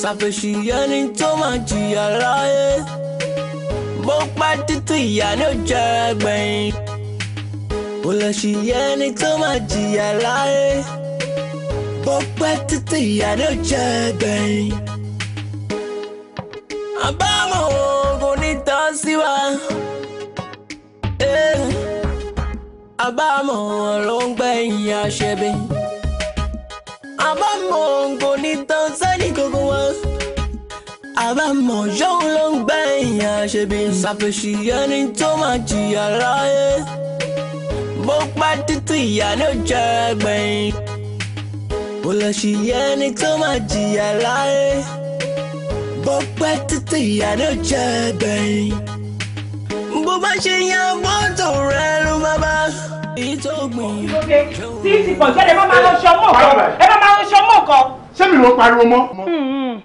ṣàfẹ̀sì ẹni tó máa jìyà láyé bó pẹ́ títí ìyá ni ó jẹ gbẹ̀yìn kò lè ṣì ẹni tó máa jìyà láyé bó pẹ́ títí ìyá ni ó jẹ gbẹ̀yìn. àbámọ̀ oògùn ní tán sí wa eh. àbámọ̀ ló ń gbẹ̀yìn àṣẹbí àbámọ̀ oògùn ní tán sí gbogbo wa. àbámọ̀ yóò ló ń gbẹ̀yìn àṣebí ṣàfẹ̀ṣì ẹni tó máa jìyà láyé. bó pẹ́ títí ìyá ló jẹ́ gbẹ̀yìn. mo lọ sí ẹni tó máa jìyà láyé. bó pẹ́ títí ìyá ló jẹ́ gbẹ̀yìn. bó bá ṣe yan bọ́tò rẹ ló bá bá èyí tó gbìn. tí ìsìnkú ọ̀gẹ́dẹ̀ bá máa lọ ṣọmọ́ kan ẹ bá máa lọ ṣọmọ́ kan ṣé mi ló pariwo mọ́ hmm, hmm.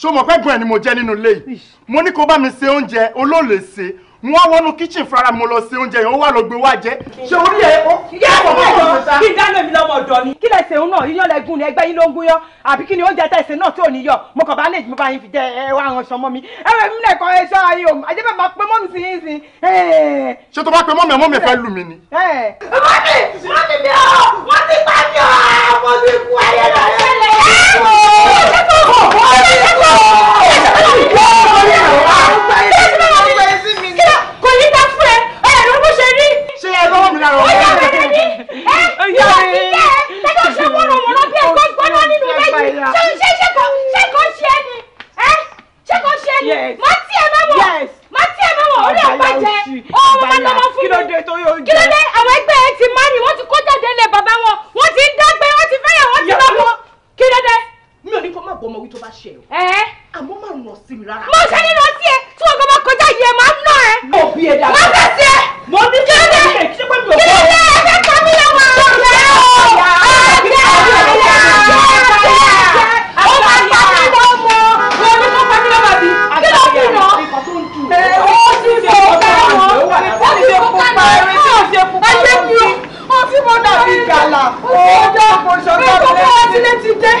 ṣó mọ̀ pé gbọ́n ẹ̀ ni mo jẹ́ nínú ilé yìí mo ní kó bá mi ṣe oúnjẹ olóòlè ṣe wọ́n wọnú kitchen fúnra mi lọ sí oúnjẹ yẹn ó wà lọ wá jẹ ṣé orí ẹ ó. yẹ ẹ wọ ẹyọ kí dáná mi lọmọ ọ̀dọ̀ ni. kí lẹ ṣe ń yíyan lẹgùn ni ẹgbẹ́ yín ló ń gún yọ àbí kí ni oúnjẹ tẹ ṣe náà tí ò ní yọ mo kàn bá lè mo bá fi jẹ ẹ wá àwọn ọ̀ṣọ́ mọ́ mi. ẹ wẹ mi nìkan ẹ ayé o àjẹ́ bẹ́ẹ̀ máa pé mọ́mì sí yín sí. tó bá pé mọ́mì ẹ mọ́mì ẹ lù mí ni. mọ́mì ẹ lọ́wọ́ mi lára ọ̀rọ̀. ó yà mí ní ẹ yà mí ní ẹ ṣẹ́kọ̀ọ́ ṣe wọ́nà wọ́nà bí ẹ̀kọ́ gbọ́dọ̀ nínú méjì ṣe ṣẹ́kọ̀ọ́ ṣẹ́kọ̀ọ́ ṣe ẹ ni ẹ ṣẹ́kọ̀ọ́ ṣe ẹ ni má tí ẹ bá wọ̀ má tí ẹ bá wọ̀ ó lè bàjẹ́ ọmọ bá lọ́mọ fún mi kí ló dé àwọn ẹgbẹ́ ẹ ti má rí wọ́n ti kó jáde lẹ bàbá wọn wọ́n ti ń dágbé wọ́n ti fẹ́yàwó ti lọ́mọ kí ló dé mi ò ní kó má bọ ọmọ wí tó bá ṣe o. ẹ ẹ àmọ́ máa nà sí mi rárá. mo ṣe nínú ọtí ẹ tí wọn kọ bá kọjá yìí ẹ máa ń nà ẹ. mo bí ẹ dàgbà. má bẹ̀ sí ẹ. mo ní kí ló dé kí ló dé ẹ fẹ́ pa mí lọ́wọ́ ọ̀rẹ́ o. ọ̀rẹ́ ọ̀rẹ́ ó máa pa mí lọ́mọ. mo ní kó pa mí lọ́mọ bí kí ló kù nà. ó ti fò káwọn ó ti fò káwọn ẹ̀jẹ̀ kú ó ti mọ dàbí gàlà ó dá àpò ìṣọ̀kan rẹ̀.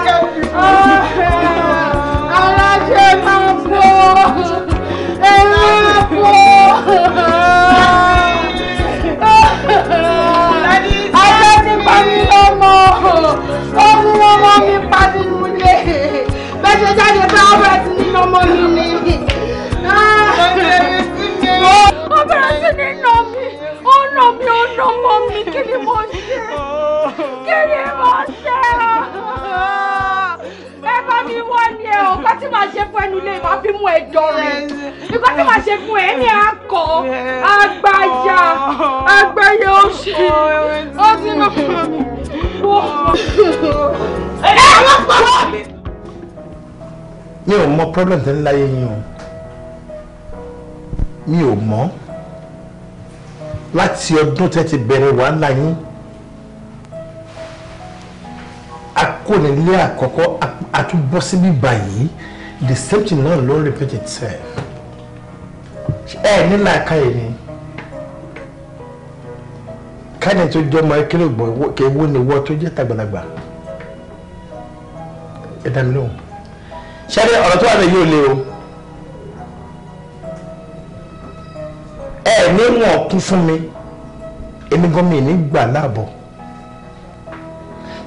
ọmọ yìí ni. ó bẹ̀rẹ̀ sí ní nà mí ó nà mí ó nà mọ́ mi kí ni mo ṣe kí ni mo ṣe ẹ bá mi wá ní ẹ o kọ́ tí màá ṣe fún ẹnu lè má fi mú ẹ dọ̀rìn nǹkan tí màá ṣe fún ẹ ní akọ agbáyà agbáyà oṣù ó ti nà mí. ẹ ẹ wọ́n pa wọ́n mi ò mọ problem tẹ́ ń láyé yín o mi ò mọ́ láti ọdún tẹ́ ti bẹ̀rẹ̀ wàhálà yín akónilé àkọ́kọ́ àtúbọ̀ síbí báyìí the same thing náà ló ń repeat itself ẹ ní làákàyè ni káyọ̀ tó jẹ́ ọmọ ẹkẹ́lẹ́ ògbọ̀n kéwọ́ ni wọ́n tó jẹ́ tàgbàlagbà ẹ dá mi lóhùn ṣẹ́rí ọ̀rọ̀ tó wà ní yóò lé o ẹ ní wọn kún fún mi èmi gan mi ní gbà láàbọ̀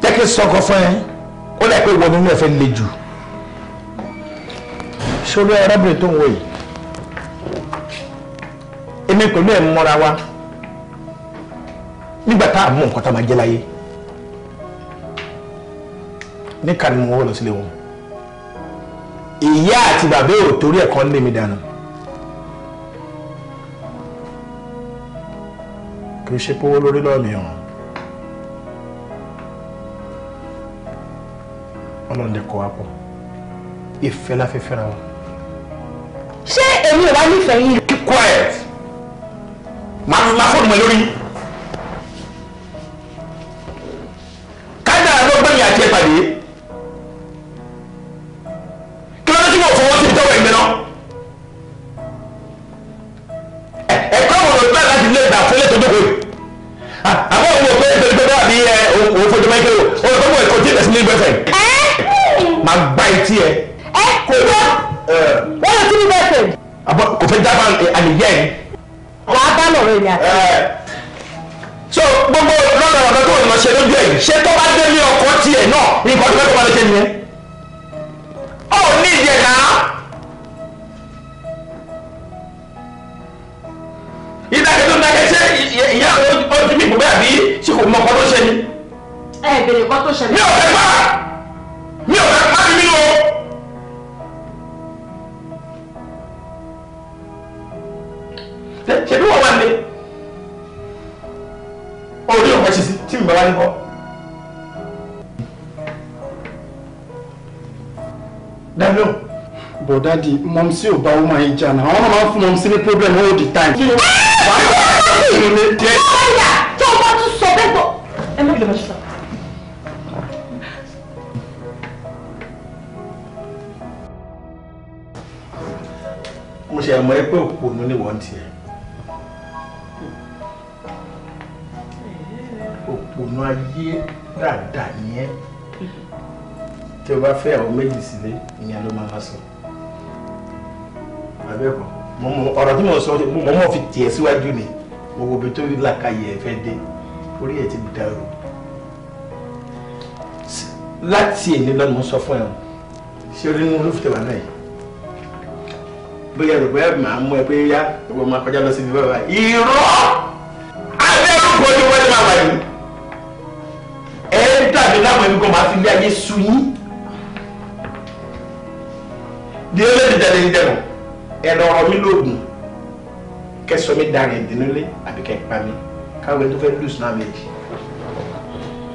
jẹ́ kí sọkọ fún ẹ ó lẹ́ pé ìwọ nínú ẹ̀ fẹ́ le jù ṣòro arábìnrin tó ń wò yìí èmi pẹ̀lú ẹ̀ mọ́ra wa nígbà tá a mú nǹkan tá a máa jẹ́ láyé ní kàní mo wọ́n lọ sílé wọn ìyá àti bàbá ò torí ẹ̀kọ́ ń lé mi dànù. kì í ṣe pówó lórí lọ́ọ̀mì ọ̀hún. ọlọ́run lè kọ́ wa pọ̀ ìfẹ́ la fi fẹ́ra ṣé èmi ò wá nífẹ̀ẹ́ yín. keep quiet màá fọ́ọ̀nù mọ́ lórí. mọ̀mísí ò bá wọ́n máa ń jà náà àwọn máa ń fún mọ̀mísí ní problem all the time. kí ni wàá yọ ọ́ ilé jẹ́. ọ̀yà tó o bá tún sọ bẹ́ẹ̀ bọ̀. ẹ má bìlọ̀ bàṣẹ́ sọ. mo ṣe àmọ́ ẹgbẹ́ òpònú ni wọ́n ti ẹ̀. òpònú ayé dáadáa ni ẹ tí o bá fẹ́ àwọn méjì sílé ìyẹn ló máa ma sọ. So abẹ́kùn ọ̀rọ̀ tí mo sọ mo mọ̀ fi tiẹ̀ síwájú ni mo wo ibi tó rí làkàyè ẹ̀ fẹ́ dé orí ẹ̀ ti dàrú láti èmi lọ́nà mo sọ fún ẹ o ṣé orí inú olófin tẹ̀wá náà yìí bóyá rò bóyá màá mú ẹ pé yá ìwọ máa kọjá lọ sí ibi bàbá irọ́ abẹ́rùkọ ni wọ́n ti máa wà yìí ẹ dàbí láwọn ẹbí kan máa fi ilé ayé sun yín di ẹlẹ́dìí jáde ń dẹ̀rùn ẹ̀rọ ọ̀rọ̀ mi lóògùn kẹsọ mi darin ìdínúlé àbí kẹpa mi káwọn tó fẹ́ lùsùn náà méjì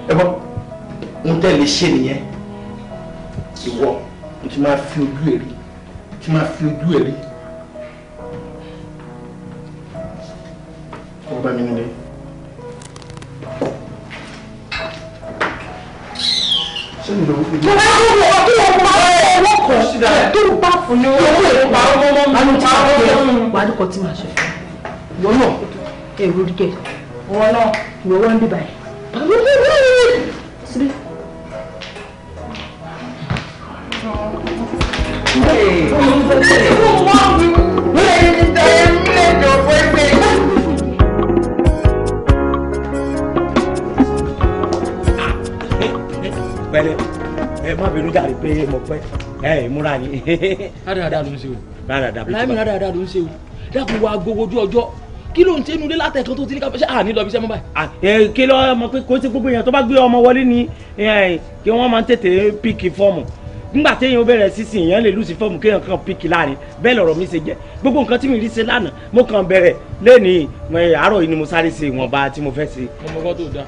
ẹ bọ́ ń tẹ̀lé ṣe nìyẹn ìwọ n ti máa fi ojú ẹ̀ rí n ti máa fi ojú ẹ̀ rí ọba mi mo bá tó wọ kí o pa owó kan tó bá fún ní owó ìpa owó mọ́ mi. àmì tí a kọ́ ẹ wà á dúkọ̀ tí màá ṣe ìwọ náà èrò rí kẹ ọwọ́ náà ìwọ wọ́n ń bí báyìí. síbí. Hey. ẹ má bínú jàre pé mo pẹ́ ẹ ìmúra ni. rádaràdà ló ń ṣe o. rádaràdà bí tí wàá. láìmí rádaràdà ló ń ṣe o dákun wa agogo ojú ọjọ́ kí ló ń tẹnu dé látẹ̀kan tó ti ní ká fẹ́ àní lọ bí sẹ́mu báyìí. kí ló ọmọ pé kò sí gbogbo èèyàn tó bá gbé ọmọ wọlé ni kí wọ́n máa ń tètè píkì fọ́ọ̀mù nígbà téèyàn bẹ̀rẹ̀ sísìn èèyàn lè lùsì fọ́ọ̀mù kéèyàn kan píkì láàrin bẹ́ẹ̀ lọ̀rọ̀ mi ṣe jẹ́ gbogbo nǹkan tí mi rí ṣe lánàá mo kàn bẹ̀rẹ̀ lẹ́ni àárọ̀ yìí ni mo sáré ṣe ìwọ̀nba tí mo fẹ́ ṣe. ọmọ ọgbọ́n tó ń da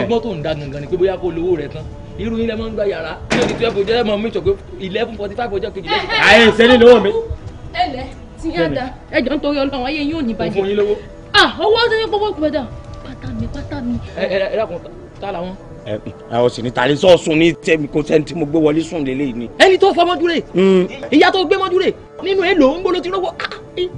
ọgbọ́n tó ń da gangan ni pé bóyá kó lówó rẹ tán irú yín lẹ máa ń gba yàrá twenty twelve ọjọ́ ẹ máa mú ìtọ̀gbẹ́ eleven forty five ọjọ́ kejì lẹ́sìn. àyè ìsẹ́ni lówó mi. ẹ lẹ ti yá da ẹ jọ ń torí Ọlọ́run ayé yín ò ní bàjẹ́. mo fún yín lówó. ah owó ọsẹ yín gbogbo ìpàdà pátá mi pátá mi. ẹ ẹ ẹ dákun tá làwọn. ẹ ẹ ọ sì ní tàlẹ́ sọ sùn ní tẹ́mi kò sẹ́ni tí mo gbé wọlé sùn lélẹ́yìn ni. ẹni tó fọmọdúrè mm. ìyá tó gbé mọ́dúrè nínú èlò ń gbolo ti rówó ah, ah, eh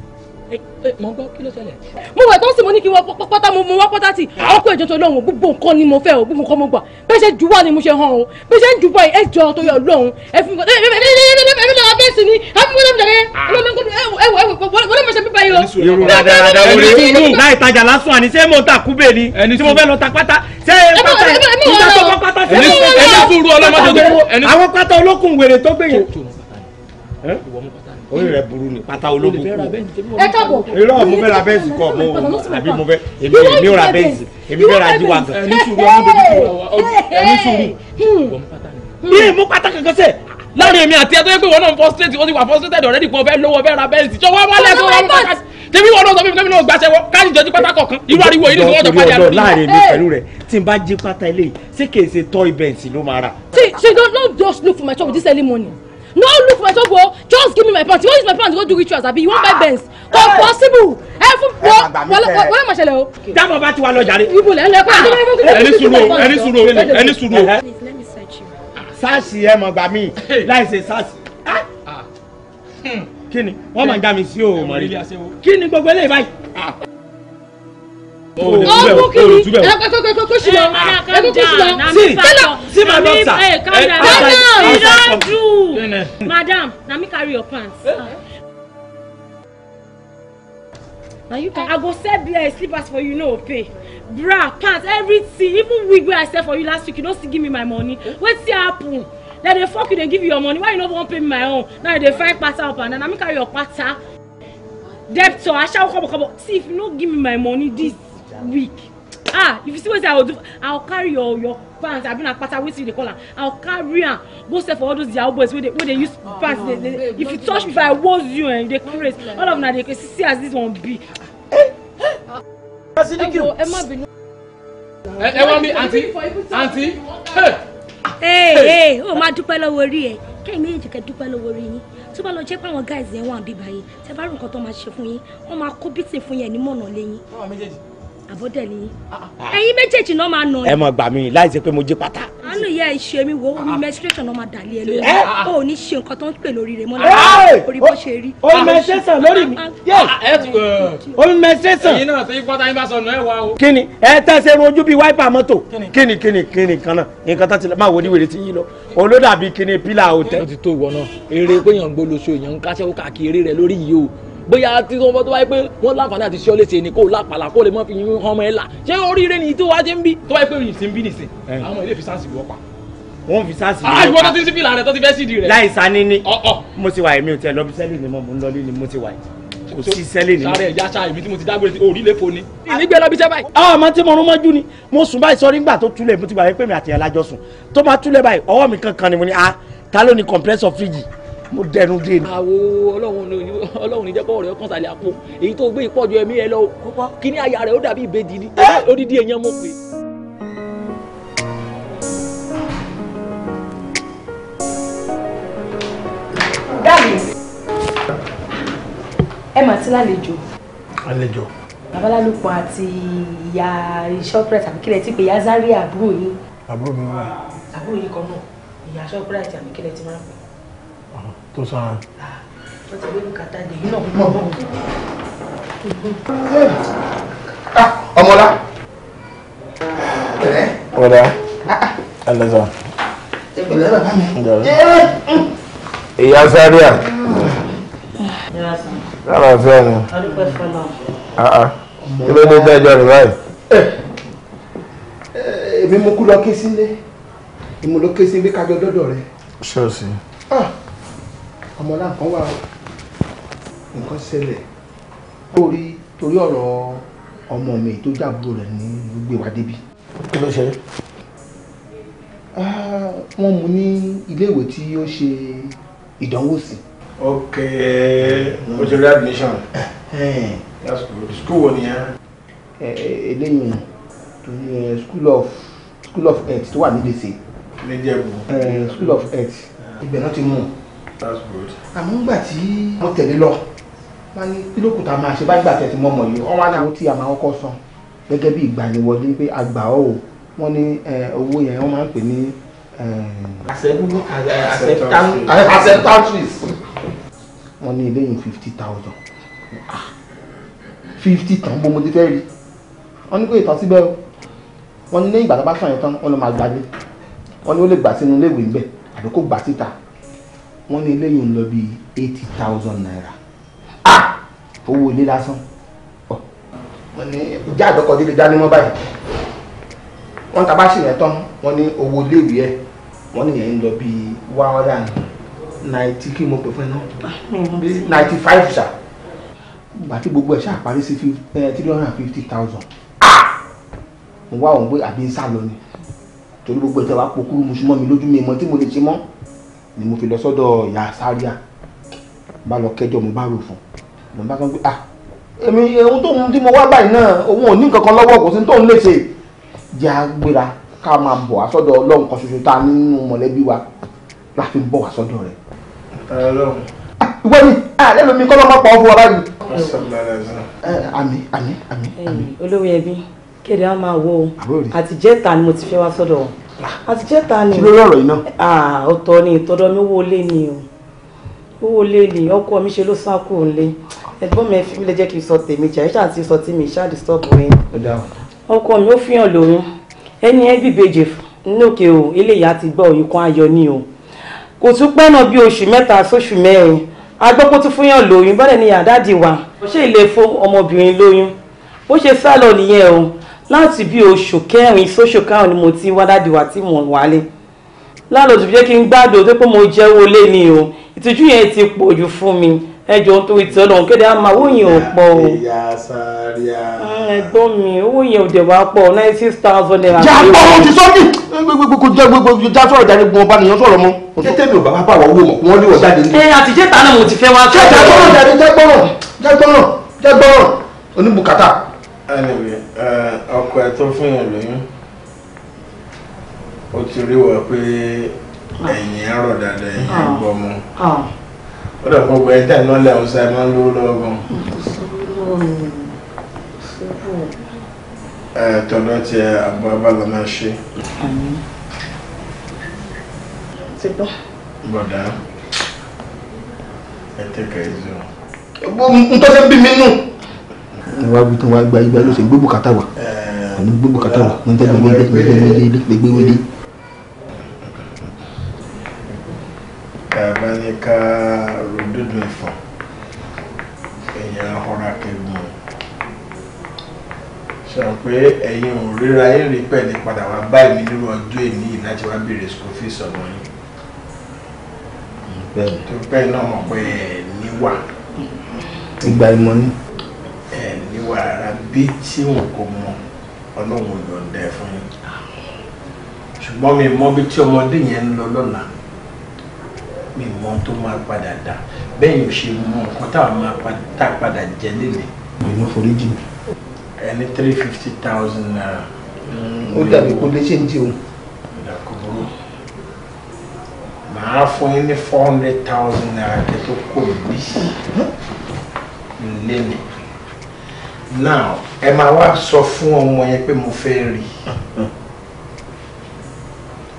mo gbọ́ kí ló ṣẹlẹ̀. mo wẹ̀ tó ń sìn mo ní kí wọ́n pátá mo wá pátá tì àwọn kó ìjọ́tọ̀ lọ́hùn gbogbo nǹkan ni mo fẹ́ o gbogbo nǹkan mo gbà bẹ́ẹ̀ ṣe jù wá ni mo ṣe hàn o bẹ́ẹ̀ ṣe ń jù bọ́ ẹ jọ tó yọ lọ́hùn ẹ fi nǹkan ẹbí lọ́wọ́ bẹ́ẹ̀ sì ni ẹbí wọ́n lọ́mọdé ẹwọ ẹwọ wọ́n lọ́mọ ṣe bíbá yìí o. yorùbá dáadáa wọlé láì tajà lásán àní ṣé mo ta kúbè ni tí mo fẹ́ lọ ta pátá ṣé pátá ìjà tó kọ́ pátá ṣé mo wọ́n lọ. àwọn pátá olókùn wèrè tó gbẹ̀yìn orí rẹ burú ni pátá ológun kù ẹ káàbọ̀ irọ́ mo fẹ́ ra bẹ́ẹ̀sì kọ́ mo àbí mo fẹ́ èmi èmi ò ra bẹ́ẹ̀sì èmi fẹ́ ra jíwá gan. ẹni sùúrù ọmọ bèbí ẹni sùúrù. bí hmm. èmi hmm. pátá kankan sẹ láàrin èmi àti ẹtọ́ yẹ pé wọn náà frustrate wọn ti wà frustrated already pé wọn fẹ́ lówó ra bẹ́ẹ̀sì jọ wá wálé ẹ̀kọ́ wọn pátá tèmi wọn náà sọ fún mi náà gbàṣẹ wọn káàdì jọ jí kọ̀ọ̀kan irú ariwo yìí ni wọ́n jọ pàdé àdúgbò. láàrin mi pẹ̀lú rẹ̀ tí n bá jí pátá eléyìí ṣé kèé ṣe toy bench ló máa rà. ṣe ṣe don just look for my shop this early morning no look for top, o oh. just give me my pants you wan use my pants go do rituals abi you wan buy ah. benz ko possible ẹ fún wọ wọlé mọ ṣẹlẹ̀ o. Oh. dábọ̀ bá ti wà lọ́jà rẹ. ibo lẹ́nu ẹ̀kọ́ àti ẹni sùúrù o ẹni sùúrù o ẹni sùúrù o. sáàsì ẹ mọ̀ gbà mí láìsè sáàsì. Ah. Hmm. kí ni wọ́n máa ń dá mi sí o mọ̀ rí kí ni gbogbo eléyìí báyìí. Ah ọmọ kiri ẹkọ kó ṣì lọ ẹkọ kó ṣì lọ sí tẹlẹ my doctor ẹ madam you madam na me carry your pants. na eh? you can eh? i go sell beer slippers for you no pay bra pants everything even wig where i sell for you last week you don't still give me my money eh? What's the happen Then dey fuck you dey give you your money why you no wan pay me my own now you dey find kpata up and down na me carry your kpata debtor come, come. see if you no give me my money this Week ah if you see what i will do i go carry your your pants abi na pata wetin you dey call am i go carry am go sell for all those young boys where oh, they where they use pants dey dey if you touch me if i was you and eh, they dey all of them they craze see as this one be. ẹ má bínú. ẹ wá mi àǹtí àǹtí. Hey, hey. máa dúpẹ́ lọ́wọ́ orí ẹ̀ kẹ́yìn méjèèjì kẹ́ dúpẹ́ lọ́wọ́ orí yín tó bá lọ jẹ́ pé àwọn guys yẹn wà ń bíbá yìí tẹ́ bá rí nǹkan tó máa ṣe fún yín wọ́n máa kó bítì fún yẹn ní mọ̀nà lẹ́yìn àbọ̀dẹ̀ ni ẹ̀yin méjèèjì náà máa nà. ẹ mọ̀ gbà mí láì ṣe pé mo jí pátá. àánú ìyá ẹ ṣe mí wo omi menstruation náà máa dàlẹ́ ẹ lórí o ò ní ṣe nǹkan tó ń pè lórí rẹ mọ́ náà orí bó ṣe rí. omi menstruation lórí mi omi menstruation. èyí náà ti pátá yín bá sọnù ẹ wá o. kí ni ẹ tẹ́ ṣe rojú bíi wáìpà mọ́tò kí ni kí kan náà nǹkan tó ti máa wò ní wèrè ti yín lọ olódàbí kí ni pílà òtẹ́. ó ti tó ìwọ náà bóyá tí wọ́n tó wáyé pé wọ́n láǹfààní àti ṣọ́ léṣe ni kó lápàlà kó lè mọ́ fi yín ọmọ ẹ̀ là ṣé oríire ni tí wàá ṣe ń bí tó wáyé pé yìí sí ń bí nìsín àwọn ilé ìfisáǹsì ló wọ́n fi sáàsì ló ah, pa àìwọ́n tó ti sí fìlà rẹ̀ tó ti fẹ́ sídìí rẹ̀. láì sani ni mo ti wà èmi ò tẹ lọ bí sẹ́lì ni mo ń lọ ní mo ti wà kò sí sẹ́lì ni. sáré ìyá ṣá èmi tí mo ti dágbére tí orí lè fo ni. lọ bí sẹ́ báyìí. àwọn ah, àmọ́ tí mo rún mọ́jú ni mo sùn báyìí sọ nígbà tó túlẹ̀ mo ti gbà wípé mi àti ìyá sùn tó máa túlẹ̀ báyìí ọwọ́ mi kankan ni mo ní a ah, ta ló ni compressor fíjì mo dẹnu dé ni. àwo ọlọ́run ní jẹ́kọ̀ ọ̀rẹ́ ọkàn sàlẹ̀ àpò èyí tó gbé ìpọ́jù ẹ̀mí ẹ lọ kíní àyà rẹ̀ ó dàbí ìbejì ni odidi èèyàn mo pè. dáàbì ẹ mà sí lálejò. àlejò. babalálùpọ̀ àti ìyá shoprite àbí kílẹ̀ tí pé ìyá zaria àbúrò yín. àbúrò mi wà. àbúrò yín kan náà ìyá shoprite àbí kílẹ̀ tí máa ń pè tó sára. ọmọlá ọ̀dà ẹlẹ́sà. ìyá sáríà. yàrá fẹ́ ni. kí ló dé rẹ̀ báyìí. èmi mú kú lọ ké sílé èmi ké sílé kájọ dọ́dọ̀ rẹ̀. ṣọ́ọ̀ṣì ọmọ náà kan wà nǹkan ṣẹlẹ̀ torí torí ọ̀rọ̀ ọmọ mi tó jábúrò rẹ̀ ní gbé wa débi. kí ló ṣẹlẹ̀. Ah, wọ́n mú ní iléèwé tí ó ṣe ìdánwò sí. ok o ti rí admission. school wo nìyẹn. eléyìí school of school of health tó wà nídèsè. nídìí ẹ̀bùn. school of health ibẹ̀ náà ti mú un that's good. àmọ́ nígbà tí wọ́n tẹ̀lé lọ wọ́n ní kí ló kù tá a máa ṣe bá nígbà tẹ̀ tí mọ́mọ́ yìí wọ́n wá ní àwọn tí a máa kọ́ san gẹ́gẹ́ bí ìgbaniwọlé pé a gbà ọ́ o wọ́n ní owó yẹn wọ́n máa ń pè ní. acceptances wọ́n ní eléyìí fifty thousand fifty tán bó mo ti fẹ́ rí wọ́n ní pé ìtàn síbẹ̀ o wọ́n ní lẹ́yìn ìgbà tó bá sàn yẹn tán wọ́n ló máa gbadé wọ́n ní ó lè gbà sínú iléèwé ń bẹ̀ àbí kó gbà síta wọ́n ní eléyìí ń lọ bí eighty thousand naira owó ilé lásán wọ́n ní ìjà àgbẹ̀kọ̀ délé dání mọ́ báyìí wọ́n ta bá sì yẹn tán wọ́n ní owó iléèwé ẹ̀ wọ́n ní yẹn ń lọ bí one hundred and ninety kí mo pè fún ẹ náà bí ninety five ṣá ìgbà tí gbogbo ẹ̀ ṣáà parí sí three hundred and fifty thousand mo wá òun pé àbí ń sá lọ ni torí gbogbo ẹ̀ tẹ́ wàá pokúrú mu súnmọ́ mi lójú mi mọ́ tí mo lè ṣe mọ́ ni mo fi lọ sọ́dọ̀ ìyá sáríà bá lọ kẹjọ mo bá rò fún ló ń bá sọ pé ah èmi ohun tó ń tí mo wá báyìí náà òun ò ní nǹkan kan lọ́wọ́ kò sí tó ń lè ṣe jẹ́ agbéra ká máa bọ̀ wá sọ́dọ̀ ọlọ́run kan ṣoṣo tá a nínú mọ̀lẹ́bí wa la fi ń bọ̀ wá sọ́dọ̀ rẹ̀. ọlọ́run. Ah, ìwọ ni àlẹ́ ah, mi kọ́ lọ́mọ pa ọ́ báyìí. Eh, àmín àmín àmín. olówó ẹbí kéde á máa wọ o àti jẹ́ta ni mo ti fẹ́ wá sọ́dọ̀ wọn àti jẹ́ta ni lórí ọ̀rọ̀ yìí náà. ọ̀tọ̀ ni ìtọ́dọ̀ mi owó lé ni o owó lé ni ọkọ mi ṣe ló sá kúrò nílé ẹ̀gbọ́n mi fi mi lè jẹ́ kí n sọ tèmi jà ìṣáà ti sọ tèmi ìṣáà disturb mi. ọkọ mi ó fihàn lòun ẹni ẹ bìbejì lókè o eléyà ti gbọ́ òyìn kan ayọ̀ ni o kò tún pẹ́ náà bí oṣù mẹ́ta sóṣù mẹ́rin agbọ́pọ̀ tún fihàn lóyún bọ́dẹ̀ ni àdáàdì wà ó ṣe ìlẹ̀ fún ọmọbìnrin lóyún bó ṣe sálọ nìyẹn o láti bí oṣù kẹrin sóṣù káwọn ni mo ti wá dáàdì wá tí mò ń wálé lálọ́ tó fi jẹ́ kí n gbádùn tó pé mo jẹ́ owó ni o ìtìjú yẹn ti pọ̀ jù fún mi ẹjọ́ ń torí tí ọlọ́run kéde àmà owó yẹn ò pọ̀ o ẹgbọ́n mi owó yẹn ò dẹ̀ wá pọ̀ ninety thousand naira. jà pọ̀ o ti sọ́ọ́kì gbogbo jẹ́ gbogbo já sọ̀rọ̀ jáde gbogbo bá nìyẹn sọ̀rọ̀ mọ́. tètè mi ò bá bá wọ owó mọ̀ wọ́n lé wọ jáde. ẹ àtijọ́ ìta náà mo ti fẹ́ wá. jẹ́ gbọ́rọ̀ jẹ́ gbọ́rọ̀ jẹ́ gbọ́rọ̀ jẹ́ anyway eh, ọkọ ẹ tó fún yàn lóyún ti rí wọ pé ẹ̀yìn ẹ̀rọ dáadáa ẹ̀yìn ẹ̀gbọ́n ah. mu ah. ó dẹ̀ gbogbo ẹ̀ tẹ̀ náà lẹ́hùn sáà máa ń lówó gan. Mm. Eh, ti máa ṣe. wá wí tán wá gba igba ló ṣe gbé bùkátà wà àní gbé bùkátà wà wọn tẹ́ gbẹgbẹ́ gbẹgbẹ́ gbẹgbẹ́ gbẹgbẹ́ wọlé. bàbá ní ká ròdòdò ẹ̀fọ́ èèyàn ahọ́ra kẹgbọ́n sọ pé ẹ̀yin ò ríra yín rí pẹ̀lú padà wá báyìí mi nírú ọjọ́ èmi láti wá béèrè school fees ọmọ yín tó pẹ́ náà mọ̀ pé ẹ̀ níwà. ìgbà ìmọ̀ ni wàrà bí tí ò kò mọ ọlọ́run yọ̀ǹda ẹ̀ fún yín ṣùgbọ́n mi mọ bí tí ọmọdé yẹn ń lọ lọ́la mi mọ tó máa padà dà bẹ́ẹ̀ yóò ṣe mọ nǹkan tá a máa tá a padà jẹ lélẹ̀. ìná foríjì mi. ẹni three fifty thousand naira. ó dàbí kó lè ṣe ń di òun. ìdàkúrú màá fún yín ní four hundred thousand naira kẹ́tọ́ kò ní lé mi now ẹ máa wá sọ fún ọmọ yẹn pé mo fẹ́ rí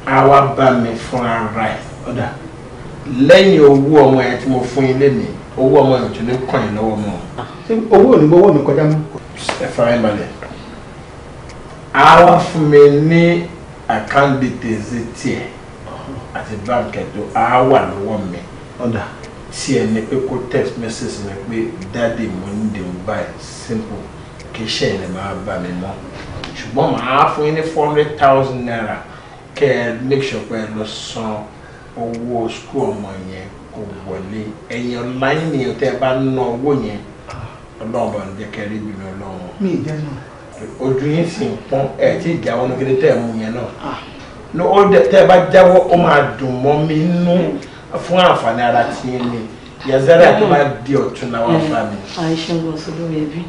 a wá bá mi fún ara ẹ̀ ọ̀dà lẹ́yìn owó ọmọ yẹn tí mo fún yín lénìí owó ọmọ yẹn tó ní kàn yín lọ́wọ́ mọ́. owó ò ní gbowó mi kọjá mọ́. ẹ fara ẹ balẹ̀ a wá fún mi ní àkáǹdì tèzí tiẹ̀ àti báńkì ẹ̀dọ́ a wà lọ́wọ́ mi. ọ̀dà si ẹni pé kó text message mi pé dáàdì mo ń dè ń báyìí simple kì í ṣe ẹni máa bà mí mọ́ ṣùgbọ́n màá fún yín ní four hundred thousand naira kẹ́ ẹ make sure pé ẹ lọ san owó school ọmọ yẹn kò wọlé ẹ̀yìn ọ̀la yín nìyẹn tẹ́ ẹ bá ná owó yẹn ọlọ́run bá ń jẹ́ kẹ́ ẹ rí bìnrin ọlọ́run. mi ì dẹ́nu. ojú yín sì ń pọ́n ẹ̀ tí ìjáwọ́ ní kété tẹ́ ẹ mú yẹn náà. Ah. ní ó tẹ́ ẹ bá jáwọ́ ó máa dùn mọ́ mi nú fún àǹfààní ara tí ń ní yẹzẹrẹ àti bá di ọ̀tún náà wọn fà mí. àìṣe ń gbọ́n sọ lórí ẹbí.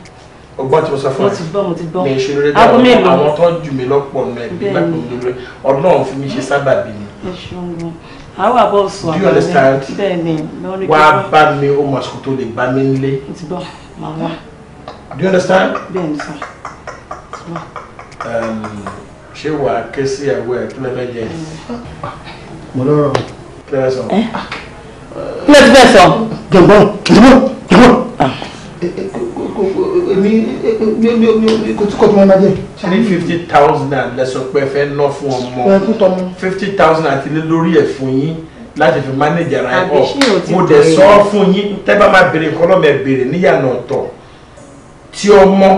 o gbọ́n tí mo sọ fún ẹ. mo ti gbọ́ mo ti gbọ́. mi ìṣòro rẹ dáhùn àwọn tó jù mí lọ́pọ̀ nù ẹbí lẹ́kùn lórí ọlọ́run fi mi ṣe sábàbí ni. ẹ ṣeun gan sọ àwọn ẹni bẹ́ẹ̀ ni lórí kí bá mi ó mọ̀ sọ́kò lè bá mi nílé. mo ti gbọ́ màá do you understand. bẹ́ẹ̀ ni sọ ṣé wàá ké sí ẹ̀wọ́ kílẹ̀ sọ. Eh? kílẹ̀ tí bẹ́ẹ̀ sọ. jọ̀gbọ́n jọ̀gbọ́n jọ̀gbọ́n. Ah. èmi mi ò mi ò mi kò tí kò tó máa jẹ. ṣe ní fifty thousand naira lẹ́sọ̀ pé fẹ́ ná fún ọmọ fifty thousand àti lé lórí ẹ̀ fún yín láti fi manage ara ẹ̀ ọ̀ mo dẹ̀ sọ fún yín tẹ́ bá máa béèrè nǹkan náà mẹ́ béèrè níyànà ọ̀tọ̀ tí ọmọ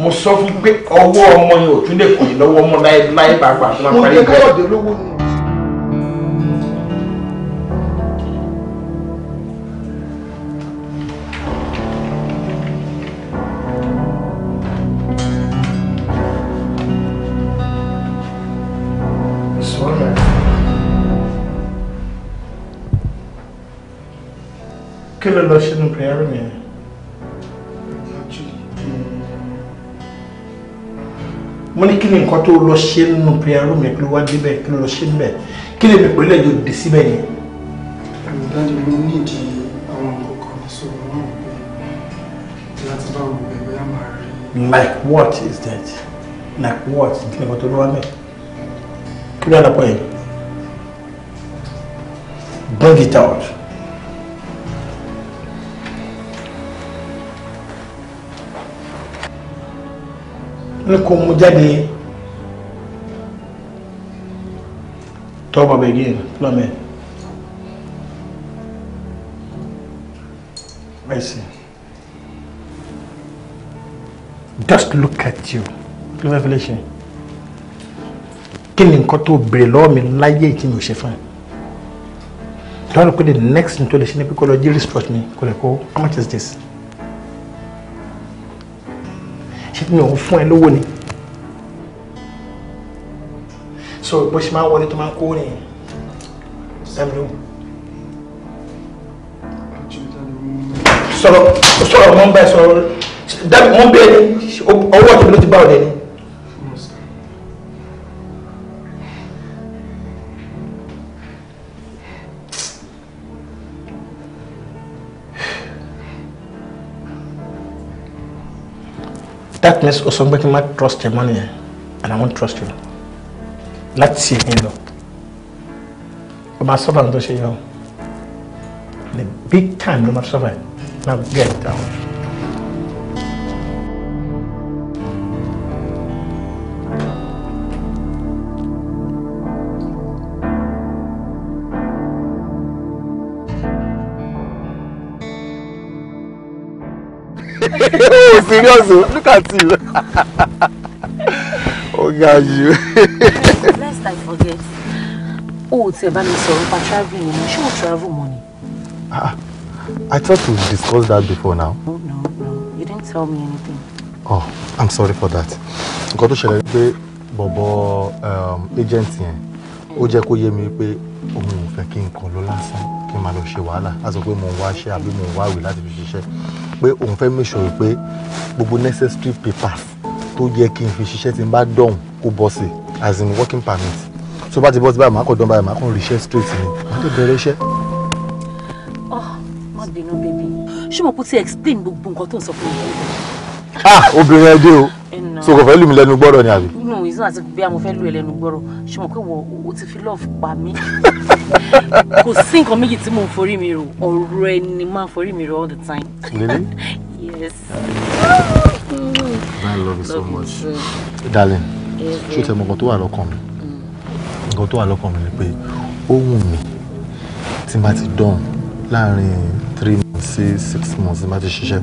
mo sọ fún pé ọwọ́ ọmọ yẹn ò tún lè kàn yín lọ́wọ́ ọmọ láéláé pàápàá tó máa parí ìgbà. kí ló lọ sínú prayer room yẹn. mo ní kí ni nǹkan tó lọ ṣe nínú prayer room yẹn kí ló wá débẹ̀ kí ló lọ ṣe níbẹ̀ kí lè mi pẹ̀lú ẹ̀jọ̀ dé síbẹ̀ yẹn. àmì mo nídìí àwọn ọkọ̀ ìṣòro náà pé láti bá wọn bẹ̀rẹ̀ bóyá máa rí. like what is that like what kí ni nǹkan tó lọ wá bẹ̀ kí ló yà lápá yẹn bring it out. ní kò mú jáde tọ́ba bẹ̀gẹ́ lọ́mẹ́ I see. Just look at you. Revelation. Kí ni nǹkan tó bèrè lọ́wọ́ mi láyé ìtí mi ò ṣe fún ẹ? Tọ́lá pé the next thing tó lè ṣe ni pé lọ jí response mi kó lè kó how much is this? ṣé fún ẹ lówó ni so bó ṣe máa ń wọlé tó máa ń kó nìyẹn sẹ́mi ló sọ̀rọ̀ sọ̀rọ̀ mọ́ ń bá ẹ sọ̀rọ̀ dábì mọ́ ń bẹ́ẹ̀ ni ọwọ́ tèmi ló ti bá ọ̀dẹ̀ ni. yes o sọ pé trust your money, and I won't trust you Let's see, lọ o máa sọ́fà ní tó ṣe yẹ the big time ló máa sọ́fà now get down. serious look at you oh god you. lest i forget oh, ti ẹ bá mi sọ̀rọ̀ pa travel yẹn ṣé o travel mọ ah i thought we discussed that before now. no no no you didn't tell me anything. oh i'm sorry for that nǹkan tó ṣẹlẹ̀ pé um agent yẹn ó jẹ́ kó mi pe òun ò fẹ́ kí n kàn ló kí n máa lọ ṣe wàhálà á sọ pé mò ń wá ṣe àbí mò ń wá ìwé láti fi ṣiṣẹ́ pé òun fẹ́ make sure pé gbogbo necessary papers tó yẹ kí n fi ṣiṣẹ́ tí n bá dọ̀hún kó bọ́ sí as in working permit tó bá ti bọ́ sí báyìí màá kàn dán báyìí màá kàn ríṣẹ́ straight ni màá lè bẹ̀rẹ̀ iṣẹ́. oh má bínú bèbí ṣé mo kú ti explain gbogbo nǹkan tó ń sọ fún mi. ah obìnrin ẹ o so kò lù mí lẹ́nu gbọ́rọ̀ ni àbí. inú ìsúná àti bí a mo fẹ́ lù ẹ lẹ́nu gbọ́rọ̀ ṣé mo pé wo o ti fi love pa mí kò sí nǹkan méjì tí mò ń forí mi rò ọ̀rọ̀ ẹni máa ń forí mi rò all the time. really? yes. I love you so much. You darling ṣó tẹ mọ nǹkan tó wà lọ́kàn mi mm. nǹkan tó wà lọ́kàn mi ni pé ó wù mí tí n bá ti dán láàrin three months sí six months tí n bá ti ṣiṣẹ́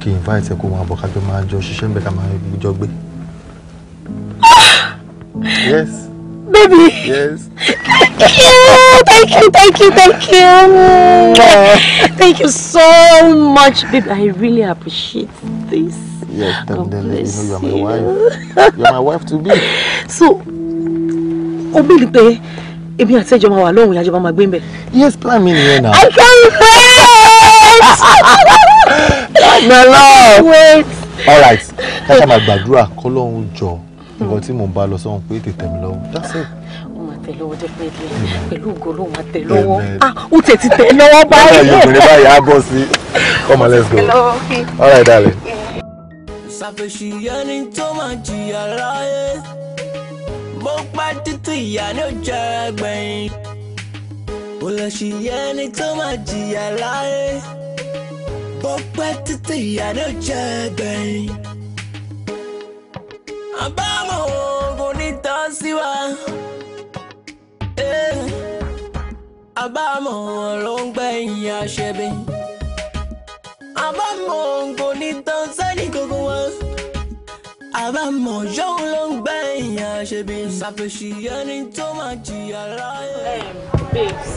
kí n invite ẹ kó máa bọ̀ ká jọ máa jọ ṣiṣẹ́ ń bẹ̀ ká máa jọ gbé. Ah! yes baby. Yes. thank you, thank you, thank you. thank you ah. so much, baby. I really appreciate this. Yes, definitely. You know, you're are my wife. You're my wife to be. So, Obili pe, èmi àti ẹjọ́ máa wà lóhùn ìyájọ́ máa gbé ń bẹ̀. Yes, plan mi here now. I can't wait. My love. Wait. All right, ká ṣáà máa gbàdúrà k'Ọlọ́run jọ nǹkan tí mò ń bá lọ sọ́hun pé tètè mi lọ́wọ́ that's it. ó máa tẹ̀ lọ́wọ́ definitely pẹ̀lú ògo ló máa tẹ̀ lọ́wọ́ ah ó tẹ̀ ti tẹ̀ lọ́wọ́ báyìí. báyìí obìnrin báyìí á bọ́ sí come on let's go all right darling. ṣàfẹ̀sì ẹni tó máa jìyà láyé bó pẹ́ títí ìyá ni ó jẹ́ ẹgbẹ̀yìn ó lè ṣì ẹni tó máa jìyà láyé bó pẹ́ títí ìyá ni ó jẹ́ ẹgbẹ̀yìn àbámọ̀ kò ní tán sí wa. àbámọ̀ ló ń gbẹ̀yìn aṣebi. àbámọ̀ kò ní tán sẹ́ni gbogbo wa. àbámọ̀ yóò ló ń gbẹ̀yìn aṣebi. ṣàfihàn ẹni tó babes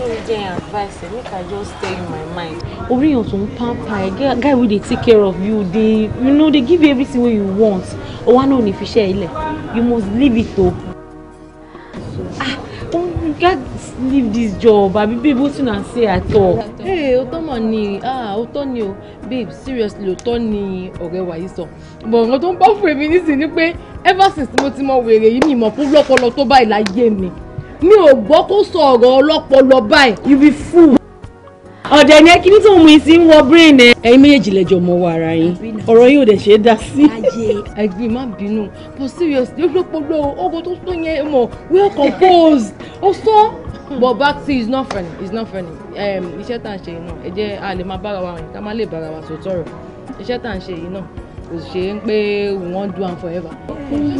sure you get advice make i just stay in my mind. orí yàn tó ń pampa ẹ guy wey they take care of you They, you know they give you everything what you want Oh, I know, if you share it, you must leave it though. ah oh you can't leave this job abi babe wetin una say at all. ee òótọ́ mọ̀ ah òótọ́ babe seriously òótọ́ Okay, why is yìí but I don't ń bá fún èmi ever since mo ti mọ wèrè yìí mi ìmọ̀ fún like tó báyìí mi ò gbọ́ kó sọ ọ̀rọ̀ ọlọ́pọlọ báyìí you be fool. ọ̀dẹ̀ ni ẹkíní tó mú ìsí ń wọ brain ẹ. ẹ̀yin méjèèjì lẹjọ mọ wa ara yín ọ̀rọ̀ yìí ò dẹ̀ ṣe é dá sí. àgbè má bínú but seriously ọlọ́pọlọ ogun tó tó yẹn mọ̀ well composed ó sọ. but back to it's not funny it's not funny iṣẹ́ tá à ń ṣe yìí náà ẹ jẹ́ a lè máa bára wa rìn ká má lè bára wa sòtọ́ rẹ̀ iṣẹ́ tá à ń ṣe yìí náà kò ṣe é pé we wan do am forever.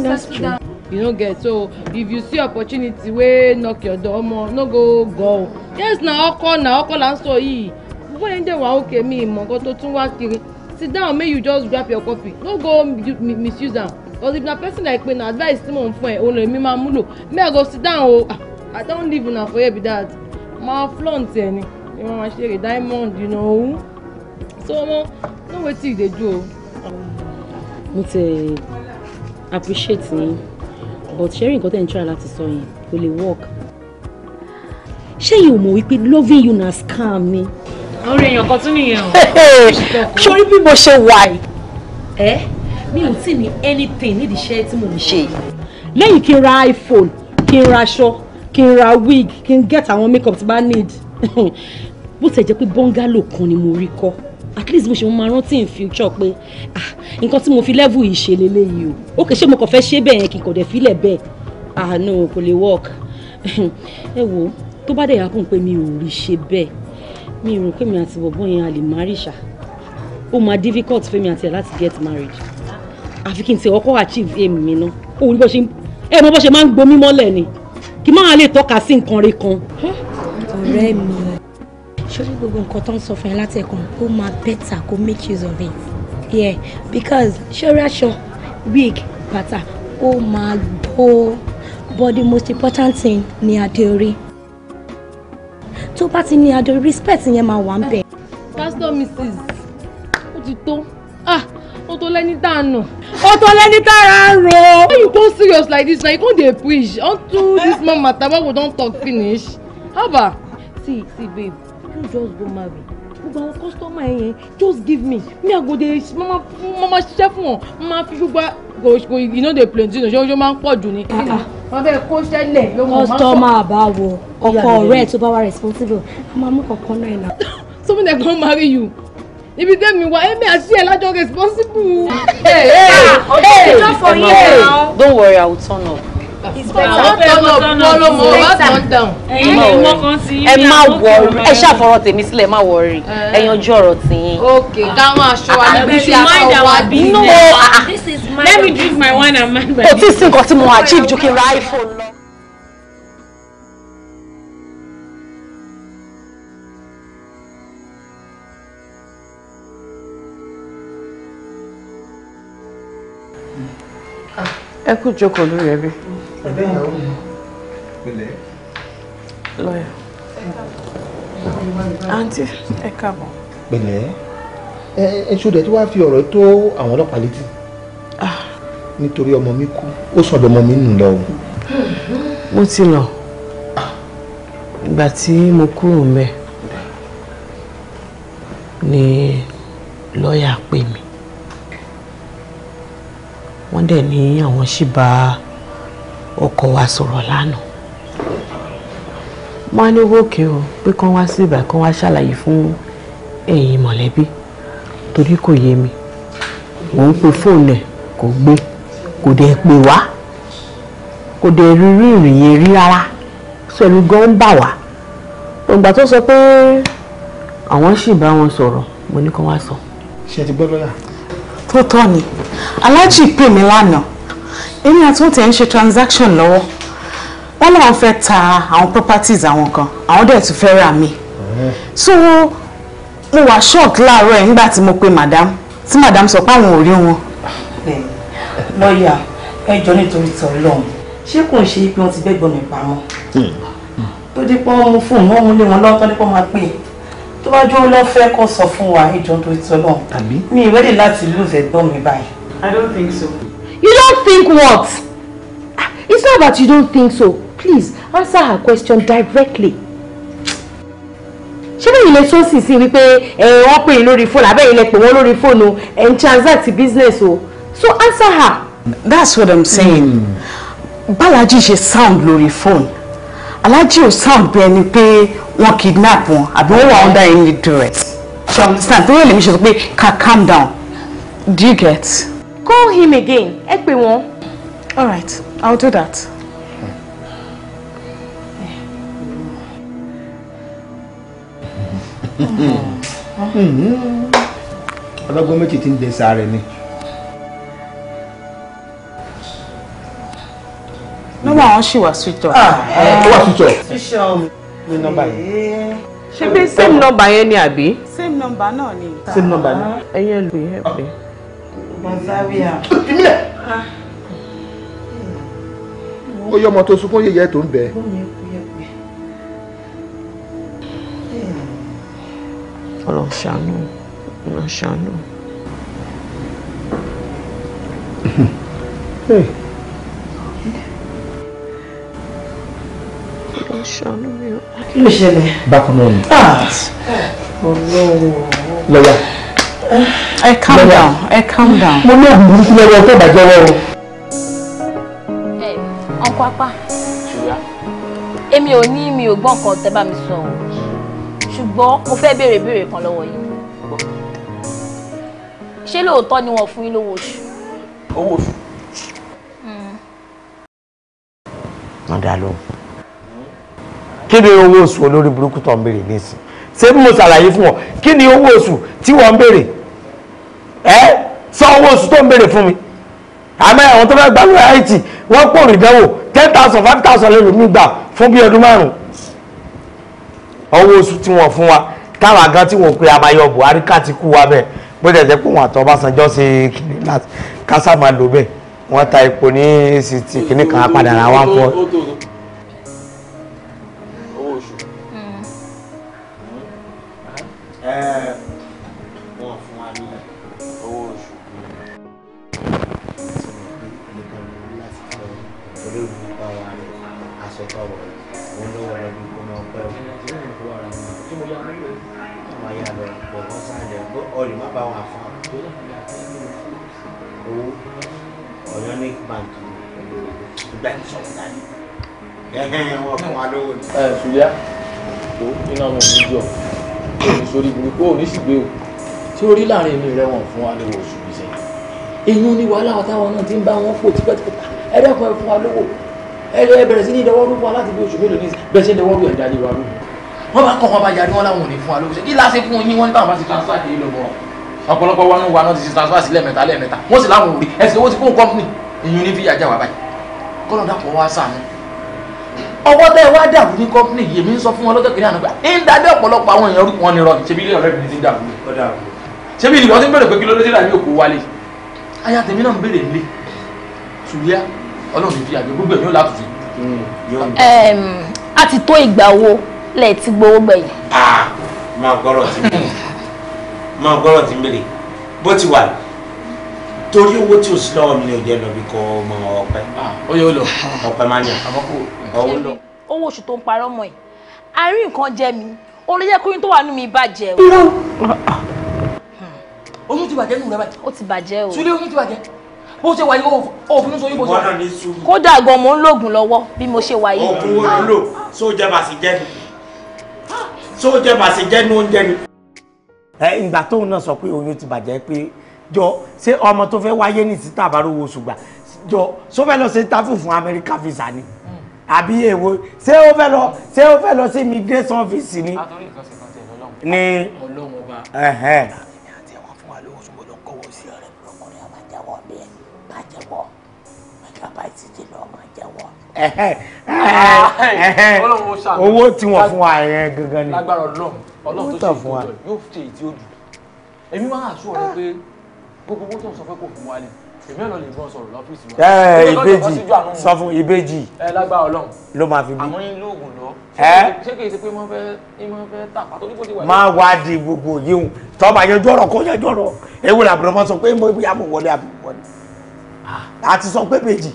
that's true you no get so if you see opportunity wey knock your door omo no go go yes na ọkọ na ọkọ la ń sọ yìí bóyá ń dẹ̀ wá òkè mi ìmọ̀ nǹkan tó tún wá kiri sit down make you just grab your coffee. no go misuse am because if na person like pe na advice tí mò ń fún ẹ òun lèmi máa múlò make i go sit down o ah, i don leave una for here be that ma flaunt ẹ ni ẹ máa ṣe rè diamond you know so ọmọ no wetin you dey do o. mo ti appreciate yín but sharing nǹkan tẹ̀ ń try láti sọ yẹn kò lè work. ṣé yìí ò mọ̀ wípé loving you na scam ni. orí èèyàn kan tún nìyẹn o. sori bí mo ṣe wà yìí. ẹ mi ò tí ní anything nídìí iṣẹ́ tí mo ń ṣe yìí. lẹ́yìn kí n ra iphone kí n ra aṣọ kí n ra wig kí n get àwọn makeup tí bá need bó ṣe jẹ́ pé bọ́ngálò kan ni mo rí kọ́ at least mo ṣe mo máa rántí in future pé ah nǹkan tí mo fi level yìí ṣe leléyìí o ó kè ṣé mo kàn fẹ́ ṣe bẹ́ẹ̀ yẹn kí n kàn dẹ̀ filẹ̀ bẹ́ẹ̀ ah no kò lè work ẹ wo tó bá dẹ̀ yà kún pé mi ò rí ṣe bẹ́ẹ̀ mi rò pé mi àti bọ̀bọ̀ yẹn a lè marry ṣá ó máa difficult fún mi àti ẹ̀ láti get married àfi kí n ti ọkọ achieve aim mi ná òun bó ṣe ẹ mọ bó ṣe máa ń gbomi mọ́lẹ̀ ni kí máa lè tọ́ka sí nǹkan rẹ̀ kan. ọ̀rẹ́ mi Surely gbogbo nǹkan tó ń sọ fún ẹ láti ẹ̀kan ó máa bẹ́tà kó make use of it yeah because sórí aṣọ wig bàtà ó máa gbó but the most important thing ni adé orí tó bá ti ní adé respect yẹn máa wà ń bẹ̀. pastor mrs ó ti tó ah ó tó lẹ́ni tá a nà ó tó lẹ́ni tá a rò. why you come serious like this na you come dey preach unto this man matter why we don talk finish haba see see babe no just go marry gbogbo àwọn kọ́sítọ́mà ẹ̀ yẹn just give me me i go dey mama mama ṣiṣẹ́ fún wọn mama fi gbogbo go go you know the plenty ṣe ojú máa ń pọ̀ jù ni. Ah, ah. wọ́n fẹ́ kó ṣẹlẹ̀ ló mọ̀ máa ń sọ. kọ́sítọ́mà àbáwọ̀ ọkọ ọ̀rẹ́ tó bá wà responsible a máa mú kankan náà iná. something dey come marry you ibi tẹ́ mi wá èmi àti ẹ̀ lájọ responsible. ọjọ́ ìjọ fọ don't worry i will turn up ẹ má wọrí ẹ ṣàfọ̀rọ̀ tèmi sílẹ̀ má wọrí eh. ẹ yanjú ọ̀rọ̀ tiyín. ok káwọn aṣọ wa níbi tí aṣọ wa bí. no ah, ah. let me drink my wine and mind my business. kò tí ì sí nǹkan tí mo achieve ju kí n ra iphone lọ. ẹ kú jókòó lórí ẹbí. Ẹ̀bẹ́ ìyàwó mi. Pẹ̀lẹ́. Lọ́yà. Àǹtí ẹ káàbọ̀. Pẹ̀lẹ́. Ẹ ẹ ṣọdẹ̀ tí wàá fi ọ̀rọ̀ tó àwọn ọlọ́pàá létí. Ah. Nítorí ọmọ mi kú, ó sọ̀dọ̀ ọmọ mi nù lọ o. Mo ti lọ. Ah. Ìgbà tí mo kúrò mbẹ̀ ni lọ́yà pè mí. Wọ́n dẹ̀ ní àwọn ṣì bá a ọkọ wa sọ̀rọ̀ lánàá wọ́n á ní owó òkè o pé kán wá sí ibà kán wá ṣàlàyé fún ẹ̀yin mọ̀lẹ́bí torí kò yé mi mò ń pe fóònù ẹ̀ kò gbé kò dẹ̀ pè wá kò dẹ̀ rí rí ìrìn yẹn rí rárá sẹ́lu gan ń bà wá ìgbà tó sọ pé àwọn sì bá wọn sọ̀rọ̀ mo ní kán wá sọ. ṣé ti gbọ́ lọ́yà. tó tọ́ ni aláàjì pè mí lánàá èmi àti wọn tẹ̀ ń ṣe transaction lọ́wọ́ wọ́n láwọn fẹ́ ta àwọn properties àwọn kan àwọn dẹ̀ tún fẹ́ rà mí so mo wà shock láàárọ̀ ẹ̀ nígbà tí mo pe madam tí madam sọ pé àwọn ò rí wọn. lọ́ọ̀yà ẹjọ́ nítorí tọ́ lọ́hùn ṣé kò ń ṣe pé wọ́n ti gbẹ́gbọ́n mi pamọ́ tó dé pé wọ́n mú fóònù wọ́n mú lé wọn lọ́tọ́ dé pé wọ́n máa pè é tó bá jó lọ́fẹ́ kó sọ fún wa ẹjọ́ nítorí tọ́ lọ́hùn mi ìwé dè láti lose ẹ̀gbọ́n mi báyìí. I don't think so. You don't think what? It's not that you don't think so. Please answer her question directly. ṣé bẹ́ẹ̀ ilé sọ́ọ̀sì sí wípé wọ́n pè é lórí fóònù abẹ́yìn lẹ pè wọ́n lórí fóònù ẹ̀ ń transact business o so answer her. that's what i'm saying mm. balaji ṣe sound lórí fóònù alhaji ò sound bí ẹni pé wọ́n kidnap wọn àbí wọ́n wà under any duress so understand torí mi ṣe sọ pé calm down do you get. Call him again. Ẹ pè wọ́n. All right, I'll do that. Ọlọ́gbọ́n méjì ti ń gbé sáré ni. Nọ́mbà wọn ṣì wà switch ah, off. Ó wà switch off. Switch off ni nọ́mbà yìí. Ṣé pé same number yẹn ni àbí? Same number náà ni. Same number náà. Ẹyẹ lu ìhẹ́pẹ́ bọ̀sáríà. ìmílẹ̀ ah. ó yọ ọmọ tó sunkún yẹyẹ tó ń bẹ. ọ̀rọ̀ ṣàánú ọ̀rọ̀ ṣàánú. ọ̀rọ̀ ṣàánú mi ò. kí ló ṣẹlẹ̀. bákan náà ni. Ah. ọlọ́wọ́. lọ́yà ẹ calm down ẹ calm down. mo ní òògùn burúkú lọ́wọ́ tó bàjẹ́ wọ́n. ẹ ọkọ apá èmi ò ní mi ò gbọ́ nǹkan tẹ́ bá mi sọ o ṣùgbọ́n mo fẹ́ béèrè béèrè kan lọ́wọ́ yìí ṣé lóòótọ́ ni wọ́n fún yín lówó oṣù. owó oṣù. Hmm. wọ́n dá lóhùn kí ni owó oṣù olórí burúkú tó ń béèrè nísìn ṣé bí mo ṣàlàyé fún ọ kí ni owó oṣù tí wọ́n ń béèrè ẹ sọ owó oṣù tó ń béèrè fún mi àmọ́ àwọn tó fẹ́ gba lóyàìtì wọ́n pò rìdánwò ten thousand five thousand lẹ́nu mi gbà fún bí ọdún márùn-ún owó oṣù tí wọ́n fún wa táwa gan tí wọ́n pe abayọ Buhari ká ti kú wa bẹ́ẹ̀ bó tẹ̀ jẹ́ pé wọ́n àtọ́ Ọbásanjọ́ ṣe kìnnì láti kásá máa lò bẹ́ẹ̀ wọ́n ta epo ní sixty kìnnì kan apàdà ra one four. gbé o tí orí láàrin mi rẹ wọn fún wa lówó oṣù mi sẹ́yìn inú ni wàhálà àtàwọn náà ti ń bá wọn pò tipẹ́tipẹ́ ẹ dẹ́kun ẹ fún wa lówó ẹ bẹ̀rẹ̀ sí ní ìdẹ́wọ́rú wa láti bí oṣù mélòó ní bẹ́ẹ̀ sí ìdẹ́wọ́rú ẹ̀dá lé wa lóhùn wọ́n bá kọ́kọ́ bá yarí wọn láwọn ò ní fún wa lówó ṣe kí láti fún yín wọ́n ní báwọn ti transfer dé lọ́wọ́ ọ̀pọ̀lọpọ̀ wa náà wa náà ti ṣe transfer sí lẹ́ẹ̀mẹ́ta lẹ́ẹ̀mẹ́ta wọ́n sì láwọn ò rí owó ti fún kọ́mpìnì ọwọ́ tẹ́ ẹ wá dàrú ní kọ́pínì yìí èmi ń sọ fún wọn lọ́jọ́ kìnìún àná pé ń dàbí ọ̀pọ̀lọpọ̀ àwọn èèyàn wọn ni rọrùn ṣebí ilé ọ̀rẹ́ mi ti dàrú ṣebí ìlú ọtí ń bèrè pé kí ló dé sílẹ̀ ní òkú wálé aya tèmi náà ń bèrè nílé tùlíà ọlọ́run ní fi àgbẹ̀ gbogbo ẹ̀mí ó láti fi. a ti tó ìgbà wo lẹ ti gbowó gbẹ̀yìn. máa gbọ́rọ̀ tí máa gbọ́rọ̀ tí mèrè bó ti wà torí owó tí ò sí lọ́wọ́ mi ni ò jẹ́ lọ bí kò mọ ọpẹ́. ó máa ń yàn ọ̀hún owó oṣù tó ń parọ́ mọ́ ẹ̀ àárín nǹkan jẹ mi ó lè jẹ́ kóyún tó wà nínú mi bàjẹ́ o. Hmm. oyún ti bàjẹ́ nù rẹ báyìí. ó ti bàjẹ́ o. Súlé oyún ti bàjẹ́ bó ṣe wà yìí òfin sọ yìí bó ṣe wà. kódà gan mo ń lògùn lọ́wọ́ bí mo ṣe wà yìí. oògùn wo ló sójà bàṣẹ jẹ ni sójà bàṣẹ jẹ ni oúnjẹ ni. ẹ ìgbà tóun náà sọ pé oyún ti bàjẹ́ pé jọ ṣé ọmọ tó fẹ́ wáyé ní síta àbárò wo ṣùgbà jọ sọ fẹ́ lọ ṣe táfù fún Amẹ́ríkà visa ni àbí èwo ṣé ó fẹ́ lọ ṣé ó fẹ́ lọ sí immigration office ni. àtọ́rí ní ọlọ́run ọba. owó tí wọ́n fún wa yẹn gangan ni. lágbára ọlọ́run ọlọ́run tó ṣe ìtọ́jú yóò ṣe èyí tí ó dùn. èmi máa ń àṣọ rẹ pé gbogbo owó tó ń sọ fẹ́ kò fún wa lè èmi ọ̀nà lè bọ́ sọ̀rọ̀ lọ́fíìsì wa. ẹ ìbejì sọ fún ìbejì. ẹ lágbára Ọlọ́run. ló máa fi bí. àwọn yín lóògùn lọ. ẹ ṣé kì í ṣe pé wọ́n fẹ́ wọ́n fẹ́ tàpá tó ní kó ti wà. máa wá di gbogbo yíhun tó bá yanjú ọ̀rọ̀ kó yanjú ọ̀rọ̀ ewu làbúrò máa sọ pé mo bí amò wọlé àbí wọlé. Ah. a ti sọ pé bèjì.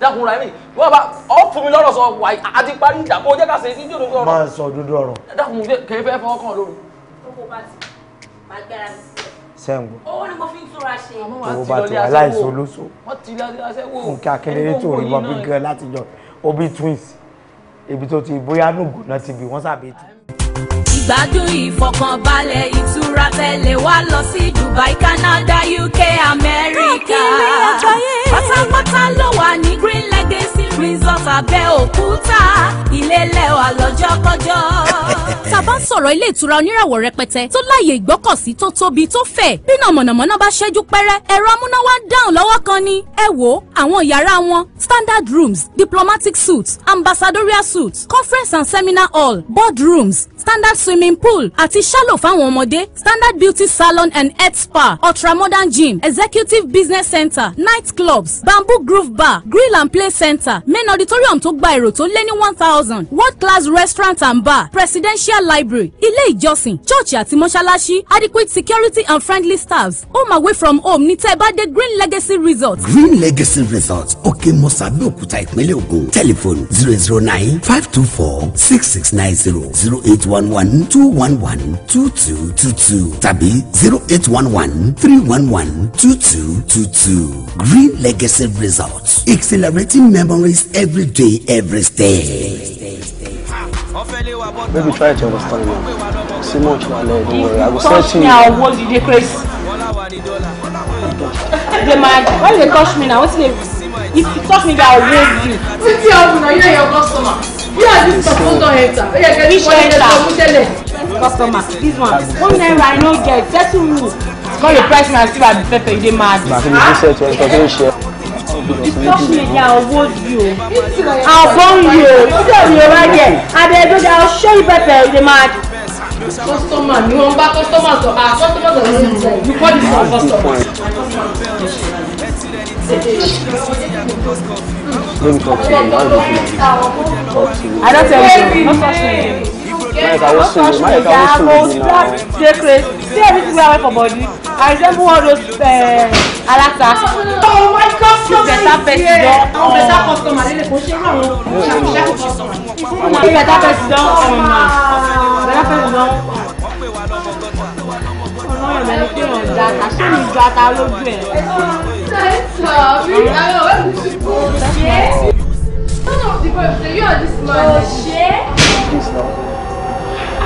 dákun ra mi wọ́n bá ọ fún mi lọ́rọ̀ sọ wà á ti parí ìjà kó jẹ́ sẹ́ǹgbọ́. owó ni mo fi ń túra ṣe. owó bá ti aláìsàn olóṣò. wọ́n ti lọ sí aṣẹ́wó. nǹkan akérèrè tó rí wọn bí gan látijọ́ obi twins ibi tó ti bóyá nùgùn náà ti bí wọ́n sàbẹ̀ tì. ìgbádùn ìfọ̀kànbalẹ̀ ìtura tẹ̀lé wá lọ sí Dubai Canada UK America pátápátá ló wà ní Greenland. Legacy Resort Abẹ́òkúta ilé lẹ́wà lọ́jọ́kọ́jọ́. tàbá ń sọ̀rọ̀ ilé ìtura oníràwọ̀ rẹpẹtẹ tó láàyè ìgbọ́kọ̀sí tó tóbi tó fẹ̀ bínà mọ̀nàmọ́ná bá ṣẹ́jú pẹ́rẹ́ ẹ̀rọ amúnáwá ń dáhùn lọ́wọ́ kan ni ẹ wo àwọn yàrá wọn standard rooms diplomatic suits, ambassadorial suits, conference and seminar hall board rooms standard swimming pool àti shallow fáwọn ọmọdé standard beauty salon and health spa ultramodern gym executive business center night clubs bamboo groove bar grill and place center main auditorium tó gba èrò tó lé ní one thousand world class restaurant and bar presidential library ilé ìjọsìn church àti mọ́ṣáláṣí adequate security and friendly staffs home away from home ní tẹ́ ẹ bá dé green legacy resort. green legacy resort òkè mọ́sá abẹ́òkúta ìpínlẹ̀ Ògùn tẹlifóònù zero zero nine five two four six six nine zero zero eight one one two one one two two two two tàbí zero eight one one three one one two two two two green legacy resort accelerating memories every day, every step. Baby, try to understand me. See much my don't worry. I will search you. Now, what did you crazy? they mad. Why they touch me now? What's the If you touch me, I will raise you. What's the hell? Now you're your customer. You are this customer don't enter. Yeah, can you enter? Customer, this one. One naira I no get. Settle me. Call the price man. See what the pepper. You mad. Ma, can you set to enter? Can you share? discussion again I'll hold you I'll burn you you tell me right there abeg baby I'll show you better you dey mad. customer you wọn bá customer sọ ah customers are lórí ìtẹ you call this one customer. I don't tell you. Yes, my course, they are most sacred. See everything wey I wear for body. I resemble all those uh, alata. Oh my God, so better person. Oh, better customer. They dey go share am. Better customer. Better person. Oh no, better person. Ọlọ́run ẹ̀mí pé ọ̀dà àṣẹ mi ju ata lójú ẹ̀. Ṣé sọ bí àwọn ọ̀rẹ́ mi ti kú? Ṣé? None of the boys say you are this man. Ṣé?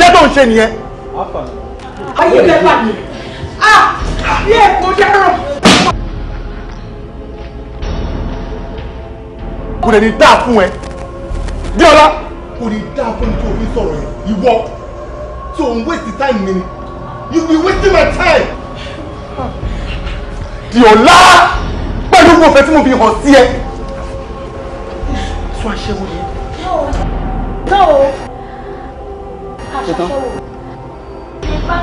iṣẹ́ tó ń ṣe nìyẹn. ayé bẹ́ẹ̀ bá mi ah bí èkó dáràn. kò lè ní dáa fún ẹ bí ọlá kò ní dáa fún mi tó fi sọ̀rọ̀ ẹ̀ ìwọ tó ń waste time mi ni you be wasting my time. di ọlá pẹ̀lú gbogbo ọ̀fẹ́ tí mo fi hàn sí ẹ. sọ àṣẹ wo yẹn. no no ṣetán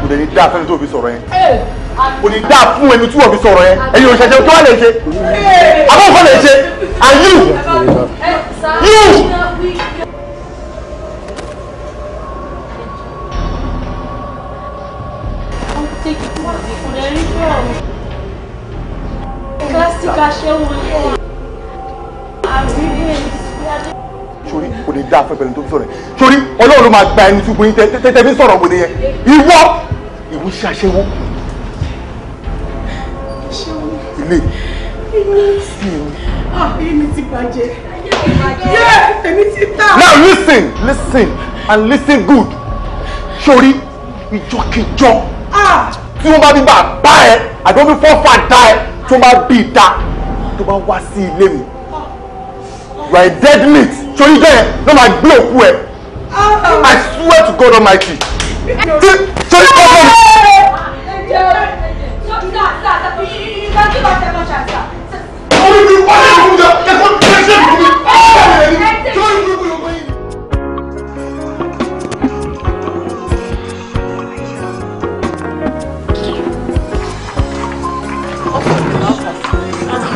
kò ní dáa fẹ́ni tó fi sọ̀rọ̀ yẹn kò ní dáa fún ẹni tí wọ́n fi sọ̀rọ̀ yẹn ẹ̀yin òṣèṣẹ́ tó wà lè ṣe àbọ̀fọ̀ lè ṣe and you you. dáa fún pẹ̀lú tó fi sọ̀rọ̀ yẹn sórí ọlọ́run ló máa gba ẹni tó gbóyin tẹ́tẹ́ fi sọ̀rọ̀ wòlé yẹn ìwọ ìwọ ṣe aṣẹ́wó. ilé sí i. èmi ti bàjẹ́ èmi ti ta. now listen listen and listen good sórí ìjọkíjọ ah. tí wọ́n bá bí bàbá ẹ àti wọ́n bí fọ́fà dá ẹ tí wọ́n bá bí ìta tó bá wá sí ilé mi you are a dead meat. So you ló No, my òkú ẹ̀ ah. I swear to God Almighty So you torí bẹ́ẹ̀ ló. orí mi wọ́n lè mú yọ ẹ̀kọ́ tó ṣe é mú mi báyìí rẹ̀ ni.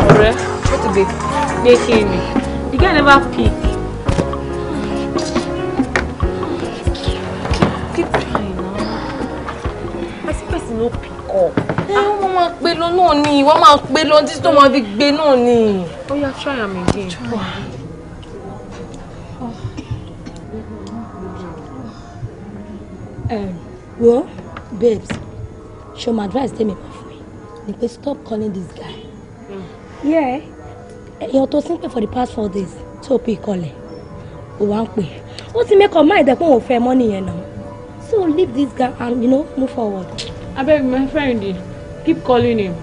ọ̀rẹ́ ó ti gbé gbé kí ni the guy never pick lọ náà ni wọ́n máa gbé lọ tó máa fi gbé náà ni. ó yá try am again. wo babes ṣe my advice tẹ́mi pa fún mi ni pé stop calling this guy. èèyàn tó sí ń for the past four days tí ò pè ìkọlẹ̀ ò wá ń pè ó ti make up mind ẹ̀ pé òun fẹ́ mọ́ nìyẹn náà so leave this guy and you know, move forward. abeg my friend keep calling him.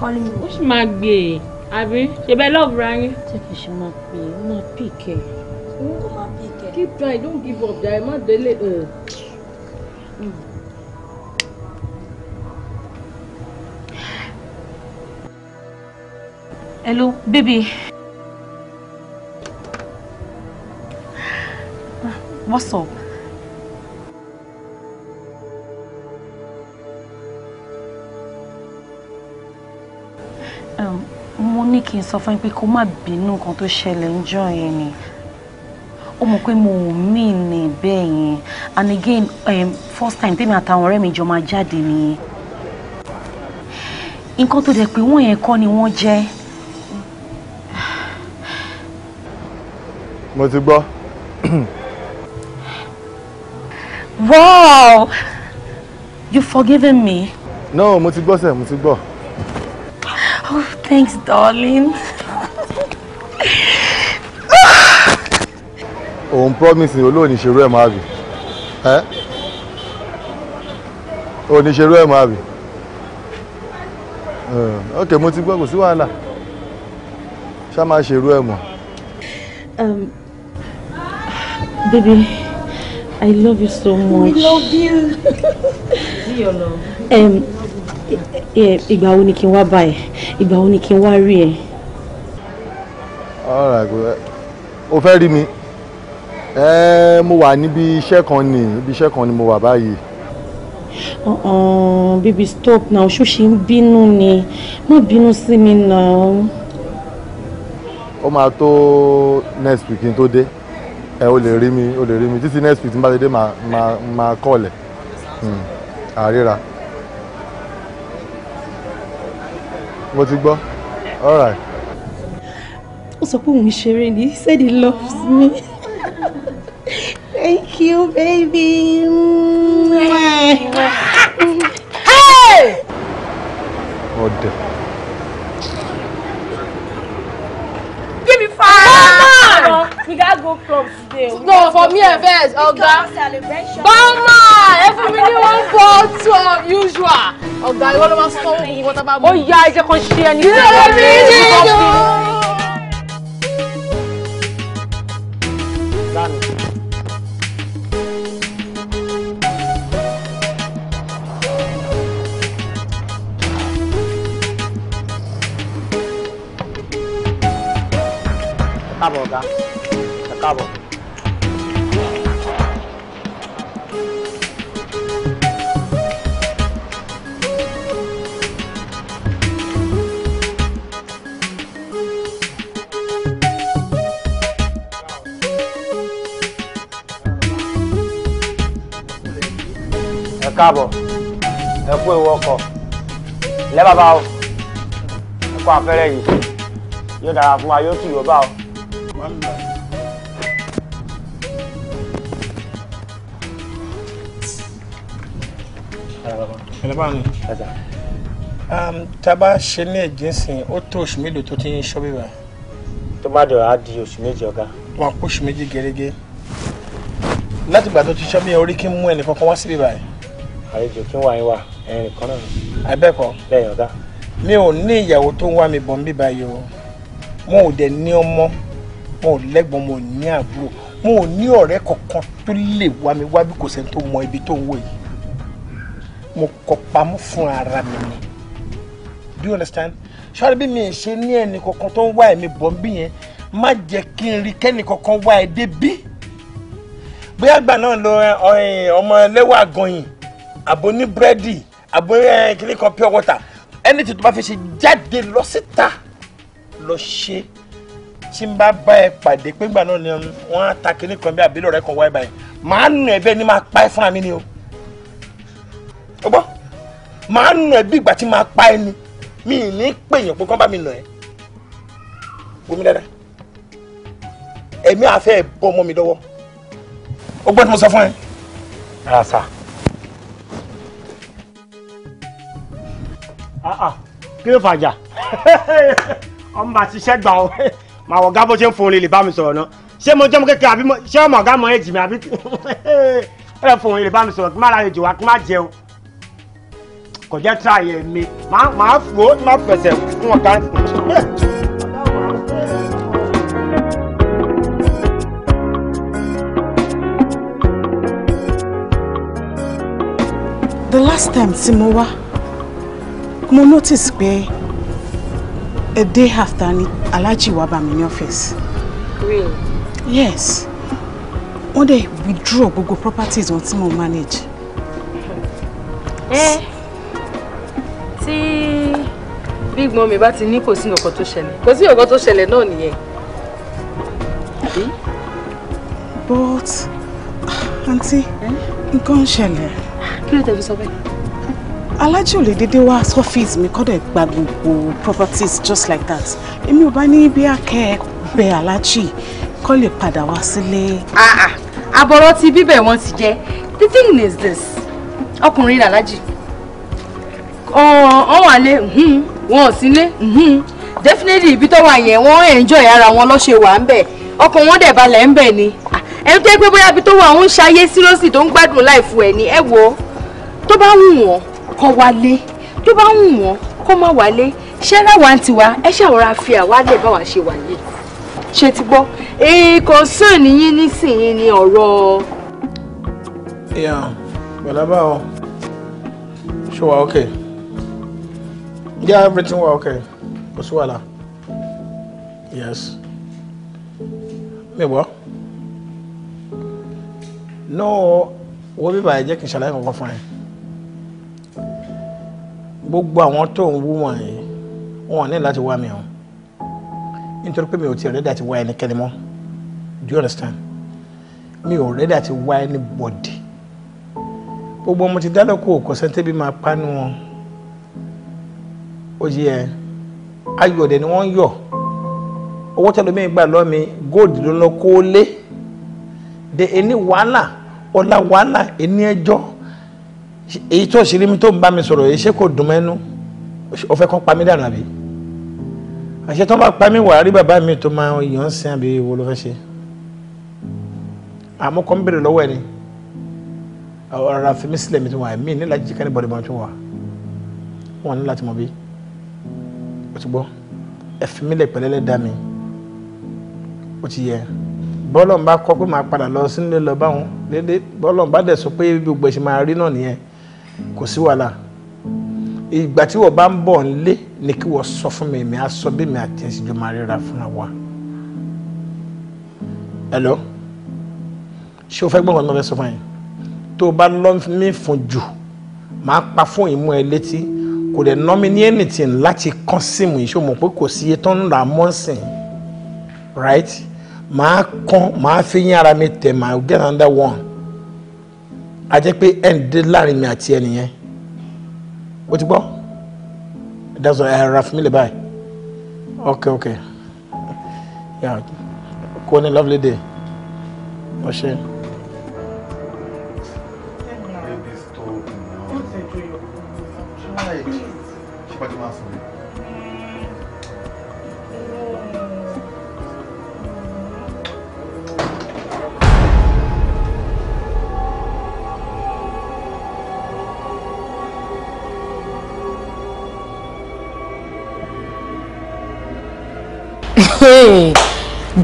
calling him. Who's sì máa gbé e àbí ṣe bẹ́ẹ̀ lọ́ọ̀bù ra yín. ṣé kì í ṣe máa pè keep trying don't give up jàre má délé. Mm. Mm. hello baby. what's up. mo ní kí n sọ fún yín pé kó má bínú nǹkan tó ṣẹlẹ̀ níjọ́ yẹn ni ó mọ̀ pé mo mí ní bẹ́ẹ̀ yẹn and again um, first time tèmi àtàwọn ọ̀rẹ́ mi jọ máa jáde nìyẹn nǹkan tó dẹ̀ pé wọ́n yẹn kọ́ ni wọ́n jẹ́. mo ti gbọ́. wow you forgiven me. no mo ti gbọ́ sẹ́ mo ti gbọ́. Oh, thanks, darling. Oh, promise ni olóòní ṣerú ẹ̀ máa bì. Òní ṣerú ẹ̀ máa bì. Ok, mo ti gbọ́ kò sí wàhálà. Ṣá máa ṣerú ẹ̀ um, Baby, I love you so much. I love you. See your love. Um, ìgbà wo ni kí n wá bá ẹ ìgbà wo ni kí n wá rí ẹ. o fẹ́ rí mi mo wà níbi iṣẹ́ kan ni ibi iṣẹ́ kan ni mo wà báyìí. bíbí stop now ṣó ṣe ń bínú ni má bínú sí mi náà. ó máa tó next week kí n tó dé ẹ o lè rí mi o lè rí mi títí next week tí n bá ti dé máa kọ́ ọ̀lẹ̀ àríra. Mm. mo ti gbọ́ all right. ó sọ pé òun ṣeré ni he said he loves me thank you baby. ọ̀dẹ̀. give me five. mama You gats go club no for me and vex ọ̀gá bọ́mà ẹ fún mi ní one bottle of usual ọ̀gá ìwọ ló máa sọ owó gbogbo wọn tá a bá mú. ó yá ẹ jẹ́ kó ṣe ẹni tí wọ́n fi ń bọ́ ẹ bàbá o ẹ kó afẹ́rẹ́ yìí yóò dára fún wa yóò tù yóò bá o. Um, tábà ṣe ní ẹ̀jẹ̀sìn ó tó oṣù mélòó tó ti ń ṣọ́ bíbá. tó bá dọ̀rọ̀ á di oṣù méjì ọ̀gá. wọn kó oṣù méjì gẹ́gẹ́ látìgbà tó ti ṣọ́ bí orí kí ń mú ẹnì kankan wá sí bíbá yìí. àlejò kí wàá yín wà ẹ̀rìn kan náà. abẹ́kọ̀ bẹ́ẹ̀ ọ̀gá. mi ò ní ìyàwó tó ń wá mi bọ̀ níbí báyìí o mo ò dẹ̀ ní ọmọ mo ò lẹ́gbọ̀n mo ò ní àbúrò mo ò ní ọ̀rẹ́ kankan tó lè wá mi wá bí kò sẹ́ni tó mọ ibi tó ń wò yìí mo kọ pamọ́ fún ara mi ni do you understand sọ́ọ́rẹ́ bí mi ì ṣe ní ẹnì kankan tó ń wá ẹ̀mí bọ̀ ń bí yẹn má jẹ́ kí n rí kẹ́nì kankan wá ẹ débí bóyá àgbà náà lo ọmọ ẹlẹ́wà gan yìí àbò ní búrẹ́dì àbúrò eh, kìnìún kan pure water ẹni tí tó bá fẹ́ ṣe jáde lọ síta lọ ṣe tí n bá bá ẹ pàdé pé gbà náà ni wọ́n á ta kìnìún kan bí àbílẹ̀ rẹ kan wá ẹ báyìí màá nù ẹ bẹ́ẹ̀ ni màá pa ẹ fúnra mi ni o ó gbọ́ màá nù ẹ bí ìgbà tí màá pa ẹ ni mi ì ní pèèyàn pé kán bá mi nù ẹ gbomi dada ẹ̀mí àfẹ́ ẹ̀ ọmọ mi lọ́wọ́ ó gbọ́ tí mo sọ fún ẹ. àṣà. Ah, ah, kí ló fàjà ọmọ àti iṣẹ́ gbà ọ màá wọ gábó ṣe ń fún un lè bá mi sọ̀rọ̀ náà ṣé mo jẹ́ mo kékeré àbí ṣé ọmọ ọ̀gá mọ èjì mi àbí ó lè fún un lè bá mi sọ̀rọ̀ kí má ra èjò wa kí má jẹun kò jẹ́ tíra yẹ mi màá fò ó má fẹsẹ̀ fún ọ̀gá. The last time tí mo wá mo notice pé a day after ni Alhaji wá bá mi ní ọ́fíìsì. Really? Yes. Wọ́n dẹ̀ withdraw gbogbo properties wọn tí mo manage. Ẹ eh, tí big mommy bá ti ní kò sí nǹkan tó ṣẹlẹ̀ kò sí nǹkan tó ṣẹlẹ̀ náà nìyẹn. But ah, aunty eh? nǹkan ń ṣẹlẹ̀. Kí ló tẹ̀ fi sọ bẹ́ẹ̀? alájí ò lè dédé wá sọ́fíìsì mi kọ́dẹ̀ gba gbogbo properties just like that èmi ò bá ní bí akẹ́ bẹ alájí kọ́ lè padà wá sílé. Ah, ah. àbọ̀rọ̀ ti bíbẹ̀ wọn ti jẹ́ the thing is this ọkùnrin alájí ọ̀hún wà lé wọn ò sí lé definitely ibi tó wà yẹn wọ́n enjoy ara wọn lọ́ṣẹ̀ wà ń bẹ̀ ọkàn wọn dẹ̀ balẹ̀ ń bẹ̀ ni ah, ẹni tó yẹ pé bóyá ibi tó wà ń ṣayé sírọ́sì tó ń gbádùn láìfu ẹ̀ ni ẹ wò ó tó bá wù wọ́n kó wálé tó bá wù wọ́n kó má wálé ṣé ráwa tiwa ẹ ṣàwọ́ra fi àwálẹ̀ báwa ṣe wà ṣe ti gbọ́ èèkàn eh, sàn níyín nísìnyí ni ọ̀rọ̀. ìyá gbọ̀lábà ọ ṣó wa okay yeah everything wa okay kò sí wàhálà yes mi gbọ́ no wo bíbá ẹ jẹ́ kí n ṣàlàyé kankan fún ẹ gbogbo àwọn tó ń wú wọ̀nyí wọn ní láti wá mi o nítorí pé mi ò ti rẹ́dí àti wá ẹnikẹ́ni mọ́ do you understand mi ò rẹ́dí àti wá anybody gbogbo ọmọ ti dálọ́kọ̀ kọ̀sẹ́ntẹ́bí máa pánú wọn ó yẹ ẹ ayọ̀ dẹ̀ ni wọ́n ń yọ̀ owó tẹlomi gbà lọ́mi gold ló lọ kó lé de ẹni wàhálà ọ̀la wàhálà ẹni ẹjọ́. E èyí tó ṣe rí mi tó ń bá mi sọ̀rọ̀ èyí ṣé kò dùn mẹ́nu ó fẹ́ kán pa mí dànù àbí àṣẹ tó bá pa mí wà rí bàbá mi tó máa yàn ń sin àbí wo ló fẹ́ ṣe àmọ́ kọ́ ń bèrè lọ́wọ́ ẹ ni ọ̀rọ̀ àfẹ́mí sílẹ̀ mi ti wà mí ní láti jíkà ní bọ́dẹ̀ bọ́n tó wà wọn ní láti mọ̀ bí o ti gbọ́ ẹ̀fínmílẹ̀ pẹ̀lẹ́lẹ̀ dá mi o ti yẹ bọ́lọ̀ ń bá kọ́ pé màá padà lọ sílé lọ kò sí wàhálà ìgbà tí wọ́n bá ń bọ̀ nílé ni kí wọ́n sọ fún mi èmi á sọ bí mi àti ẹ̀sìn jọ máa ríra fúnra wa. Hello ṣé o fẹ́ gbọ́n wọn náà fẹ́ sọ fún yín tó o bá lọ mí fún jù máa pa fún ìmú ẹ létí kò dẹ̀ nọ́ mi ní anything láti kán síìmù yìí ṣó mọ̀ pé kò sí iye tó ń ra mọ́sìn right máa kán máa fi yín ara mi tẹ̀ máa get another one a jẹ́ pé ẹ̀ ń dé láàrin mi àti ẹni yẹn o ti gbọ́ that's why ẹ ra fún mi lè báyìí ok ok yeah. kò ní lovely day ọ̀ṣẹ́. Okay.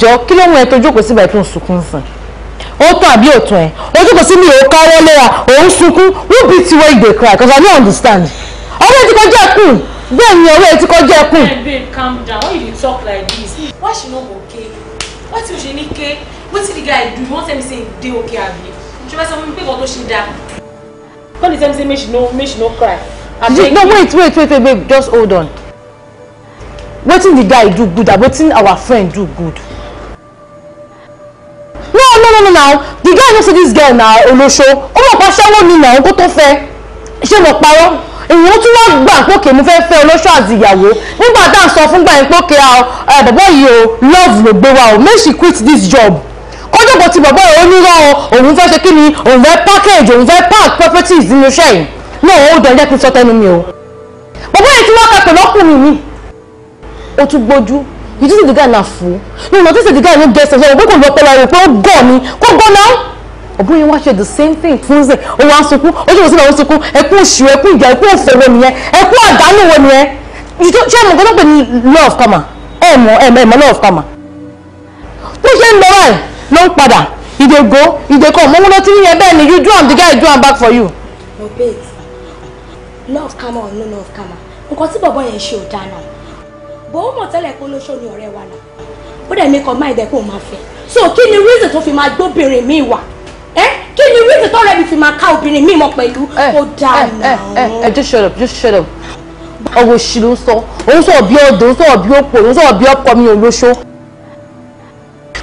jọ kí ló ń ẹ tó jókòó síbẹ̀ tó ń sunkún fún ó tán àbí ò ẹ ó jókòó sí mi ò káwọ́ léra òun sunkún wọ́n bí tiwọ́ ìgbè cry because I no understand ọwọ́ ti kọjá ẹkùn bẹ́ẹ̀ ni ọwọ́ ti kọjá ẹkùn. calm down why you talk like this why she no go ke why ti o ṣe ní the guy do you wan tell say he okay abi ṣe fẹ́ sọ fún mi pé nǹkan tó ṣe dáa come dey tell me say make she no make she no cry abeg. no wait wait wait wait babe just hold on wetin the guy do good abi wetin our friend do good no no now the guy no see this girl na olóṣó ó mọ̀ pa ṣẹ́wó ni nà ó kó tó fẹ́ ṣé mo parọ́ èèyàn tún wá gbà pókè mo fẹ́ẹ́ fẹ́ olóṣó àti ìyàwó nígbà tá à ń sọ fún gbà yín pókè bàbá yìí o love ló gbé wa o make she quit this job kọjọ́ bọ̀ ti bàbá yìí ó ní rán o òun fẹ́ ṣe kí ni òun fẹ́ package òun fẹ́ pack properties nínú iṣẹ́ yìí náà ó dọ̀ jẹ́ kí n sọ tẹnu mi o bàbá yìí tún wá kà pẹ̀lú ọkùnrin mi ó tún gbójú you just say the guy now fool no na just say the guy no get sense ọ̀rọ̀ pé kò lọ pẹ̀lú àròpé ó gọ̀ ni kó gọ̀ náà ọ̀gbọ́n yẹn wá ṣe the same thing fún ṣe òun á sunkún ojú ìwòsàn àwọn sunkún ẹkún òṣù ẹkún ìjà ẹkún òfò wo nìyẹn ẹkún àdánù wo nìyẹn ṣé ẹ mọ̀ gbọ́dọ̀ pé ní law of karma ẹ mọ̀ ẹ mọ̀ ẹ mọ̀ law of karma tó ṣe ń lọ báyìí ló ń padà ìdè go ìdè kan mọ́mú ló ti ń yẹ bẹ́ẹ̀ ni you do am the guy do am back for you. mo bẹ́ẹ̀ law of karma or no law of karma nǹkan tí bọ̀bọ̀ yẹn ṣe ò dáa bó mọ̀ tẹ́lẹ̀ pé olóṣó ni ọ̀rẹ́ wa là ó dẹ̀ mi kàn máa ìdẹ́ kó máa fẹ́ so kí ni reason tó fi máa gbóbìnrin mi wà ẹ kí ni reason tó rẹ̀ mi fi máa ká obìnrin mi mọ̀ pẹ̀lú ó dáa nà án. ẹ just shut up just shut up ọwọ́ òṣì ló ń sọ òun sọ bí ọdọ òun sọ bí ọ̀pọ̀ òun sọ bí ọkọ mi olóṣó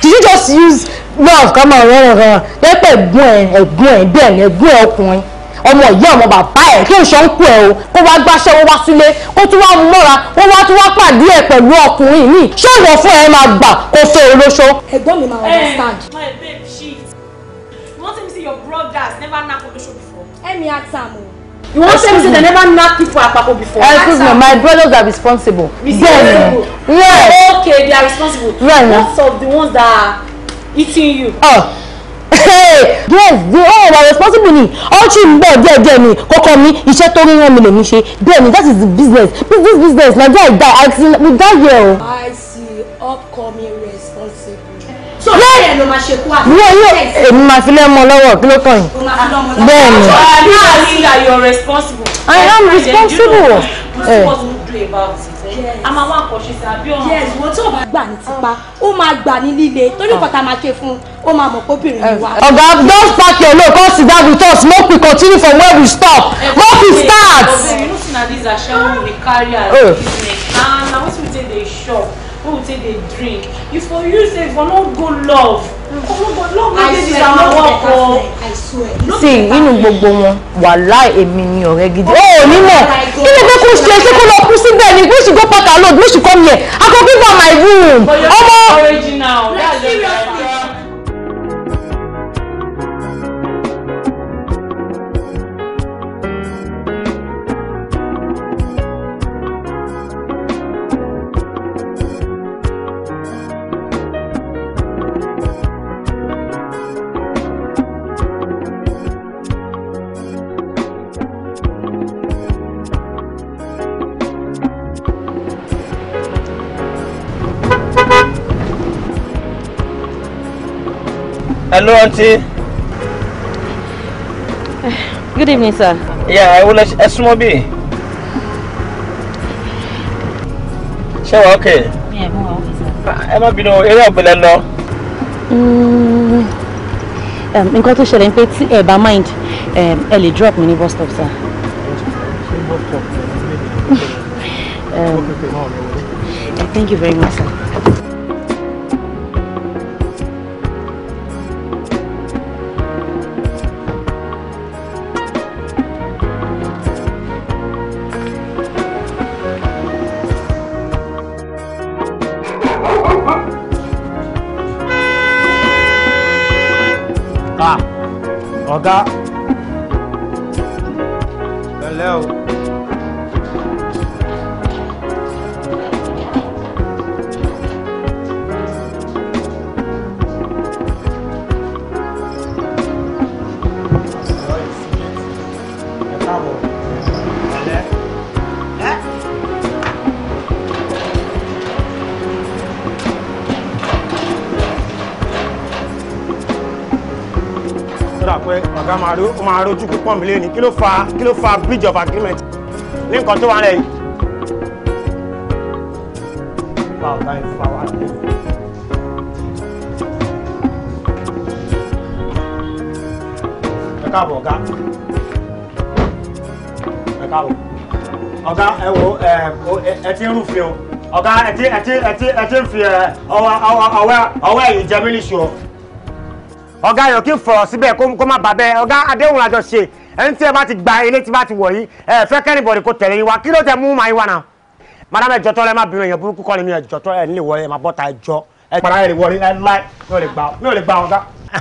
did you just use love kama ọ̀rẹ́ rẹ̀ rẹ̀ lẹ́pẹ̀ ẹ̀gbọ́n ẹ̀ ẹ̀gbọ́n ẹ̀ bẹ́ẹ̀ ni ẹ̀gbọ́n ẹ̀ ọkùnrin ọmọ ìyá ọmọ bàbá ẹ̀ kí òṣọ ń kú ẹ̀ o kó wá gbáṣẹ́ wọ́n wá sílé kó tún wá mọ́ra wọ́n wá tún wá pàdé ẹ̀ pẹ̀lú ọkùnrin mi ṣé ìwọ fún ẹ máa gbà kó fẹ́ olóṣó. ẹ̀gbọ́n mi máa eh, understand. my babe shit you wan tell me say your brothers never knack olóṣó before. ẹ̀mí àtàmù. you wan tell me say they never knack people àpapọ̀ before. Eh, excuse me my brothers are responsible. responsible yes. okay they are responsible. right now. most of the ones that are eating you. Oh yes the all of our responsible ni ọtí ń bọ̀ díẹ̀ díẹ̀ ni kọ́kọ́ mi iṣẹ́ tó ríran mi lèmi ṣe bẹ́ẹ̀ ni that is the business business business na there i die i see we die here oh. i see upcoming responsible. so bẹ́ẹ̀ ló máa ṣe kú àti ṣẹ́ẹ̀sì. èmi máa fi lẹ́mọ lọ́wọ́ kí ló kàn yín. bẹ́ẹ̀ ni. you are responsible. i am responsible see eh. what we do about it. Eh? a máa wá àkọ́ṣe sí abíọ́nà. yes wọ́n tí ò bá gbà ní tipa ó máa gbà ní líle torí ìkọ̀tà ah. máa ké fún ó máa mọ̀ kóbìnrin ni eh. wá. don't pack your load come sit down with us we continue from where we stop make we start. ọ̀bẹ mi no see na dis we carry as business and na wetin we take dey shop wey we take dey drink if for you sef for no go love sí inú gbogbo wọn wàláì èmi ni ọ̀rẹ́ gidi ó ò ní mọ̀ ilé pé kò ṣe ṣe kó lọ kú síbẹ̀ ni we should go pack our load we should come here i go give am my room ọmọ. Hello, auntie. Good evening, sir. Yeah, I will let Esmo be. Ṣé okay? Yeah, mo wà okay, sir. Ẹ má bínú eré ọ̀gbìnlẹ̀ lọ. Mm, um, nǹkan tó ṣẹlẹ̀ ń pé tí ẹ bá mind Um, lè drop mi ní bus stop, sir. Um, thank you very much, sir. máa rojú pípọ̀ mi lé ní kí ló fa kí ló fa bridge of agreement ní nǹkan tó wà lẹ́yìn. ẹ káàbọ̀ ọ̀gá ẹ káàbọ̀ ọ̀gá ẹ wo ẹ ti rúfin o ọ̀gá ẹ ti ẹ ti ẹ ti ń fi ọwọ́ ẹ̀yìn jẹ mí níṣu o ọ̀gá ayọ̀ kí n fọ̀rọ̀ síbẹ̀ kó má bà bẹ́ẹ̀ ọ̀gá adéhùn la jọ ṣe ẹni tí ẹ bá ti gba ilé tí bá ti wọ̀ yìí ẹ fẹ́ kẹ́nìbọ̀dì kó tẹ̀lé yín wá kí ló tẹ mú màá yín wá náà. madam ẹ jọtọ lẹ má bínú èèyàn burúkú kọ́ ni mi ẹ jọtọ ẹ nílé wọlé ẹ má bọ́ta ẹ jọ ẹ padà ẹ lè wọlé ẹ láì mi ò lè gbà ọ̀gá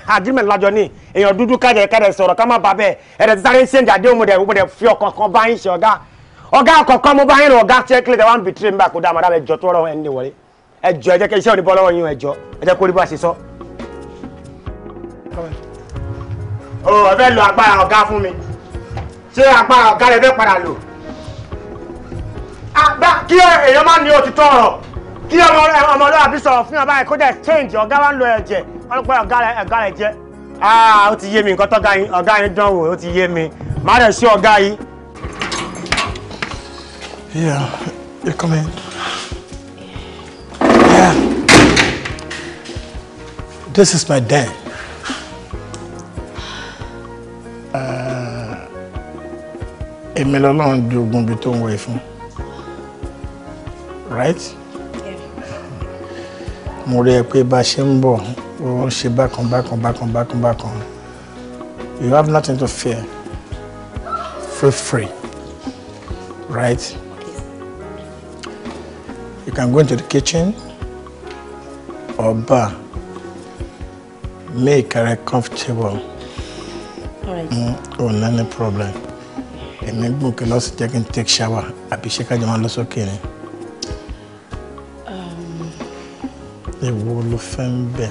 agreement lajọ ni èèyàn dúdú kájẹ kẹrẹ sọ̀rọ̀ ká má bà bẹ́ẹ̀ ẹ̀rẹ̀ sáré ń ṣèǹdà dé òmùdẹ̀ òmùdẹ̀ fi ọkàn kan bá yín iṣẹ́ òní Oh, I for me. See, comment. o ò fẹ́ lo agbára ọ̀gá fún mi ṣé agbára ọ̀gá man, fẹ́ padà lò. àgbà kí èèyàn má ní òtítọ́ ọ̀rọ̀ kí ọmọ ọmọlúwàbí sọ̀rọ̀ fún ọba ẹ̀kọ́ dẹ̀ change ọ̀gá wa ń lo ẹ̀jẹ̀ ọlọ́pàá ọ̀gá rẹ̀ jẹ́. ah ó ti yé mi nǹkan tọ́gá yín ọ̀gá yín dánwò What you hear me? má dẹ̀ sí ọ̀gá yín. Yeah, you come in. Yeah. This is my den. Eh, èmi lọ́lọ́run jogun ibi tó ń wẹ̀ fún right mo rí ẹ pé bá a ṣe ń bọ̀ ó ń ṣe bákan bákan bákan bákan bákan you have nothing to fear feel free right you can go into the kitchen or bar make her comfortable ò mm, oh, ní no problem èmi gòkè lọ sí jẹ́ kí n take shower àbí be ká jọ máa lọ sókè ni. Um, èwo ló fẹ́ ń bẹ̀.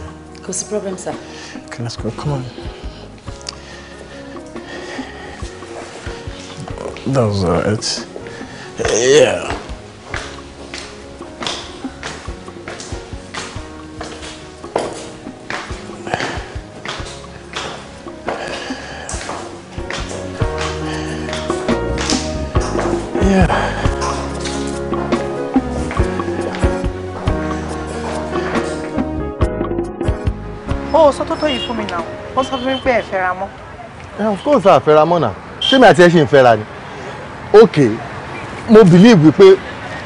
problem sir. okay let's go come on. that was uh, it. yeah. torí pé eh, of course a fẹ́ra mọ́ náà ṣé mi àti ẹ ṣì ń fẹ́ra ni ok mo believe wípé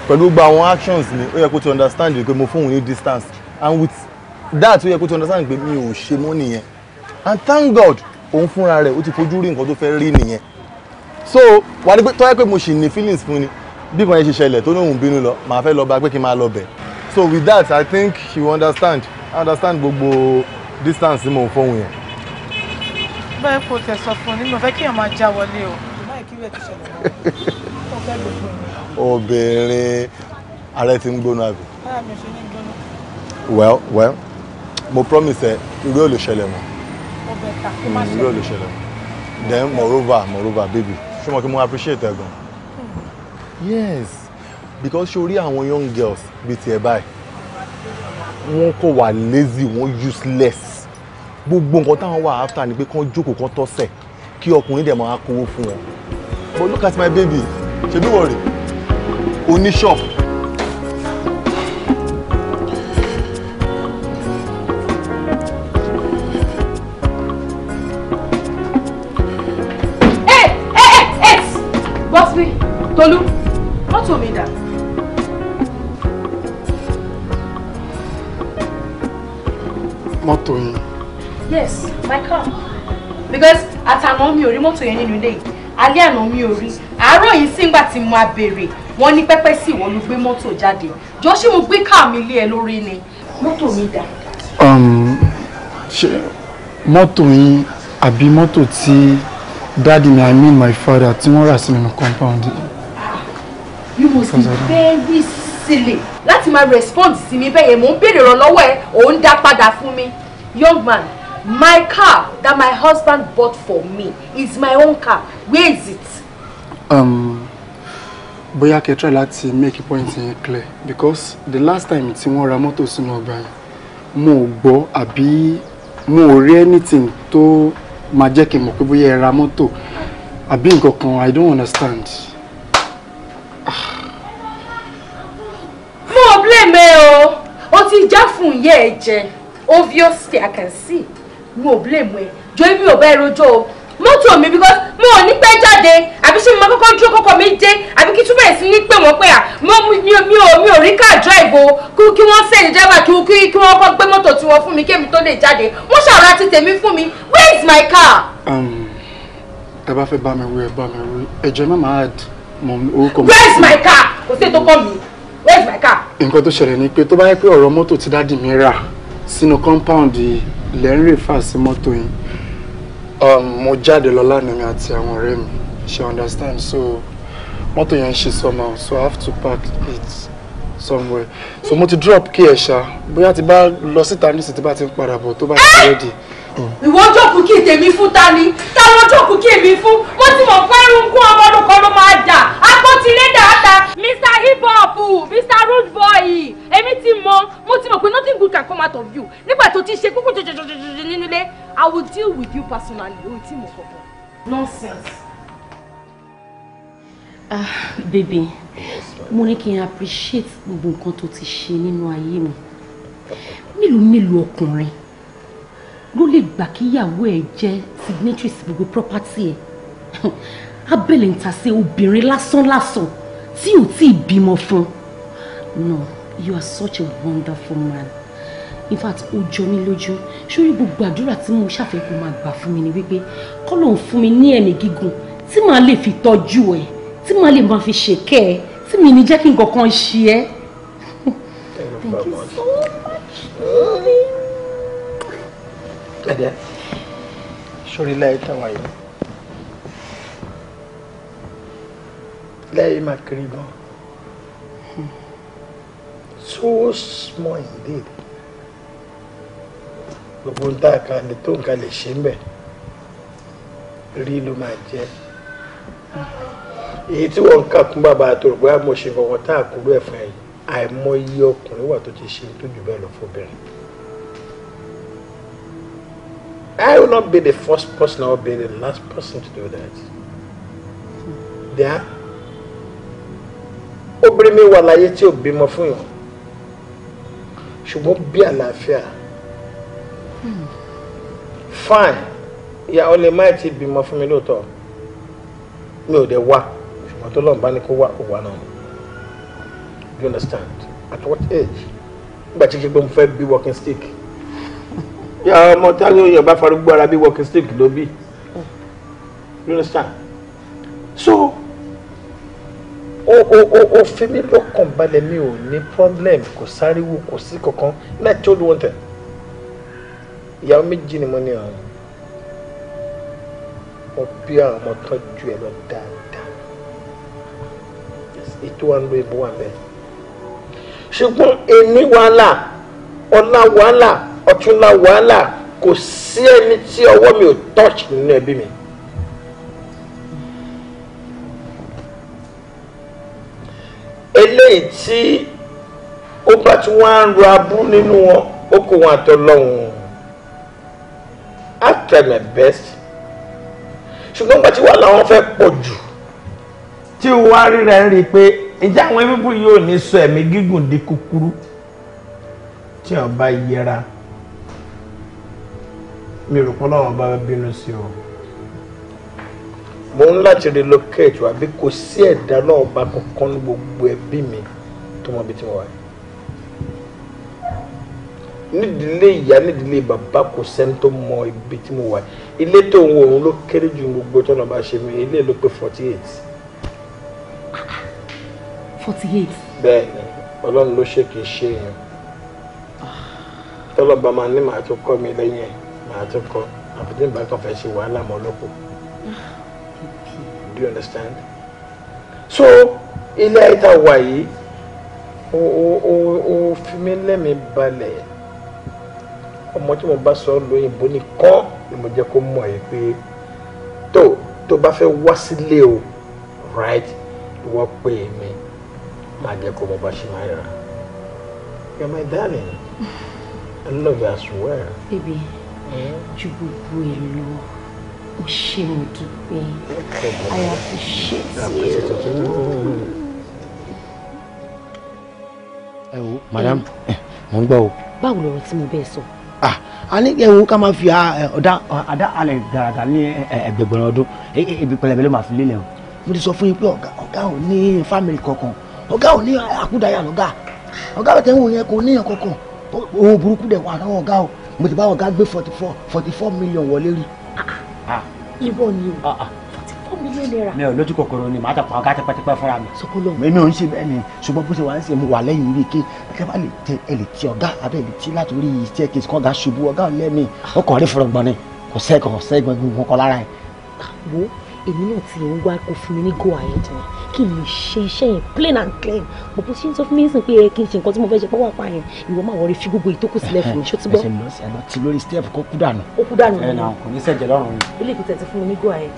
pẹ̀lú gbogbo àwọn actions mi ó yẹ kó ti understand wípé mo fún òun ní distance and with that ó yẹ kó ti understand pé mi ò ṣe mọ́ nìyẹn and thank God òun fúnra rẹ̀ ó ti fojú rí nǹkan tó fẹ́ rí nìyẹn so wà á rí pé tọ́yẹ́ pé mo ṣì ní feelings fún ni bí kan yẹn ṣe ṣẹlẹ̀ tó ní òun bínú lọ màá fẹ́ lọ bá pé kí n máa lọ bẹ̀ so with that I think she will understand I understand gbogbo distance tí mò ń fọ́hun yẹn bẹ́ẹ̀ kò tẹ̀ sọ fún un nínú fẹ́ kí èèyàn máa já wọlé o obìnrin ààrẹ ti ń gbóná àbí. well well mo promise ẹ irú ò lè ṣẹlẹ̀ mọ́ mm, irú ò lè ṣẹlẹ̀ mọ́ then moreover moreover baby ṣé mo kí mo appreciate ẹ gan. Hmm. yes because ṣe orí àwọn young girls bíi tiẹ̀ báyìí wọ́n kò wà lazy wọ́n useless gbogbo nǹkan táwọn wà after ni pé kán jókòó kán tọ́sẹ̀ kí ọkùnrin dẹ̀ máa kówó fún wọn but look at my baby ṣe bí wọ̀rẹ̀ oníṣọ́ọ̀fù. Tolu Yes, my car. Because àtàná mi ò rí mọ́tò yẹn nínú ilé yìí. Alẹ́ àná mi ò rí. Àárọ̀ yìí sí mo máa béèrè. Wọ́n ní pẹ́pẹ́ sí ìwọ ló gbé mọ́tò jáde. Jọ mo gbé car mi lé ẹ lórí ni? Mọ́tò mi dà. Um, ṣé mọ́tò yín àbí mọ́tò tí Daddy mi I mean my father tí wọ́n rà sí nínú compound You must be very silly láti máa respond sí mi bẹ́ẹ̀ yẹn mò ń béèrè ìrànlọ́wọ́ ẹ̀ òun dá padà fún mi young man My car that my husband bought for me is my own car. Where is it? Um, I can try to make point yẹn clear because the last time it's wọ́n ra mọ́tò sínú ọgbà yẹn a ò gbọ́ anything to máa jẹ́ kí n mọ̀ pé bóyá I don't understand. mo blame ẹ o o ti já fún ìyá obviously I can see mi blame ẹ jọ èmi ò bá ẹ rojọ́ o mọ́tò mi because mo ò ní pẹ́ jáde àbí ṣé mo máa kọ́kọ́ dúró kọ́kọ́ mi dé àbí be túbọ̀ sí ní pé wọ́n pé à mi ò mi ò rí car drive o kí wọ́n send driver kí kí wọ́n kọ́ gbé mọ́tò tí wọ́n fún mi kémi tó lè jáde wọ́n ṣàwòrán ti tèmi fún mi where is my car. Um, tẹ bá fẹ́ bá mi wí ẹ bá mi wí ẹ̀jẹ̀ má máa add mọ orúkọ mi. where is my car kò sí ètò kọ́ mi where is my car. nǹkan tó ṣẹlẹ̀ ni pe tó bá yẹ pé ọ̀rọ̀ mọ́tò ti dá dì mí rà compound yìí lẹ́ ń rèfà sí mọ́tò yín um, mo jáde lọ lánàá mi àti àwọn ọ̀rẹ́ mi she understand so mọ́tò yẹn ń ṣe somehow so I have to park it somewhere so mo ti drop kí ẹ ṣá bóyá ti bá lọ síta nísìsiyìí tí bá ti ń padà bọ̀ tó bá ti ready ìwọ jókòó kí tèmi fún ta ni ta ló jókòó kí èmi fún mo ti mọ̀ pé irúnkún ọmọ ló máa dà akọ́tìlé dáadáa. mr hip hop mr rude boy èmi ti mọ mo ti mọ̀ pé nothing good can come out of you nígbà tó ti ṣe kúkú jọjọjọjọjọ nínú ilé i will deal with you personally o ti mọ̀ kọ̀ọ̀kan. nonsense. ah baby mo ní kí n appreciate gbogbo nǹkan tó ti ṣe nínú ayé mi mélòó mélòó ọkùnrin ló lè gbà kíyàwó ẹ̀ jẹ́ signatory sí gbogbo property ẹ̀ abẹ́lẹ̀ ń ta sí obìnrin lásánlásán tí ò tí ì bímọ fún no you are such a wonderful man in fact ó jọ mí lójú sórí gbogbo àdúrà tí mo ṣàfihàn kó máa gbà fún mi ni wípé kọ́ ló ń fún mi ní ẹ̀mí gígùn tí màá lè fi tọ́jú ẹ̀ tí màá lè máa fi ṣèkẹ́ ẹ̀ tí mi ní jẹ́ kí nǹkan kan ṣe ẹ́. thank you so much pẹ̀lẹ́ sórí láyé táwa yìí láyé máa kiri gan so small indeed gbogbo nta kan lè tó nǹkan lè ṣe ń bẹ̀ rí ló máa jẹ́ èyí tí wọ́n ń kà kún bàbá àtòrò bóyá mo ṣe fọwọ́ tá àkúrò de yìí àìmọye ọkùnrin wà tó I will not be the first person, I will be the last person to do that. There, obìnrin mi wà láyé tí ò bímọ fún yàn ṣùgbọ́n bí àlàáfíà fine ìyá ọlẹ má ti bímọ fún mi lóòótọ́ mi ò dé wá ṣùgbọ́n tó lọ́nba ni kó wá kó wá náà you understand at what age But tí kí pé mo fẹ́ walking stick ọmọ táwọn èèyàn bá farúgbó ara bí walking stick ló bí you understand so o ó ó ó fi mí lọ́kàn balẹ̀ mi ò ní problem kò sáríwò kò sí kankan and I told you one thing ìyàwó méjì ni mo ní ọ̀hún mo bí àwọn ọmọ tọ́jú ẹ lọ dáadáa ètò wa ń lo ìbúwa bẹ́ẹ̀ ṣùgbọ́n ẹni wàhálà ọ̀la wàhálà ọ̀túnla wàhálà kò sí ẹni tí ọwọ́ mi ò touch nínú ẹbí mi. eléyìí tí ó bá tí wọ́n á ń ro abú nínú wọn ó kó wọn àtọ lọ́hùn-ún I try my best ṣùgbọ́n gbàtí wà láwọn fẹ́ pọ̀ jù. tí wàá rí rẹ̀ ń rí i pé ìjà àwọn ẹbí yóò ní sọ ẹ̀mí gígùn di kúkúrú tí o bá yẹra mi rò pọ́n náà bá bínú sí o. mo ń láti relocate wa bí kò sí ẹ̀dá náà bá kankan ní gbogbo ẹbí mi tó mọ ibi tí mo wà. nídìílé ìyá nídìílé bàbá kò sẹ́ni tó mọ ibi tí mo wà ilé tó ń wo òun ló kéré ju gbogbo tó náà bá ṣe mí ilé ló pé forty eight. forty eight. bẹ́ẹ̀ni Ọlọ́run ló ṣe kì í ṣe yẹn tọ́lọ́ba máa ní màá tún kọ́ mi lẹ́yìn ẹ̀ màá tún kọ́ àfi tí nǹkan kan fẹ́ ṣe wàhálà mọ́ lọ́pọ̀ do you understand so ilé ayé tá a wà yìí o o o fi mí lẹ́mìí balẹ̀ ọmọ tí mo bá sọ lóyìnbó nìkan ni mo jẹ́ kó mọ̀ yìí pé tó tó bá fẹ́ wá sílé o right ìwọ pé mi máa jẹ́ kó mo bá ṣe máa yàrá you're my darling. I love you as well. Baby, hmm? ju gbogbo be. lọ, mo ṣe mo dúpẹ́. I appreciate you. Ẹ hmm. madam, eh, mo ń gbọ́ o. Báwo lọ̀rọ̀ tí mo bẹ́ẹ̀ sọ? Ah, a ní ẹ̀wọ̀n ká máa fi ah, eh, ọ̀dà àdá alẹ̀ gàràgà ní eh, ẹgbẹ̀gbọ̀n ọdún, ebi pẹlẹbẹ ló máa fi lélẹ̀ o. Mo ti sọ fún yín pé ọ̀gá ò ní fámìlì kankan, ọ̀gá ò ní àkúdàyà ah, lọ́gà, ọ̀gá bẹ̀tẹ̀ ń wò yẹn kò níyàn kankan o burúkú dẹ̀ wà lọ́wọ́ ọ̀gá o mo ti bá ọ̀gá gbé forty four forty four million wọlé rí. Ah, ah. irọ́ ni o ah, forty four million naira. mi ò lójú kòkòrò ni màá tọpọ ọ̀gá tipẹ́tipẹ́ fúnra mi. sọkúlọ mi ò ń ṣe bẹ́ẹ̀ ni ṣùgbọ́n bó ṣe wà ń ṣe mo wà lẹ́yìn rí ike ẹ bá lè tẹ ẹ lè ti ọ̀gá abẹ́ lè ti láti orí iṣẹ́ kejì kọ́ga ṣubú ọ̀gá ọ̀lẹ́mi ọkọ̀ rí fọlọ́gbọ̀n ni kò sẹ́gun kò sẹ́gun gbogbo kọ́ lára ẹ̀. wo èmi náà ti ń wá kó fún mi ní go ahead ni kí n lè ṣe iṣẹ́ yẹn plain and clean mo bó ṣe ń sọ fún mi ń sìn pé ẹ kí n ṣe nǹkan tí mo fẹ́ ṣe pọ́wọ́ apá yẹn ìwọ máa wọlé fi gbogbo ìtókù sílẹ̀ fún mi ṣó ti gbọ́. ẹsẹ̀ lọ sí àná tí lórí step kó kú dànù. ó kú dànù nínú kò ní sẹ́jẹ̀ lọ́rùn mi. ilé ìkùtẹ̀ ti fún mi ní go ahead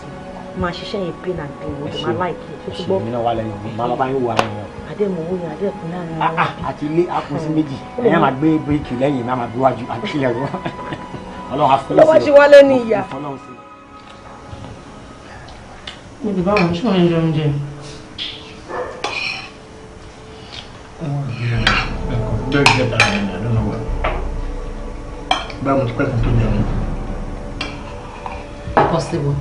máa ṣiṣẹ́ yẹn plain and clean mo dẹ̀ máa láìkì ṣó ti gbọ́. ẹ̀ṣẹ̀ mi náà wà lẹ́yìn mi máa bá yín wo àwọn èèyàn àdèmọ̀wó yẹn àdèkùn láàrin ara. Ah, ah, àti ilé akùnsí hmm. méjì ẹ̀yẹ́ máa gbé bíríkì lẹ́yìn máa máa gbé wájú àti ilẹ̀ rọ. ọlọ́run afọlọ́sẹ̀ lọ́wọ́ ṣe wálé ní ìyá. Oh, mo ti bá wọn ṣé òun jẹ oúnjẹ. báwo ti pẹ́sìn tó jẹun. possible.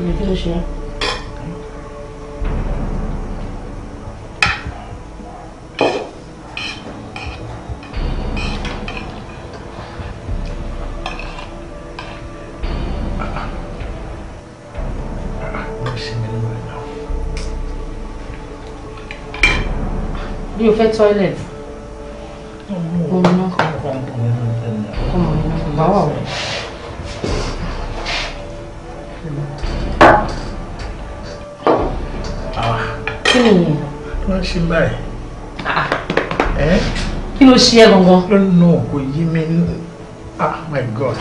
Meu Deus, né? mi ò fẹ́ toilet òun náà ọmọ mi náà bá wà wọ́n. kí ni yẹn. kí ló ń ṣe báyìí. Ah. kí ló ṣe ẹ gangan. ló ń nà kò yí mi ní ah my god.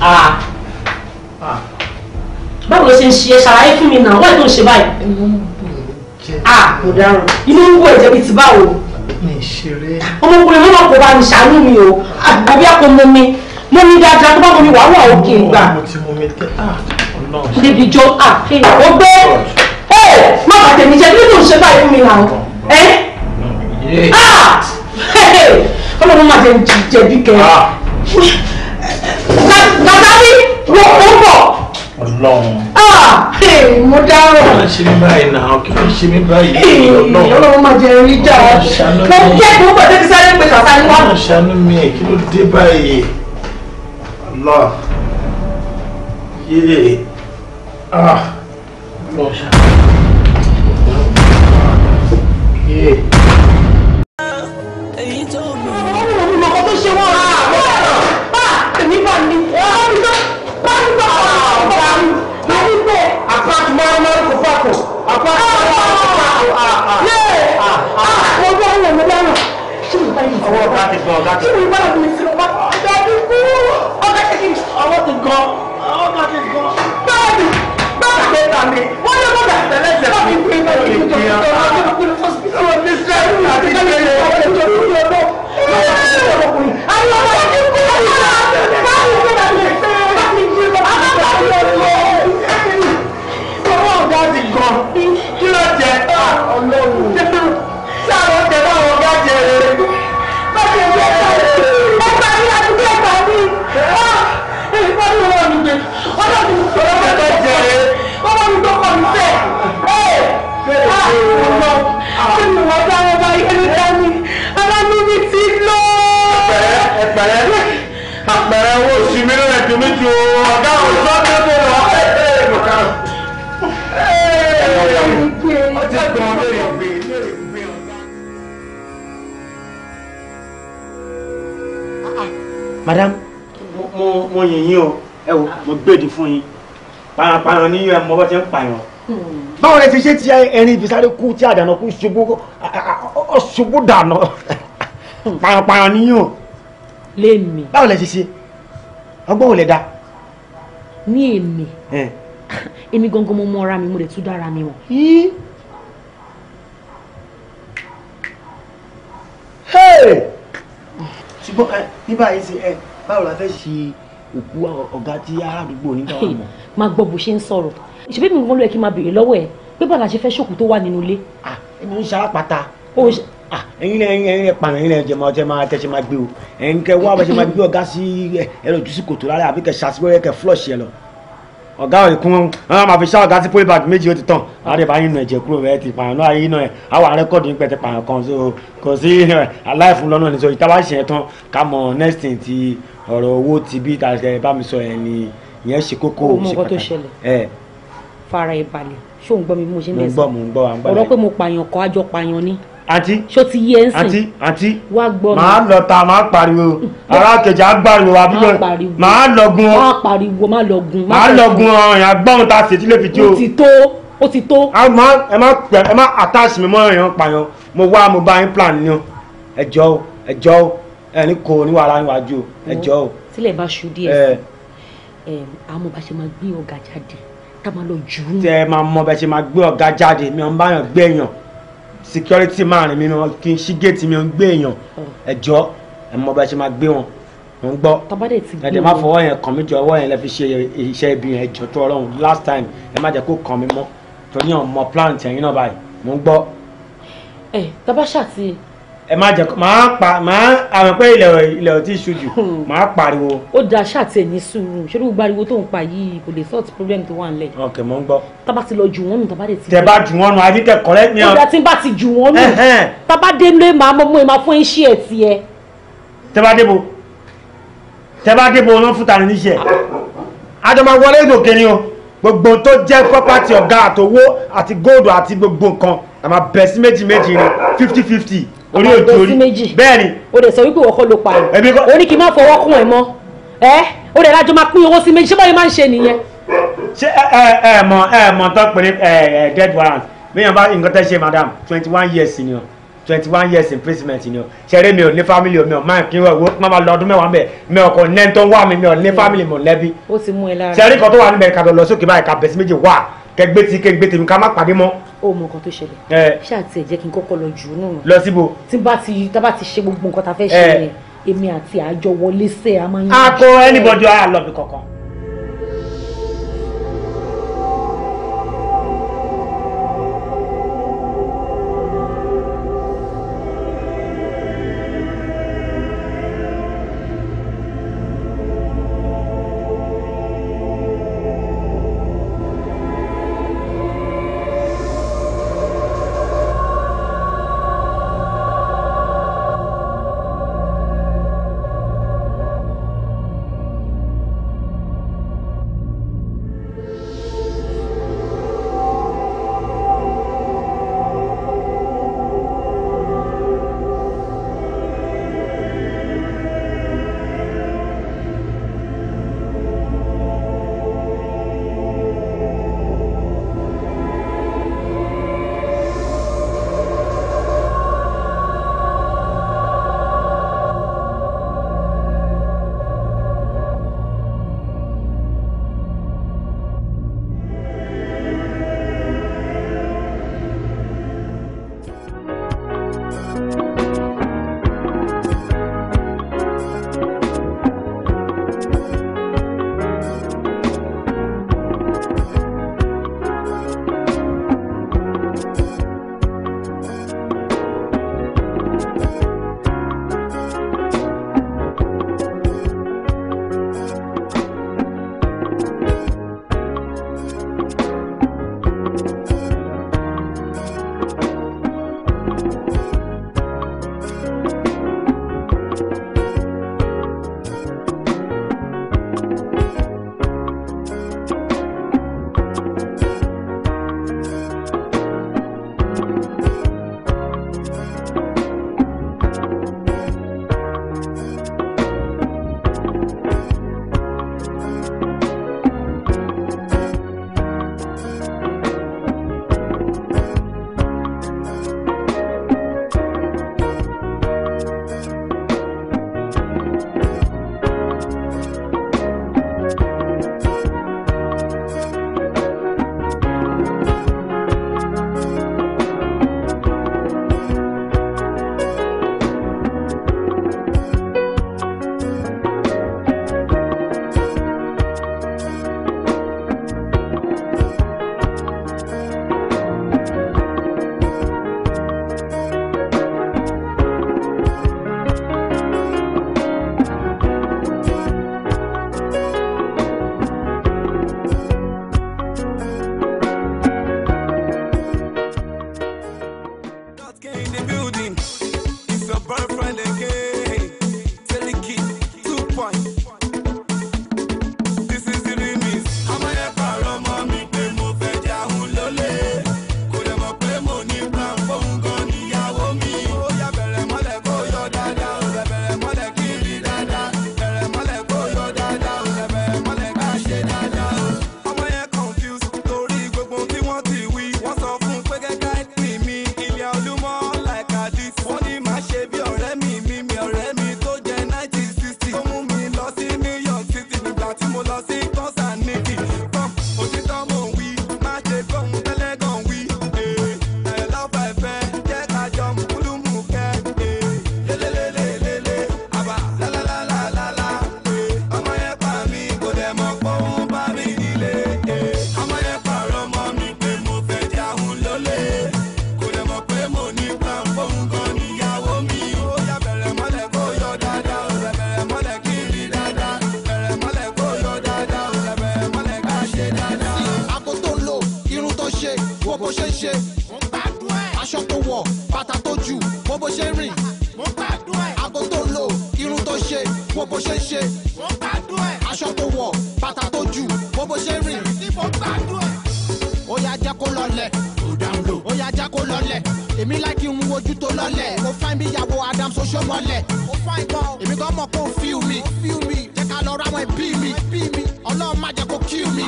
ah ah báwo ló ṣe ń ṣe é ṣàlàyé fún mi náà wọ́n ẹ̀ tó ń ṣe báyìí a kò dáràn ilé ń wọ ìjẹbi ti báwo ọmọkùnrin mọ́mọ́ kò bá mi ṣàánú mi o àbí àpò mọ mi mo ní dáadáa tó bá mo ní wàá wà òkè gbà débi jọ à ó gbé ẹ má bàa tèmi jẹ nínú ìṣe báyìí fún mi là ẹ ọlọ́run má jẹ jẹ̀bi kẹ gàdábí wọ́n pọ̀ mo dárò. ó ṣe mí báyìí náà kí ló ṣe mí báyìí lọ́nà. ọlọ́run máa jẹ rí jà ọ́. mo jẹ́ kí mo gbọ́dọ̀ kí sáré pé kàtà ni wọ́n. ṣàánú mi ẹ̀ kí ló dé báyìí lọ yé ah lọ ṣàánú yé. ọwọ́ ọ̀gá ti gan ọ̀gá ti. kí ni ìbára mi ti lọ́wọ́ ọ̀gá ti kú ọ̀gá ti kí ọwọ́ ti gan ọ̀gá ti gan. báyìí báyìí pé ta ni wọ́n ní ọgbọ́n bẹ̀rẹ̀ tẹ̀lé ẹ̀sẹ̀ fún mi. báyìí pé ta ni wọ́n ní ọgbọ́n bẹ̀rẹ̀ tẹ̀lé ẹ̀sẹ̀ fún mi. madam. mo mo yìn yín o ẹ wo mo gbèdì fún yín paranparan ní ẹ mọ bó ti ń pààyàn. Hmm. báwo lẹ ti ṣe ti ẹrin ìbísáré kú tí àdànà kú ṣubú ṣubú dànà paranparan ní yín o. lémi. báwo lẹ ti ṣe ọgbọ́n ò lè da. ní èmi èmi gangan mo mọ ara mi mo lè tún dára mi wọ̀. Hey! ṣùgbọ́n ẹ ní báyìí ṣe ẹ báwo la fẹ́ ṣe òkú ọ̀gá tí aládùúgbò nígbà wà mọ́. máa gbọ́ bó ṣe ń sọ̀rọ̀ ìṣèpé mi wọ́n lọ ẹ kí n máa béèrè lọ́wọ́ ẹ pé bàbá ṣe fẹ́ ṣòkú tó wà nínú ilé. ah èmi ń ṣàpàtà ẹ̀yin ẹ̀yin ẹ̀yin pààrọ ẹ̀yin ẹjẹ máa tẹ máa tẹsẹ máa gbé o ẹ̀yin kẹ wá bẹ ṣe máa gbé ọ̀gá sí ẹ lọ jù sí kòtò rárá àbí kẹ ṣàṣìwẹ́rẹ́ kẹ flush ẹ lọ ọ̀gá ìkún wọn máa fi ṣá ọ̀gá sí polybag méjì ó ti tàn àdébà yín nà ẹ̀jẹ̀ kúrò rẹ̀ ti pààyàn náà yín nà ẹ̀ àwọn rẹ́kọ̀dì pẹ̀ ti pààyàn kan so kò sí aláìfún eh, lọ́nà ní so ìtawá ṣẹ̀ tán ká mọ next thing ti ọ̀rọ̀ owó ti bí ìtàṣẹ bá mi sọ ẹ̀ ni ìyẹn ṣe kókó ṣe pàtàkì fara ìbalẹ̀ ṣó ń gbọ́ mi mo ṣe ń lẹ́sìn mo pààyàn àǹtí ṣó ti yẹ ń sìn àǹtí àǹtí wá gbọ́ mi màá lọ ta màá pariwo ara kejì á gbàriwo àbúrò màá lọ gun ọ màá pariwo màá lọ gun màá lọ gun ọ ìyá gbọ́n ta ṣètí lè fi tí o. o ti tó o ti tó. a ma ẹ ma pẹ ẹ ma attach mi mọ èèyàn pààyàn mo wá mo bá yín plan ni o ẹ jọ o ẹ jọ o ẹ ní kò ní wàhálà níwájú o ẹ jọ o. sílẹ̀ bá ṣu díẹ̀ àwọn ọba ṣe máa gbé ọ̀gá jáde ká máa lọ jù ú. tẹ ẹ máa mọ bẹ ṣe máa gbé ọ̀gá jáde mi ò ń báyàn gbé èèyàn security man, rìn mí mi kí n ṣí géètì mi ń gbé èèyàn hmm. ẹjọ́ ẹ mọ bá ṣe máa gbé wọn mo ń gbọ́ ẹ̀dẹ̀ má fọwọ́ yẹn kàn mí jọ ọwọ́ yẹn lẹ fi ṣe iṣẹ́ ibi yẹn ẹjọ́ tó ọlọ́run last time ẹ má jẹ́ kó kàn mí mọ́ torí àwọn ọmọ plant yẹn náà báyìí mo ń gbọ́. ẹ eh, tabasha ti ẹ má jẹ máa pa máa àwọn pé ilẹ̀ ilẹ̀ ò tí ì ṣojú hmm. máa pariwo. ó da ṣáàtì ẹ̀ ní sùúrù ṣé ló gbariwo tó ń pa yìí kò lè sọ́ọ̀tì problem tó wà nílẹ̀. ok mo ń gbọ́. tába ti lọ jù wọ́n nù tába de ti. tẹ̀bá jù wọ́n nù adíkẹ́ kọ́lẹ́ ní. ọ̀dà tí n bá ti jù wọ́n nù tába dé lé màá mọ́ mọ́ ẹ máa fún ẹ ṣí ẹ ti ẹ. tẹ́bá débo tẹ́bá débo ló fún tani níṣẹ́ adama wọlé ìdòkè ni o gbogbo tó jẹ́ property ọ̀gá àtowó àti góòdù àti gbogbo nǹkan àmà bẹ̀ sí méjì méjì ni fifty fifty orí òjò orí bẹ́ẹ̀ ni. o dẹ̀ sọ wípé ìwọ kọ́ ló pa o ní kí n má fọwọ́ kún ẹ mọ́ ẹ o dẹ̀ lájọ máa pín owó sí méjì ṣé báyìí máa ń ṣe nìyẹn. ṣé ẹ ẹ mọ ẹ mọ tó pè ní ẹ dead warrant bíyàn bá nǹkan tẹ́ ṣe madam twenty one years ni o twenty one years imprisonment ni o ṣeré mi o ní family mi o máa kí wọ́n wọ́n máa lọ ọdún mẹ́wàá mẹ́ mi ò kò ní tó wà mí mi ò ní family mi ò lẹ́bí. ó ti mú ẹ lára. ṣeré kan tó wà níbẹ̀ kàbẹ̀ lọ sókè báyìí kàbẹ̀ sí méjì wà kẹgbẹ́ tí kẹgbẹ́ tèmi ká má pàdé mọ́ o mọ nǹkan tó ṣẹlẹ̀ ṣáà tiẹ̀ jẹ́ kí n kọ́kọ́ lọ jù ú nù. lọ síbo. tí bá ti tá bá ti ṣe gbogbo nǹkan tá a fẹ́ ṣe yẹn èmi àti àjọ wọlé sẹ́ẹ̀ a máa ń. a kó anybody á lọ bí kankan. bó ṣe rìn. mo gbàdúrà ẹ̀. aago tó lò irun tó ṣe wo bó ṣe ṣe. mo gbàdúrà ẹ̀. aṣọ tó wọ̀ bàtà tó jù wo bó ṣe rìn. mo gbàdúrà ẹ̀. ó yá jẹ́ kó lọlẹ̀. ó dáhùn lò. ó yá jẹ́ kó lọlẹ̀. èmi láìkí ń wojú tó lọlẹ̀. mo fáin bí ìyàwó Adam ṣoṣo mọ́lẹ̀. mo fáin gan. èmi gan mọ̀ pé ó fi mi. ó fi mi. jẹ́ ká lọ ráwọn ẹbí mi. ọlọ́run má jẹ́ kó kí mi.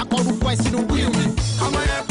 àkọrúkọ ẹ̀ sínú wíìmù. ọmọ yẹn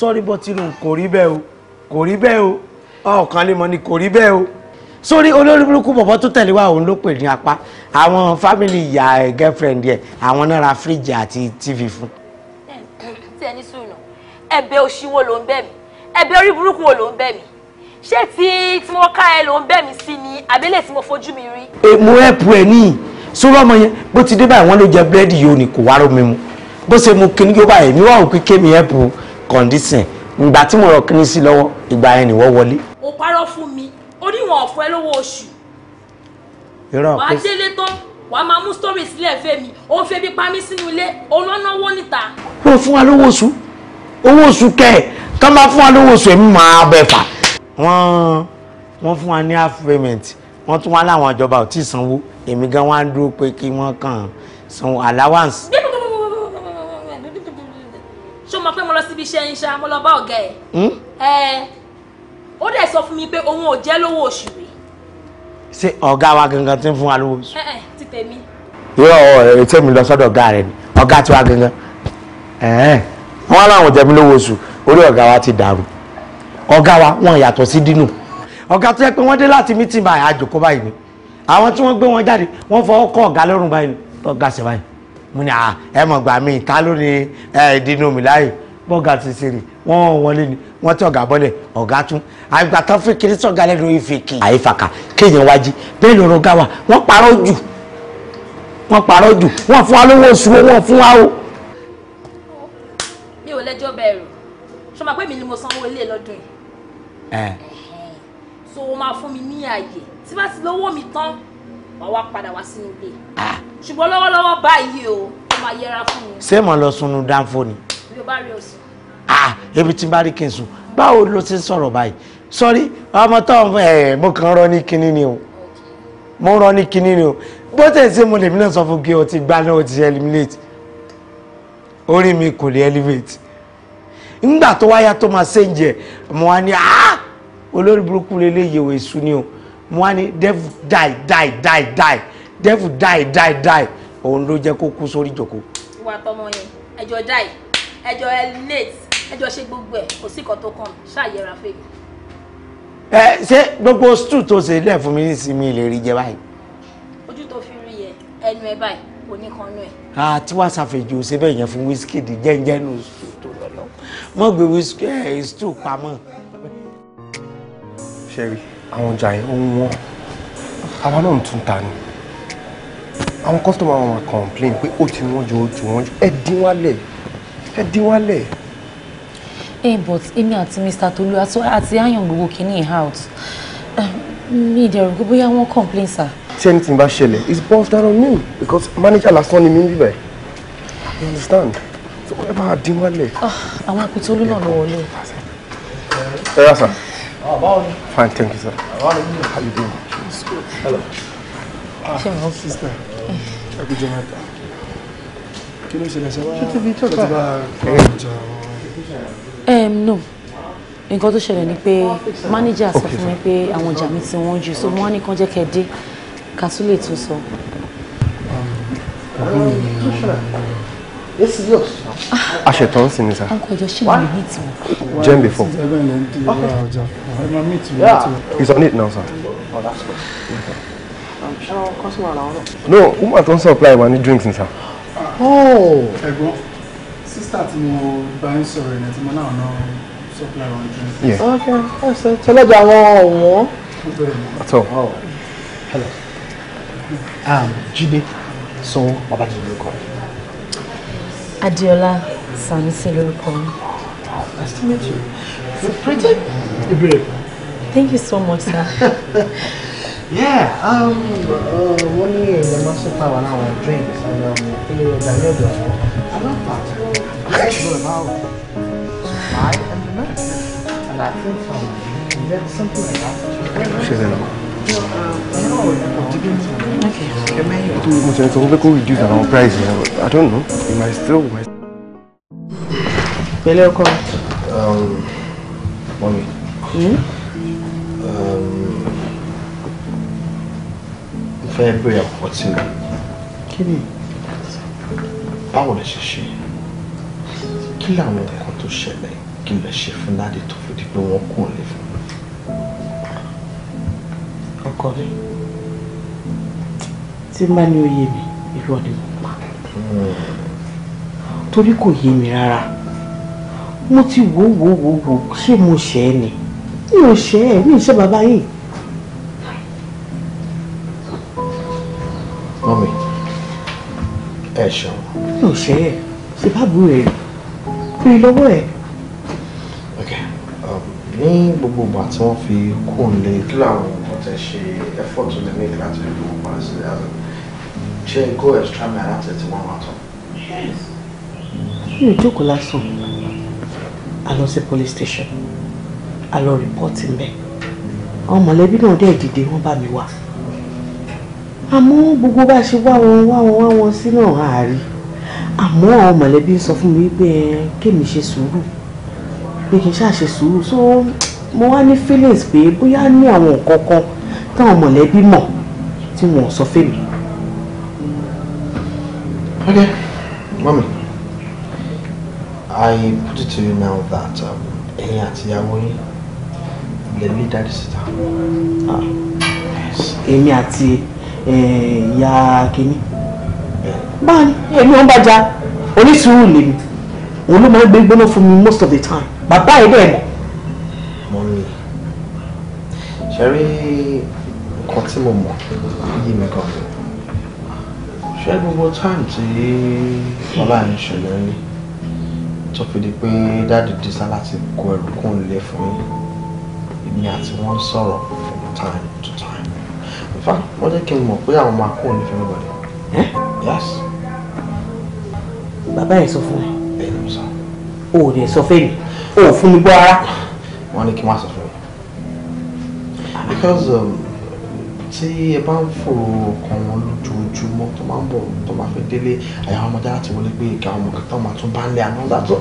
sọ́rí bọ́tìrù kò rí bẹ́ẹ̀ o kò rí bẹ́ẹ̀ o ọ̀kan lè mọ̀ ni kò rí bẹ́ẹ̀ o sórí olórí burúkú bọ̀bọ̀ tó tẹ̀lé wa òun ló pè ní apá àwọn fámìlì ìyá ẹ̀ girlfriend ẹ̀ àwọn náà ra fíríjì àti tv fún. tí ẹni sùn nà ẹ̀bẹ̀ òṣì wo ló ń bẹ̀ mí ẹ̀bẹ̀ orí burúkú wo ló ń bẹ̀ mí ṣé tí tí wọ́n ká ẹ ló ń bẹ̀ mí sí ni àbẹ́lẹ̀ tí mo fojú mi rí. èmo ẹ̀pù ẹ̀ níyì sọ́rọ́ ọmọ yẹn bó ti dé báyìí wọ́n ló jẹ búrẹ́dì yìí ò ní kò wárò mímu bó ṣe mu kíní yóò báyìí mi wà ó kí kémi ẹ̀pù condition ìgbà tí mo rọ kíní sí lọ́wọ́ ìgbà yẹn wo wọlé. o parọ́ fún mi oníwọ̀n ọ̀fọ́ ẹ lówó oṣù. irọ́ pé wàá délé tán wàá máa mú story sílẹ̀ fẹ́mi ó fẹ́ bí pamí sínú ilé olónáwó níta. wọ́n fún wa lówó oṣù owó oṣù kẹ́ ẹ̀ ká máa fún wa lówó oṣù èmi máa bẹ̀ fà. wọ́n wọ́n fún wa ní half payment wọ́n tún wá láwọn ìjọba ò tí ì sanwó gan wá ń dúró pé kí wọ́n kàn sanwó allowance. síbi iṣẹ́ ń ṣá mo lọ bá ọ̀gá ẹ̀. Hmm? ẹ ó dẹ̀ sọ fún mi pé òun ò jẹ́ lówó oṣù rẹ̀. ṣé ọ̀gá wa gangan ti ń fún wa lówó oṣù. ẹ ẹ ti tẹ̀mí. irọ́ ọ̀rẹ́ tẹ̀mí lọ sọ́dọ̀ ọ̀gá rẹ̀ ni ọ̀gá tiwa gangan wọ́n láwọn jẹ̀mí lówó oṣù orí ọ̀gá wa ti dàrú ọ̀gá wa wọn yàtọ̀ sí dínú ọ̀gá tó yẹ pé wọ́n dé láti mítìn báyìí àjòkó báyìí ni àwọn tí wọ́n gbé wọn jáde wọ́n fọwọ́ kọ́ ọ̀gá lọ́rùn báyìí ni ọ̀gá ṣe báyìí mo ní à ẹ mọ̀ gbà mí ta ló ní ẹ mi láyè bọ́gà ti ṣe rè wọ́n wọlé ni wọ́n tí ọ̀gá bọ́lẹ̀ ọ̀gá tún àgbà tán fún kiri sọ̀gá lẹ́nu ìfèkì. àyífàkà kéèyàn wájí bẹ́ẹ̀ lọ́rọ̀ gá wa wọ́n parọ́ jù wọ́n parọ́ jù wọ́n fún wa lówó oṣù wọ́n fún wa o. mi ò lẹ́jọ́ bẹ̀rù ṣọ ma pé mi ni mo sanwó ilé lọ́dún yìí. so o máa fún mi ní ààyè tí bá ti lówó mi tán wàá wá padà wá sínú ilé ṣùgbọ́n lọ́wọ́lọ́wọ́ báyìí o ó máa yẹra fún mi. ṣé mo lọ sunu dánfó ni. bí o bá rí o sùn ah ebi tí n bá rí kí n sùn báwo ló ṣe ń sọ̀rọ̀ báyìí sọ́rí ọmọ tó ẹ̀ mo kàn rọ ní kinní ni o mo rọ ní kinní ni o bó tẹ̀ sí mo lè mí náà sọ fún gé ọtí gbá náà ó ti eliminate orí mi kò lè elevate nígbà tó wáyá tó máa ṣe ń jẹ mo wá ní ah olórí burúkú leléyìí ò èṣù ni o mo wá ní devil die die die die devil die die die òun ló jẹ́ kó kú sórí ìjòkó. ìwà tọmọ yẹn ẹjọ die ẹjọ eliminate ẹjọ́ ṣe gbogbo ẹ̀ kò sí kan tó kàn ṣàyẹra fèkì. ẹ ṣé gbogbo stew tó ṣe lẹ fún mi nísìnyí lè rí jẹ báyìí. ojú tó fi rí yẹ ẹnu ẹ báyìí oníkanú ẹ. àti wàá ṣàfẹ́jì ò ṣe bẹ́ẹ̀ yẹn fún wíṣíkì jẹ́ńjẹ́ nù stew tó lọ lọ mọ́ gbé wíṣíkì ẹ̀ stew pamọ́. ṣẹ́rí àwọn ọjà yẹn ó ń wọ́n àwa náà ń tún ta ni àwọn kọ́sítọ́mù àwọn complain pé ó ti wọ́n jù ó ti wọ́n jù ẹ dín wálẹ̀ ẹ dín wálẹ̀ ẹ but èmi àti Mr. Tolu àti ayan gbogbo kìíní out eh, mi ìdẹ̀rù pé bóyá wọ́n complain sir. tí anything bá ṣẹlẹ̀ it boils down on me because manager lásán ni mi ń bíbẹ̀ you understand so ẹ bá dín wálẹ̀. Ah, àwọn ẹkùn Tolu náà ló wọlé. ẹ yà sà. Ah, báwo ni. fine thank you sir. báwo ni. how you doing. hello. ah how sister. ẹ kú jẹ́ máa ta kí ló ṣẹlẹ̀ ṣe wá láti bá eh. ọjà wọn. Um, no nǹkan tó ṣẹlẹ̀ ni pé manager sọ fún mi pé àwọn ọjà mi ti wọ́n jù so mo wá ní kán jẹ́ kẹ́ dé ká tún lè tún sọ. aṣetọ ń sinmi sa. ọkọ ìjọ ṣe mi meet wọn. jẹun before. it's on it now sir. Oh, um, no woman tó ń supply wa ní drinks nìsa. Oh sísá tí mo bá ń sọ̀rọ̀ ẹ̀ tí mo náà ná supply one drink. ok ọ̀sẹ̀ tọ́lọ́jà àwọn ọ̀wọ́n. ọ̀tọ̀ hello um, Jide so bàbá mi lórúkọ rẹ. Adiola Sanusi lórúkọ mi. nice to meet you you're pretty beautiful. thank you so much sir. Yeah, um, uh, one year the master power now on drinks and um, the Daniel I love that ẹ̀gbọ́n bá wò máa ẹ ẹnu náà àlàáfíà ìfàwọn ìyẹn sọ́kùn ẹ̀dá. ṣe é lọ. Mo Okay. Okay, pé kó reduce àwọn price yẹn but I don't know it might still might. Pẹ̀lẹ́ ọkọ. Mọ̀mí. Mo fẹ́ bẹ̀rẹ̀ àkọ́kọ́ tí mi. Kí ni? Báwo lè ṣe ṣe? kí làwọn nǹkan tó ṣẹlẹ̀ kí lè ṣe fún dáàdì tó fi di pé wọ́n kò lè fún un. ọkọ mi tí má ní oyè mi irú ọdẹ mo pa hmm. torí kò yé mi rárá mo ti wò wò wò wò ṣé mo ṣẹ̀ ẹ́ ni mi ò ṣẹ̀ ẹ́ mi ì ṣe bàbá yìí. mọ́mi ẹ ṣeun. mi ò ṣẹ̀ ẹ́ ṣe bá burú rẹ̀ béèrè lọ́wọ́ ẹ̀. Um, ní gbogbo ìgbà tí wọ́n fi kó ń lé kí làwọn nǹkan tẹ̀ ṣe effort tó lè make láti fi gbogbo pa sí ẹ̀ ṣe go extra mile láti ti wọ́n wà tán. mi ò jókòó lásán a lọ sí police station a lọ rìpọ́tì ń bẹ̀ àwọn mọ̀lẹ́bí náà dẹ̀ dìde wọ́n bá mi wá àmọ́ gbogbo bá ṣe wá wọn wá wọn wá wọn sí náà àárí àmọ́ àwọn mọ̀lẹ́bí sọ fún mi pé kémi ṣe sùúrù pé kí n ṣáà sùúrù so mo wá ní feelings pé bóyá ní àwọn nǹkan kan táwọn mọ̀lẹ́bí mọ̀ tí wọ́n sọ fún mi. okay mami i put it to you now that um, ẹ̀yin àti ìyàwó yín lè ní dáàdì síta. Ah, èmi àti eh, ìyá kínní. Man, ni èmi wọn bá ja onísùúrù lèmi òun ló máa ń gbé gbóná fún mi most of the time bàbá ẹ bẹ́ẹ̀ mọ̀. mo ní ṣẹ́rí nǹkan tí mo mọ̀ yí mi kan ṣé gbogbo time tí ọlá ń ṣẹlẹ̀ rí tó fi di pé dáàdì dísá láti kó ẹrù kún ilé fún mi èmi àti wọn ń sọ̀rọ̀ from time to time in fact wọ́n jẹ́ kí n mọ̀ pé àwọn máa kó òní fún mi yes bàbá ẹ̀ sọ fún mi. ẹ ló sọ. o ò dẹ̀ sọ fẹ́ mi o ò fún mi gbọ́ ara. wọ́n ní kí wọ́n sọ fún mi. because um, tí ẹ bá ń fòrò ọkàn wọn lójoojúmọ́ tó máa ń bọ̀ tó máa fi délé àyà ọmọdé láti wọlé pé ìka ọmọ kẹta máa tún bá ń lé àná dàtọ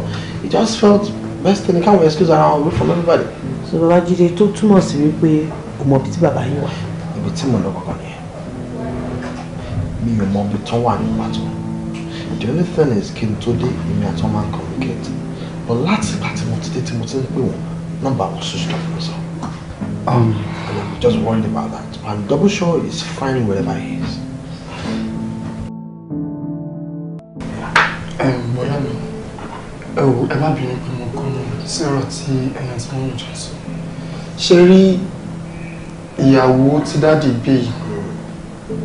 it just felt best thing káwọn excuse ara wọn from everybody. sọ bàbá jíde tó túmọ̀ sí wípé kò mọ ibi tí bàbá yín wà. ibi tí mo lọ kọ̀ọ̀kan nìyẹn mi ò mọ ibi tán wà ní pàtó the only thing is kí n tó dé èmi àti wọn communicate but láti ìgbà tí mo ti dé tí mo ti ń off ló Um, and I'm just worried about that. And double sure is fine wherever he is. Um, Bọ́lá mi, ẹ wo ẹ má bínú pé mo kọ́ mi sí ọ̀rọ̀ tí ẹni tí wọ́n ń jọ sọ. Ṣé rí ìyàwó tí dáàdì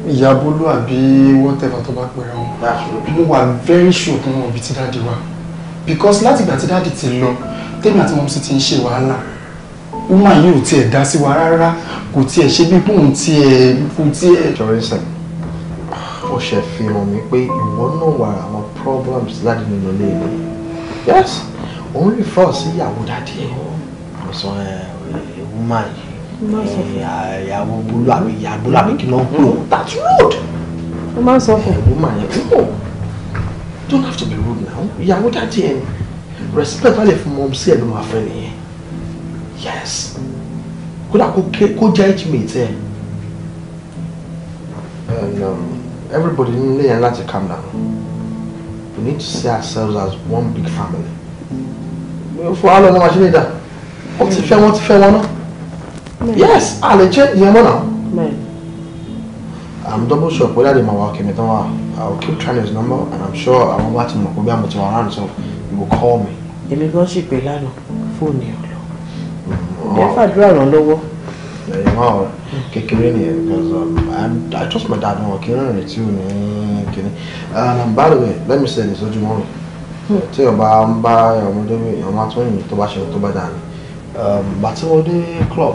ìyábólú àbí whatever tó bá pẹ̀rẹ̀ wọn mo wà very sure fún wọn ibi tí dáàdi wà because láti ìgbà tí dáàdi ti lọ tèmi àti mọ̀mùsí ti ń ṣe wàhálà woman yìí ò tiẹ̀ dá sí wa rárá kò tiẹ̀ ṣe bí kóun tiẹ̀ kò tiẹ̀. jọrìsàn ó ṣe fi hàn mí pé ìwọ náà wà àwọn problems láti nínú ilé mi yes òun rí fọ́ọ̀ sí ìyàwó dáàdi ẹ̀ ọ̀sán ẹ̀ woman yìí ìyàwó búlù àbí ìyá búlù àbí kí ló ń pè wọn hmm. that's rude. mo máa ń sọ fún un. woman yẹn fún un don't have to be rude now ìyàwó dájú ẹ respect wà lè fún mọ́ sí ẹ̀dùn máa nìyẹn yes kódà kó jẹ́ ẹ̀jì mi ẹ. and um, everybody nílé yẹn láti calm down we need to see ourselves as one big family. fún wa lọ́nà máa ṣe lè dà wọ́n ti fẹ́ wọ́n ti fẹ́ wọn náà yes a lè jẹ́ ìyẹn mọ́ náà. I'm double sure pé dáàdi máa wá ọkẹ́ mi tán wá I will keep trying his number and I'm sure àwọn wá ti mọ̀ pé bí àmọ̀ ti wà around so he will call me. èmi gan sì pé lánàá fóònù ẹ̀ lọ. Oh. ẹ fàdúrà ràn lọ́wọ́. ẹ̀yìn máa kékeré nìyẹn because um, I trust my dad wọn kí n rìn rìn tí ò ní kíní. and um, by the way let me say this ojúmọ́ rẹ̀ hmm. tí ọba ń bá ọmọdé ọmọ tó yìn tó bá ṣe tó bá dà ní um, bàtí wọ́n dé club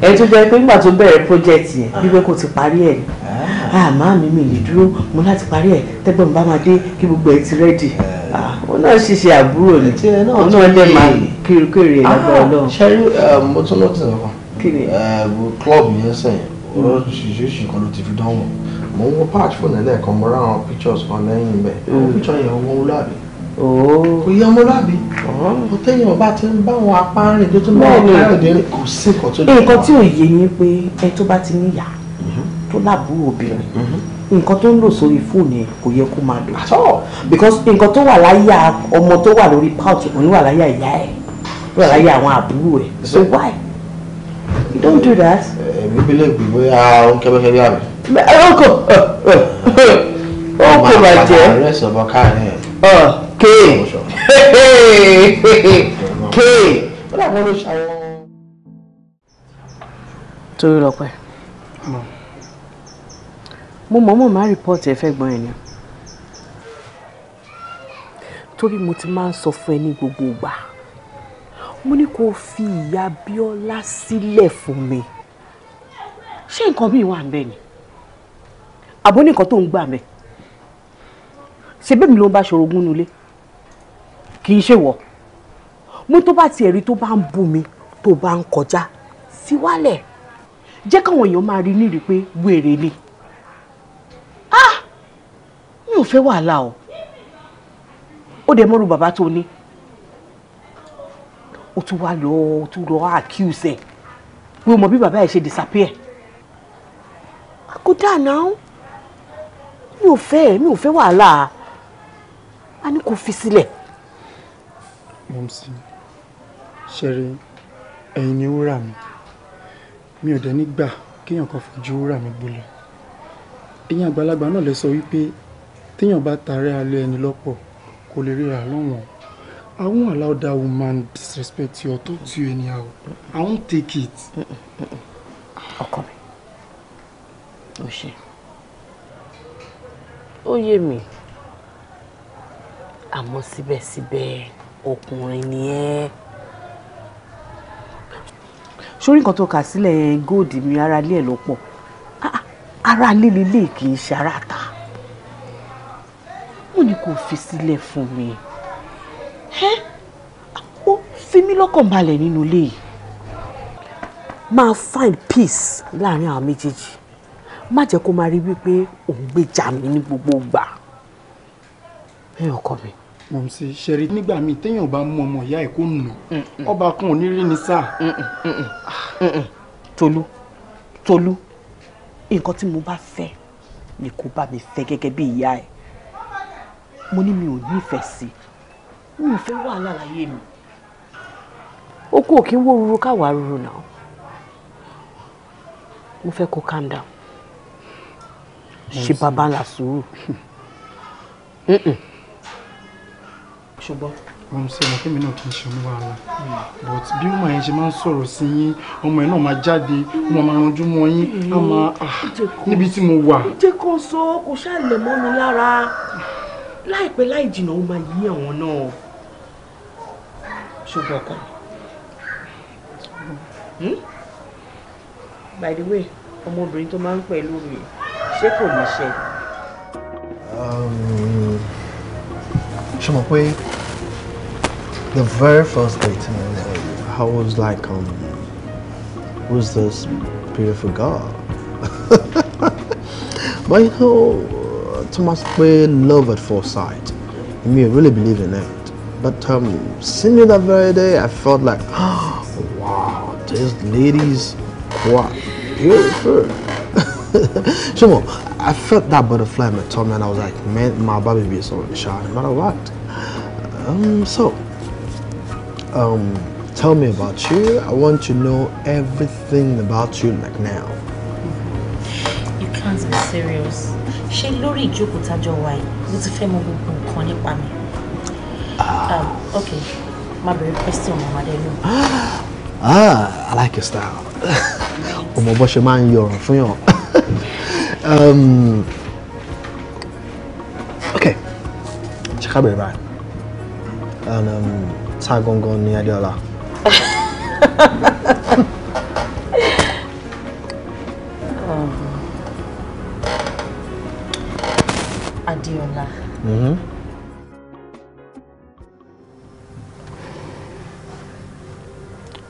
ẹ tó jẹ́ pé nígbà tó bẹ̀rẹ̀ project yẹn ah. wípé kò ti parí ẹ̀ ni ah. ah, àmọ́ mi mi lè dúró mo láti parí ẹ̀ tẹ́gbọ́n mi bá máa dé kí gbogbo ẹ̀ ti rẹ́dì ó eh. náà ṣiṣẹ́ àbúrò ni ó náà lè máa kéré ẹ̀ lágbára náà. ṣẹ́rí mo tún lọ́ọ́ tẹ̀sán kan club yẹn sẹ́yìn oríṣiríṣi hmm. kan ló ti fi dánwò mo ń wo patch fún ẹ̀lẹ́ẹ̀kan mo ráwọn pictures kan lẹ́yìn bẹ́ẹ̀ hmm. picture yẹn wọ́n wúlò àbí Oh. kò yẹ ọmọlúàbí ọtẹyìn oh. ọba ti ń bá àwọn apá rìn tó tún bá wọn káyọ̀dé kò sí nǹkan tó jẹ nǹkan tí ò yé yín pé ẹ tó bá ti níyà mhm. tó lábúrò obìnrin mhm. nǹkan tó ń lò sórí fóònù ẹ kò yẹ kó máa lò because nǹkan tó wà láyà ọmọ tó wà lórí pouch òun wà láyà ìyá ẹ wà láyà àwọn àbúrò ẹ so why you don't do that. ẹ̀mí bílẹ̀ gbìgbó ya ọ̀hún kẹ́mẹ́kẹ́ bí àmì. ọkọ̀ ọkọ̀ bàjẹ́. ọmọ àpàtà rẹ̀ sọ̀bọ̀ káàrin ẹ̀. Uh k k ó dàbọ̀ ló ṣàwọn. torí lọ́pẹ́ mo mọ̀ọ́mọ̀ má rìpọ́ọ̀tì ẹ̀fẹ́ gbọ́n ẹ̀ ni torí mo ti máa ń sọ fún ẹ ní gbogbo ìgbà mo ní kó o fi ìyá Bíọ́lá sílẹ̀ fún mi ṣé nǹkan mi wà ńbẹ̀ ni àbọ̀ ní nǹkan tó ń gbà mẹ́ ṣe bẹ́ẹ̀ mi ló ń bá ṣòro kì í ṣèwọ mú tó bá tiẹ̀ rí tó bá ń bú mi tó bá ń kọjá sí wálẹ̀ jẹ́ káwọn èèyàn máa rí nírìí pé wèrè ni ah mi ò fẹ́ wàhálà o ó dẹ̀ mọ́rù bàbá tó ní ó tún wá lọ ó tún lọ accuse pé o mọ̀ bí bàbá ẹ̀ ṣe disappear kò dáa náà mi ò fẹ́ mi ò fẹ́ wàhálà a ní kò fi sílẹ̀. Mumsy, ṣẹ̀rí ẹ̀yin ni wúrà mi. Mi ò dẹ̀ ní gbà kéèyàn kan fojú wúrà mi gbolẹ̀. Ẹ̀yin àgbàlagbà náà lè sọ wípé téèyàn bá taarẹ́ alẹ́ ẹni lọ́pọ̀ kò lè ríra lọ́wọ́n. I won't allow that woman disrespect your or talk to you anyhow. I won't take it. Ọkọ mi, o ṣe. Ó yé mi, àmọ́ síbẹ̀síbẹ̀ ọkùnrin ni ẹ́ sórí nǹkan tó kà sílẹ̀ góòdì mi ara lé ẹ̀ lọ́pọ̀ ah, ah, ara lé lélẹ̀ kì í ṣe ara ta wọ́n ní kò fi sílẹ̀ fún mi ó fi mí lọ́kàn balẹ̀ nínú ilé yìí máa find peace láàrin àwọn méjèèjì má jẹ́ kó máa rí wípé òun gbèjà mi ní gbogbo ìgbà ẹ̀yìn ọkọ mi mọ̀mísí ṣẹ́rí nígbà míì téèyàn bá mú ọmọ ìyá ẹ̀ kó nù ọba kan ò ní rí ni sáà. Tolu, tolú nǹkan tí mo bá fẹ́ ni kó bá mi fẹ́ gẹ́gẹ́ bí ìyá ẹ̀ mo ní mi ò nífẹ̀ẹ́ sí i mi ò fẹ́ wàhálà láyé mi ó kú òkè wó ruru káwa ruru náà mo fẹ́ kó calm down ṣe bàbá ńlá sùúrù ṣùgbọ́n. wọ́n ṣe mọ̀ náà kì í ṣe mú wàhálà but bí ọmọ yẹn ṣe máa ń sọ̀rọ̀ sí yín ọmọ yẹn náà máa jáde wọ́n máa ranjú mọ́ yín á máa ah, níbi tí mo wà. jẹ́ kó sọ kò ṣàlẹ̀ mọ́nu lára láìpẹ́ láì jìnnà ó máa yí àwọn náà ṣùgbọ́n ọkọ hmm? by the way ọmọbìnrin tó máa ń pẹ̀lú rẹ̀ ṣé kò ní ṣe. Um, ṣe the very first date How was like um who's this beautiful girl but you know Thomas pé love at first sight I mean I really believe in it but um seeing you that very day I felt like oh, wow this lady's quite beautiful ṣe I felt that butterfly in my tummy and I was like, man, my baby be so shining, No matter what. Um, so, um, tell me about you. I want to know everything about you like now. You can't be serious. She lórí ìjókòó tájọ her yìí ló ti fẹ́ mọ gbogbo nǹkan nípa mi. Ah. Um, okay má bẹ̀rẹ̀ question my lò. ah i like your style Oh my ṣe máa ń yọrùn fún Um, okay. Chikabe right. And um, Tagongon ni Adeola. oh. Adeola. Mm hmm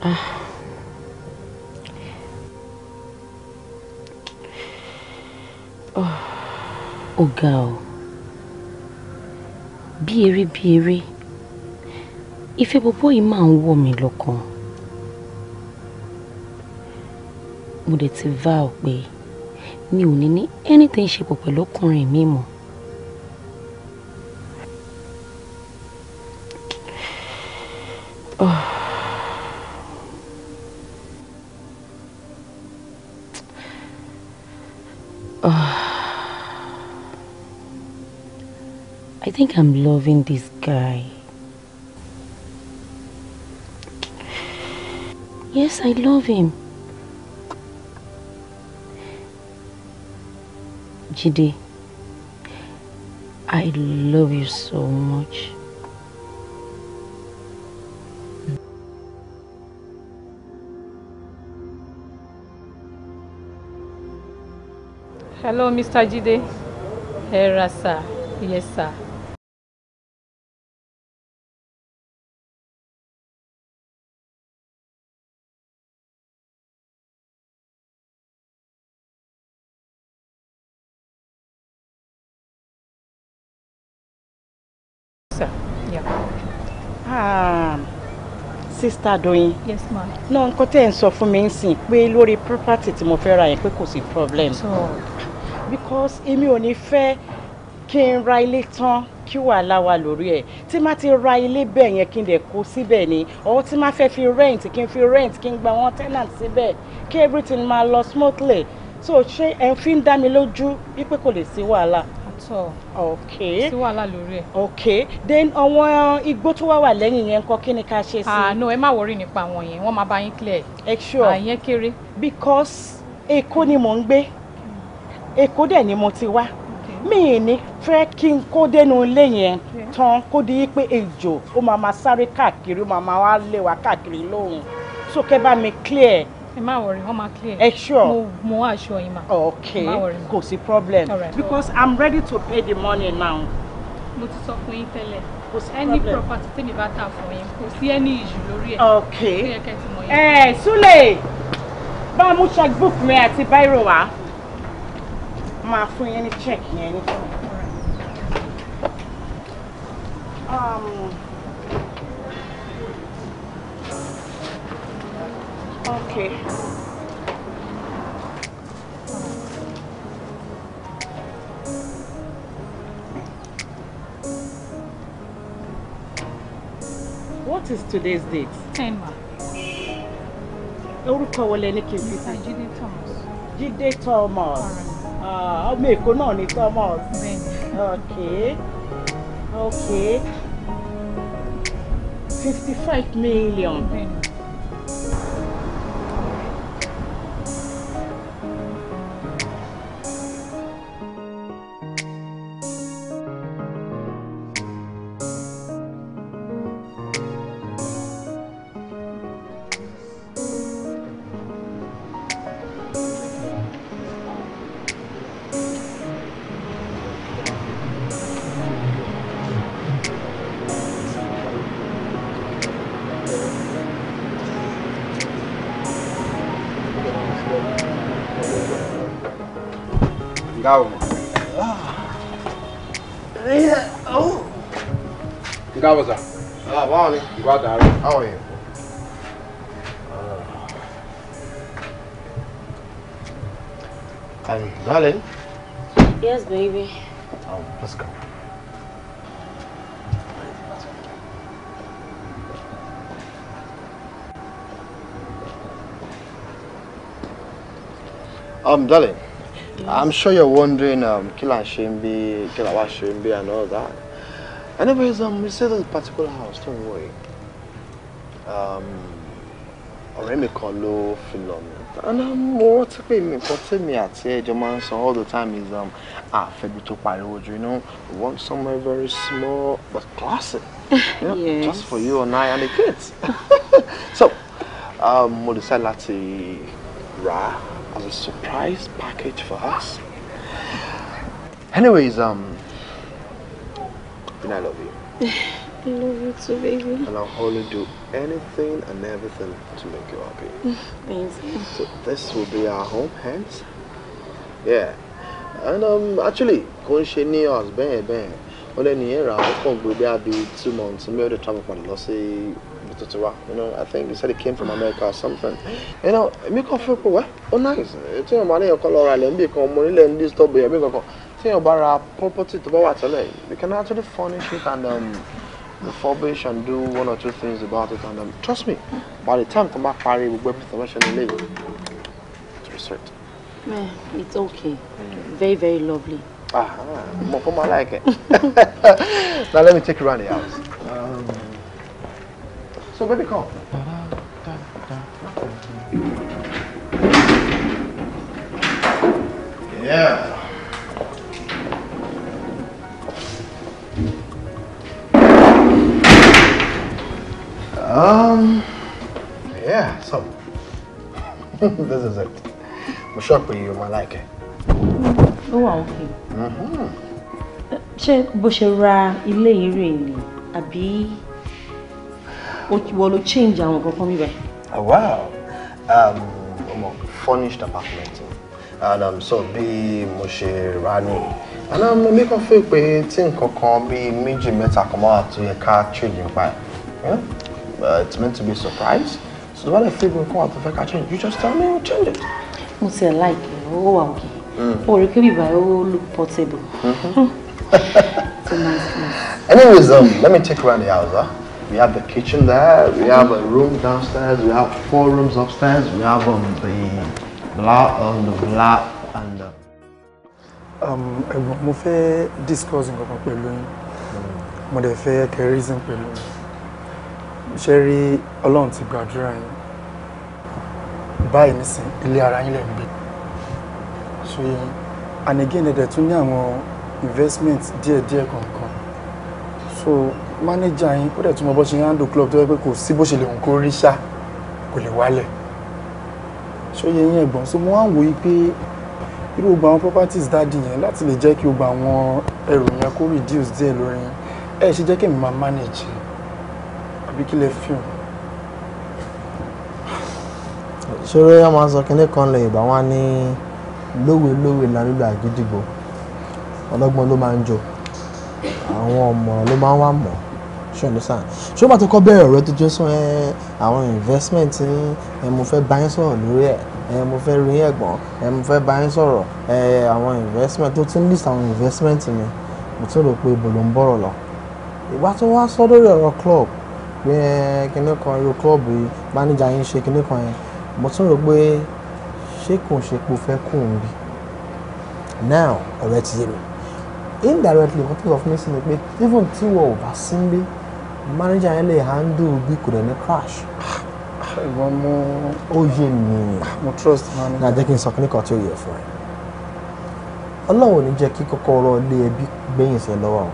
Ah. ó ga ọ bí eré bí eré ìfẹ́ bọ́bọ́ yìí máa ń wọ̀ mí lọ́kàn mo dẹ̀ ti vow pé mi ò ní ní anything ṣe pọ̀ pẹ̀lú ọkùnrin mi mọ́ think I'm loving this guy. Yes, I love him. Jide, I love you so much. Hello, Mr. Jide. Hera, sir. Yes, sir. Mr. Doyin. Yes ma'am. náà nǹkan tẹ́ ẹ̀ ń sọ fún mi ń sìn pé lórí property tí mo fẹ́ ra yẹn pé kò sí problem. So. because èmi ò ní fẹ́ kí n ra ilé tán kí wàhálà wà lórí ẹ̀ tí má ti ra ilé bẹ́ẹ̀ yẹn kí n dẹ̀ kó síbẹ̀ ni ọ̀hún tí má fẹ́ fi rent kí n fi rent kí n gba wọn tenant síbẹ̀ kí everything máa lọ smoothly so ṣé ẹ̀ ń fi ń dá mi lójú wípé kò lè sí wàhálà at all. okay sí wàhálà lórí ẹ̀. okay then àwọn uh, igbó tó wá wà lẹ́yìn yẹn ńkọ́ kí ni ká ṣe sí. Ah, no, ẹ má wọrí nípa àwọn yẹn wọ́n máa bá yín clear. ẹ sure àyẹn ah, kéré. because Èkó ni mò ń gbé Èkó dẹ̀ ni mo ti wá mi ní fẹ́ kí n kó dénú ilé yẹn tán kó di pé ejò ó máa máa sáré káàkiri ó máa máa wá lé wa káàkiri lóhùn so kẹ́ bá mi clear ẹ worry wọ́n máa clear. ẹ sure mo mo aṣọ yìí ma. Oh, okay kò sí problem right. because i'm ready to pay the money now. mo ti sọ fún yín tẹ́lẹ̀ any property tèmi bá tà fún yín kò sí any issue lórí ẹ̀. okay ẹ eh, Sule, bá a mú checkbook mi àti bírò wá máa fún yín ní check yẹn ní. Um, Okay. What is today's date? 10 ma. Orúkọ ni lẹ ní kí n fi sí? Jídé Thomas. Jídé Thomas. Ah, ọmọ Èkó ni Thomas. Bẹ́ẹ̀ni. Okay. Okay. 55 million. Bẹ́ẹ̀ni. I'm sure you're wondering, um, Kila Shimbi, Kilawa Shimbi, and all that. Anyways, um, we see this particular house, don't worry. Um, ọ̀rẹ́ mi kan And um, mo rántí pé mi kan tí mi àti all the time is um, ah, tó pariwo jù, you know, we want somewhere very small but classy. You know, yes. Just for you and I and the kids. so, um, we decide to, rah. a surprise package for us. Anyways, um, and I love you. I love you too, baby. And I'll only do anything and everything to make you happy. Thanks. So this will be our home, hence. Yeah. And um, actually, kò ń ṣe ní ọ̀sán bẹ́ẹ̀ bẹ́ẹ̀. Wọ́n lẹ́nu yẹn rà ó kàn gbé i two months. Mi ò lè travel for the sí Tatiwa. You know, I think he said he came from America or something. You know, mi kàn feel pé wẹ́ nice. You know, money you call all ilẹ̀ ń come money mo this ń disturb èèyàn bí kankan. Tí èèyàn bá ra property tó bá wà tẹ́lẹ̀, you can actually furnish it and um, refurbish and do one or two things about it. And um, trust me, by the time tó bá parí gbogbo everything wọ́n ṣe ní ilé yìí, it's research. Man, it's okay. Very, very lovely. Ah, more for my like it. Now let me take you around the house. Um, So baby, come. Yeah. Um, yeah, so this is it. Mo sure pé you ma like it. Ó okay. Mhm. Ṣé bó ṣe ra ilé ire wọ́n change àwọn nǹkan kan bíbẹ̀. Ah, wow um, furnished apartment and um, so bí mo ṣe rà ní and um, mo make up feel pé tí nǹkan kan bíi méjì mẹ́ta kan máa tó yẹ ká change nípa ẹ̀ uh, it's meant to be a surprise so the one that feel nǹkan wà tó fẹ́ ká change you just tell me you change it. mo ti ẹ̀ like owó wa òkè o rí kébì báyìí ó look portable. Mm-hmm. Anyways, um, let me take you around the house, huh? We have the kitchen there, we have a room downstairs, we have four rooms upstairs, we have um, the black, on the black and the... Um, ẹ̀gbọ́n mo fẹ́ discuss nǹkan kan pẹ̀lú yín mo dẹ̀ fẹ́ kẹ́ reason pẹ̀lú yín ṣe rí ọlọ́run ti gbàdúrà yín báyìí nísìn ilé ara yín lẹ̀ gbé so yín and again ẹ̀dẹ̀ tún ní àwọn investment díẹ̀díẹ̀ kọ̀ọ̀kan so mánéjà yín ó dẹ̀ tún mọ bó ṣe handle club tó yẹ pé kò sí bó ṣe lè hùn kó rí ṣá kò lè wálẹ̀ ṣó yẹ yín ẹ̀gbọ́n so mo wá ń wòye pé irú gbogbo àwọn properties dáàdì yẹn láti lè jẹ́ kí gbogbo àwọn ẹrù yẹn kó reduce díẹ̀ lórí yín ẹ ṣe jẹ́ kí èmi máa manage àbí kí lè fi hàn. ṣòro yẹn máa ń sọ kínní kan lè bá wọn ní lówelówe lálùlù àgídìgbò ọlọ́gbọ́n ló máa ń jò àwọn ọmọ ló máa ń wà mọ́ ṣe understand ṣé o máa ti kọ́ bẹ̀rẹ̀ ọ̀rọ̀ tó jẹ́ sọ ẹ àwọn investment ní ẹ mo fẹ́ bá yín sọ̀rọ̀ lórí ẹ̀ ẹ mo fẹ́ rí ẹ̀gbọ́n ẹ mo fẹ́ bá sọ̀rọ̀ ẹ àwọn investment tó ti ń list àwọn investment mi mo tún rò pé ibo ló ń bọ̀rọ̀ lọ ìgbà tó wá sọ lórí ọ̀rọ̀ club pé ẹ kinní kan irú club yìí manager yín ṣe kinní kan yẹn mo tún rò pé ṣé kò ń ṣe pé o fẹ́ kó o ń now ọ̀rẹ́ ti yé mi indirectly wọ́n tó sọ fún mi sí ni pé even tí wọ́n ò bá sí ń manager yẹn le handle bí kò dẹ̀ ní crash. ìwọ mo. ó yé mi. mo trust manager. náà jẹ́ kí n sọ lé ẹbí gbẹ̀yìn sí ẹ lọ́wọ́ o.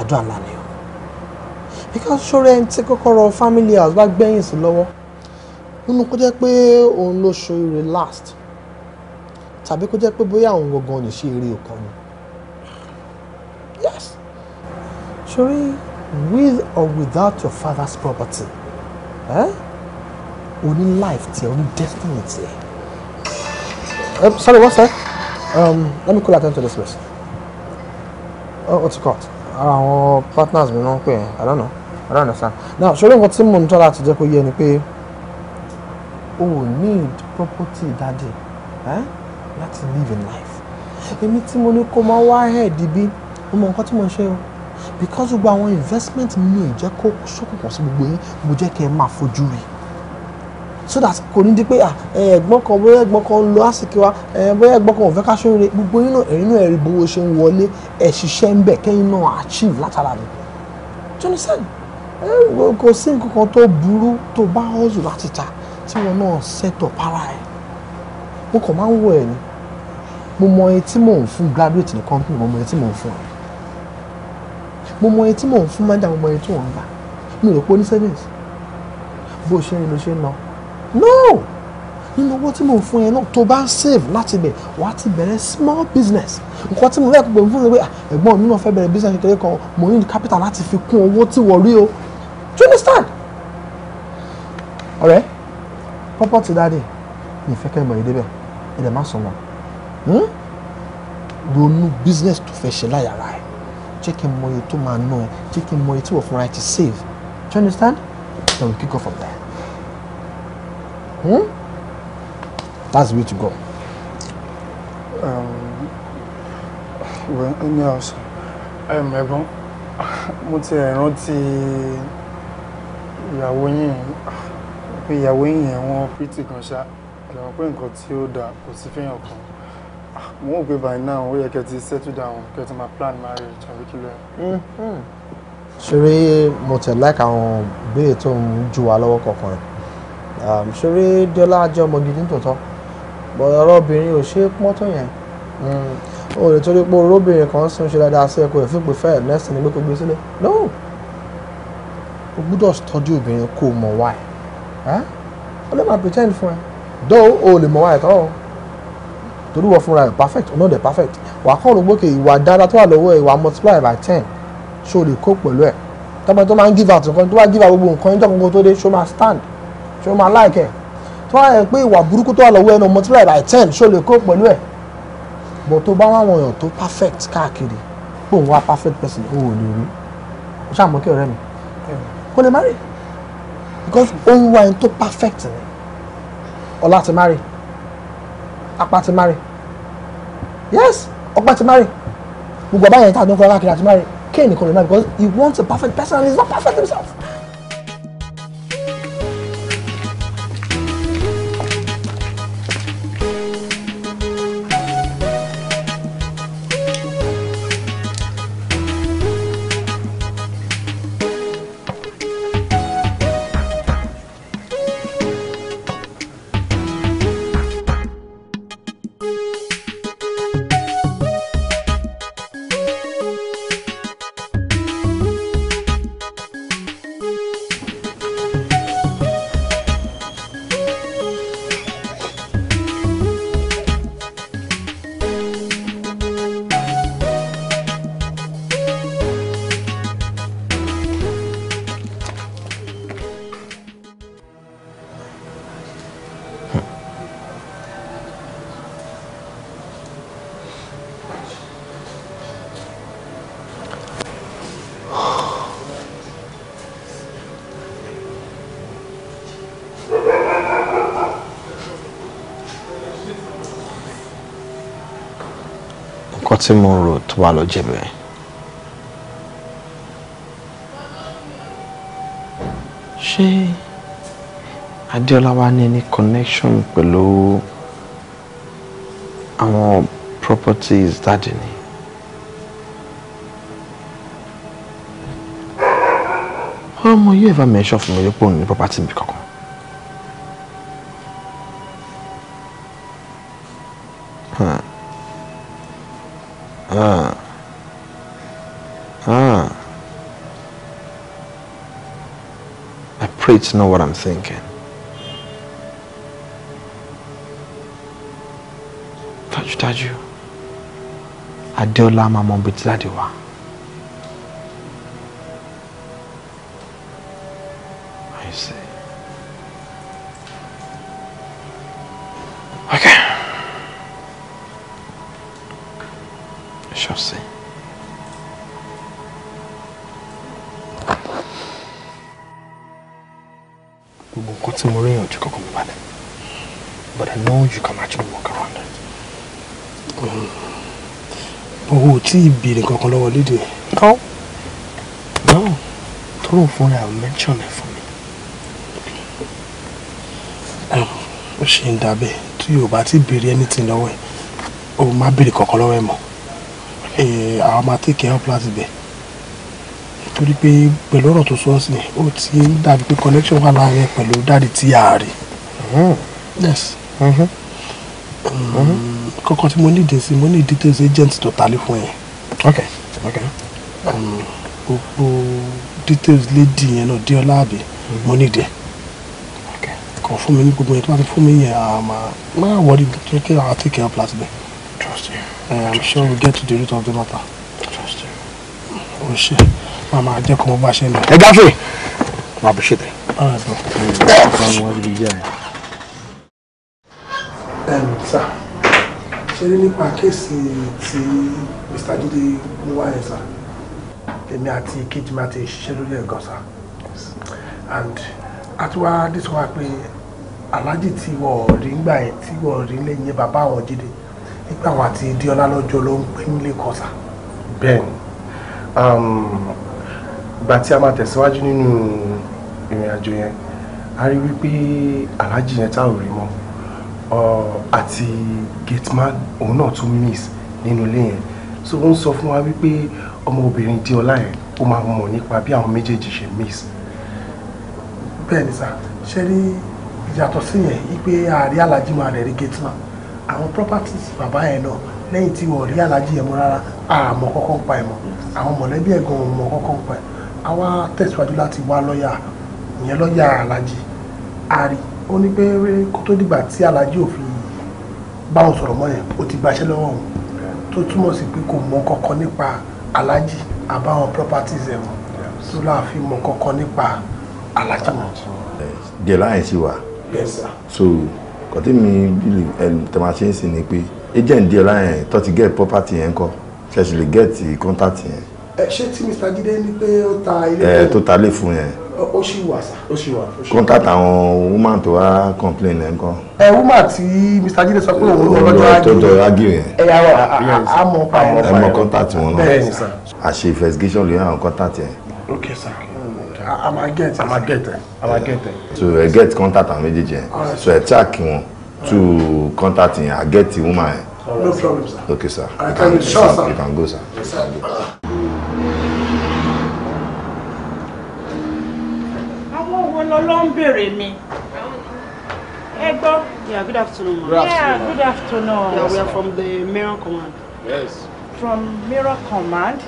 àdúrà ńlá ni o. ẹni tí kọ́kọ́rọ́ family house bá gbẹ̀yìn sí lọ́wọ́ nínú kó jẹ́ pé òun ló ṣe eré last tàbí kó jẹ́ pé bóyá òun gangan ò ni. sori with or without your father's property eh? Only life tiẹ̀ only destiny tiẹ̀. Um, sorry what's that? Um, let me call attention to this place. Oh, what's it called? ara àwọn partners mi náà pè yẹn I don't know I don't understand. now sori nǹkan tí mo ń tọ́ láti jẹ́ kó yé ni pé o need property daddy eh? láti live in life. èmi tí mo ní kó máa wá head bí mo mọ nǹkan tí mo ń ṣe o because gbogbo àwọn investment mi ì jẹ́ kó ṣókùnkùn sí gbogbo yín mo jẹ́ kẹ́ ẹ máa fojú rí so that kò ní di pé ah, ẹ̀gbọ́n kan bóyá ẹ̀gbọ́n kan ń lo àsìkò wa bóyá ẹ̀gbọ́n kan ò fẹ́ ká ṣe rere gbogbo yín náà ẹ̀rín náà ẹ̀rí bówó ṣe ń wọlé ẹ̀ ṣiṣẹ́ ń bẹ̀ kẹ́yìn náà achieve látara mi tó ní sẹ́yìn kò sí nǹkan kan tó burú tó bá hustle láti ta tí wọn náà set up ara ẹ̀ mo kàn máa ń wọ ẹ̀ ni mo mọ etí mò ń fún graduate ní company mo mọ etí mò ń fún ẹ̀ mo mọ etí mò ń fún májà mo mọ etí wọn gbà mi ò rò pé ó ní savings bó ṣe ń lo ṣe ń lọ no nínú owó tí mò ń fún ẹ náà tó bá ń save láti bẹ̀ wá ti bẹ̀rẹ̀ small business nǹkan tí mo fẹ́ pé fún mi pé ẹ̀gbọ́n mi náà fẹ́ bẹ̀rẹ̀ business kékeré kan mo ní capital láti fi kún owó tí wọ́n rí o do you understand ọ̀rẹ́ pọ́pọ́ ti dáadé ní ìfẹ́ kẹ́mọ̀ yìí débẹ̀ ẹ̀dẹ̀ má sọ̀rọ̀ hmm? ronú business tó fẹ́ ṣe láyàrá Chicken kí n mọ iye tó máa ná jẹ́ kí n save do you understand then we kick off from there hmm? that's the way to go. Um, well, any else? Um, ẹ̀gbọ́n mo ti rántí ìyàwó yìí pé ìyàwó yìí yẹn wọ́n pìtì kan ṣá ẹ̀rọ pé nǹkan tí ó dáa kò sí fẹ́yàn kan mo ń gbé by now We yẹ kẹ́ ti settle down kẹ́ my máa plan marriage àbí kí ló yẹ. ṣeré mo tẹ̀ láìka àwọn ìbéèrè tó ń ju wa lọ́wọ́ kọ̀ọ̀kan rẹ̀ ṣeré dọ́là jẹ́ ọmọ gidi nítòótọ́ ọ̀rọ̀ obìnrin ò ṣe é pọ́n tó yẹn mm, o lè torí pé orobìnrin kan sì ń ṣe dáadáa sí ẹ̀kọ́ ìfipè fẹ́ẹ̀ lẹ́sìn ní pé kò gbé sílẹ̀ no o gbúdọ̀ tọ́jú obìnrin kó o mọ̀ wáyé ọ lè pretend fún ẹ dọ́ o lè at all torí wọ́n fúnra ẹ̀ perfect ọ̀nà dẹ̀ perfect wàá kọ́ rògbò kè ìwà dáadáa tó wà lọ́wọ́ ẹ̀ wàá multiply by ten ṣó lè kó pẹ̀lú ẹ̀ tọ́pẹ́ tó máa ń give out nǹkan tó wá give out gbogbo nǹkan yín tọ́kùnkùn tó dé ṣó máa stand ṣó máa like ẹ̀ tó wà ẹ̀ pé ìwà burúkú tó wà lọ́wọ́ ẹ̀ náà multiply by ten ṣó lè kó pẹ̀lú ẹ̀ but tó bá wọn èèyàn tó perfect káàkiri pé òun wá perfect person ó wò lè rí ó ṣàmọ́ kí ọ̀rẹ́ mi kò lè marry because òun wá ẹni tó perfect ni ọ̀la marry apá ti marry yes ọgbà ti marry gbogbo àbáyẹn tá a dún kọ́ káàkiri àti marry kéènì kò lè marry because he wants a perfect person and he is not perfect himself. Cottonmore Road tó wà lọ́jẹ̀bẹ̀. ṣé Adéọlá wa ní any connection pẹ̀lú àwọn properties dáàdì ni. ọmọ yóò ever mention fún mi pé òun ní property mi kankan. pray to know what I'm thinking. Dájúdájú, Adéọlá máa mọ ibi tí dáàdi wà. tí ì kankan lọ́wọ́ lédè. no no tóró fúnra ẹ̀ mention ẹ̀ fún mi. ó ṣe ń dàbẹ̀ tí yóò bá ti béèrè anything lọ́wọ́ ẹ̀ ó má béèrè kankan lọ́wọ́ ẹ̀ mọ́ àwọn máa take help láti bẹ̀ torí pé pẹ̀lú ọ̀rọ̀ tó sọ ọ́ sí ó ti ń dàbí pé connection wà láàrin pẹ̀lú dáàdi tí a rí. Hmm. yes. Mm-hmm. hmm Um, kọ́kọ́ tí mo ní ìdí sí mo ní ìdí tó ṣe agent tó talé fún yẹn ok ok um, gbogbo details lady yẹn náà Diola àbí mo mm-hmm. ní ìdẹ kàn fún mi ní gbogbo yẹn tó bá ti fún mi yẹn àmà máa wọlé nítorí kí àwọn take care of last day. trust you. Eh, I'm sure we get to the root of the matter. trust you. o ṣe màmá jẹ́ kó mo bá ṣe lọ. ẹ gáfẹ́ màá bẹ ṣe tẹ. ọ̀rẹ́ sọ. ọ̀rẹ́ sọ ṣe rí nípa kéèsì tí Mr. Jídé mú wá yẹn sá èmi àti kejì máa ti ṣiṣẹ́ lórí ẹ̀gàn sá and àtúwá dísọ́wá pé aláàjì tí wọ́n rí ńgbà yẹn tí wọ́n rí lẹ́yìn bàbá àwọn Jídé nígbà wọn àti diola lọ́jọ́ ló ń pè mí lẹ́kọ̀ọ́ sá. bẹ́ẹ̀ni um, ìgbà tí a máa tẹ̀síwájú nínú ìrìn àjò yẹn a rí wípé aláàjì yẹn tá rí mọ́ àti gateman òun náà tún miss nínú ilé yẹn so ó ń sọ fún wa wípé ọmọbìnrin di ọlá yẹn ó máa mọ̀ nípa bí àwọn méjèèjì ṣe miss bẹ́ẹ̀ ni sá ṣe rí ìyàtọ̀ sí yẹn wípé ààrẹ alájí máa rẹ̀ rí gateman àwọn properties bàbá yẹn náà lẹ́yìn tí wọ́n rí alájí yẹn mọ́ rárá àmọ́ kọ́kọ́ pa ẹ̀ mọ́ àwọn mọ̀lẹ́bí ẹ̀ gan mọ́ kọ́kọ́ pa ẹ̀ àwa tẹ̀síwájú láti wá lọ́ọ̀yà ìyẹn lọ́ọ̀yà alájí ààrí ó ní pé kó tó dìgbà tí alájí ò báwọn sọ̀rọ̀ mọ́ yẹn ó ti gbaṣẹ́ lọ́wọ́ òun tó túmọ̀ sí pé kò mọ kankan nípa aláàjì àbáwọn properties ẹ̀ wọ́n tó láàfin mọ kankan nípa aláàjì wọn. díẹ̀ láàyè sí wa so kọ́tí mi tẹ̀mà ṣe ń sìn ni pé agent díẹ̀ láàyè tó ti get property yẹn kọ́ ṣẹ̀ṣì lè get contact yẹn. ẹ ṣé tí Mr. Jide ní pé ó ta ilé. tó ta ilé fún yẹn ó ṣì wà sá. ó ṣì wà. kọ́ńtàtà àwọn woman tó wá complain ẹ̀ ń kọ́. ẹ woman tí Mr. Jide sọ pé òun lọ́jọ́ ágì tó tọ́ ágì yẹn. ẹ yà àmọ́ pa ẹ̀. ẹ mọ kọ́ńtàtì wọn náà àṣe investigation lórí àwọn kọ́ńtàtì yẹn. ok sir a máa get a máa get a máa get. so ẹ get contact àwọn méjèèjì yẹn so ẹ track wọn to contact yẹn i get the woman yẹn. no problem sir. okay sir. i can sure sir. you can go sir. lọ ló ń béèrè mi. ẹ gbọ́. yeah good afternoon ma. Am. yeah good afternoon. yeah we are from the Mirror Command. yes. from Mirror Command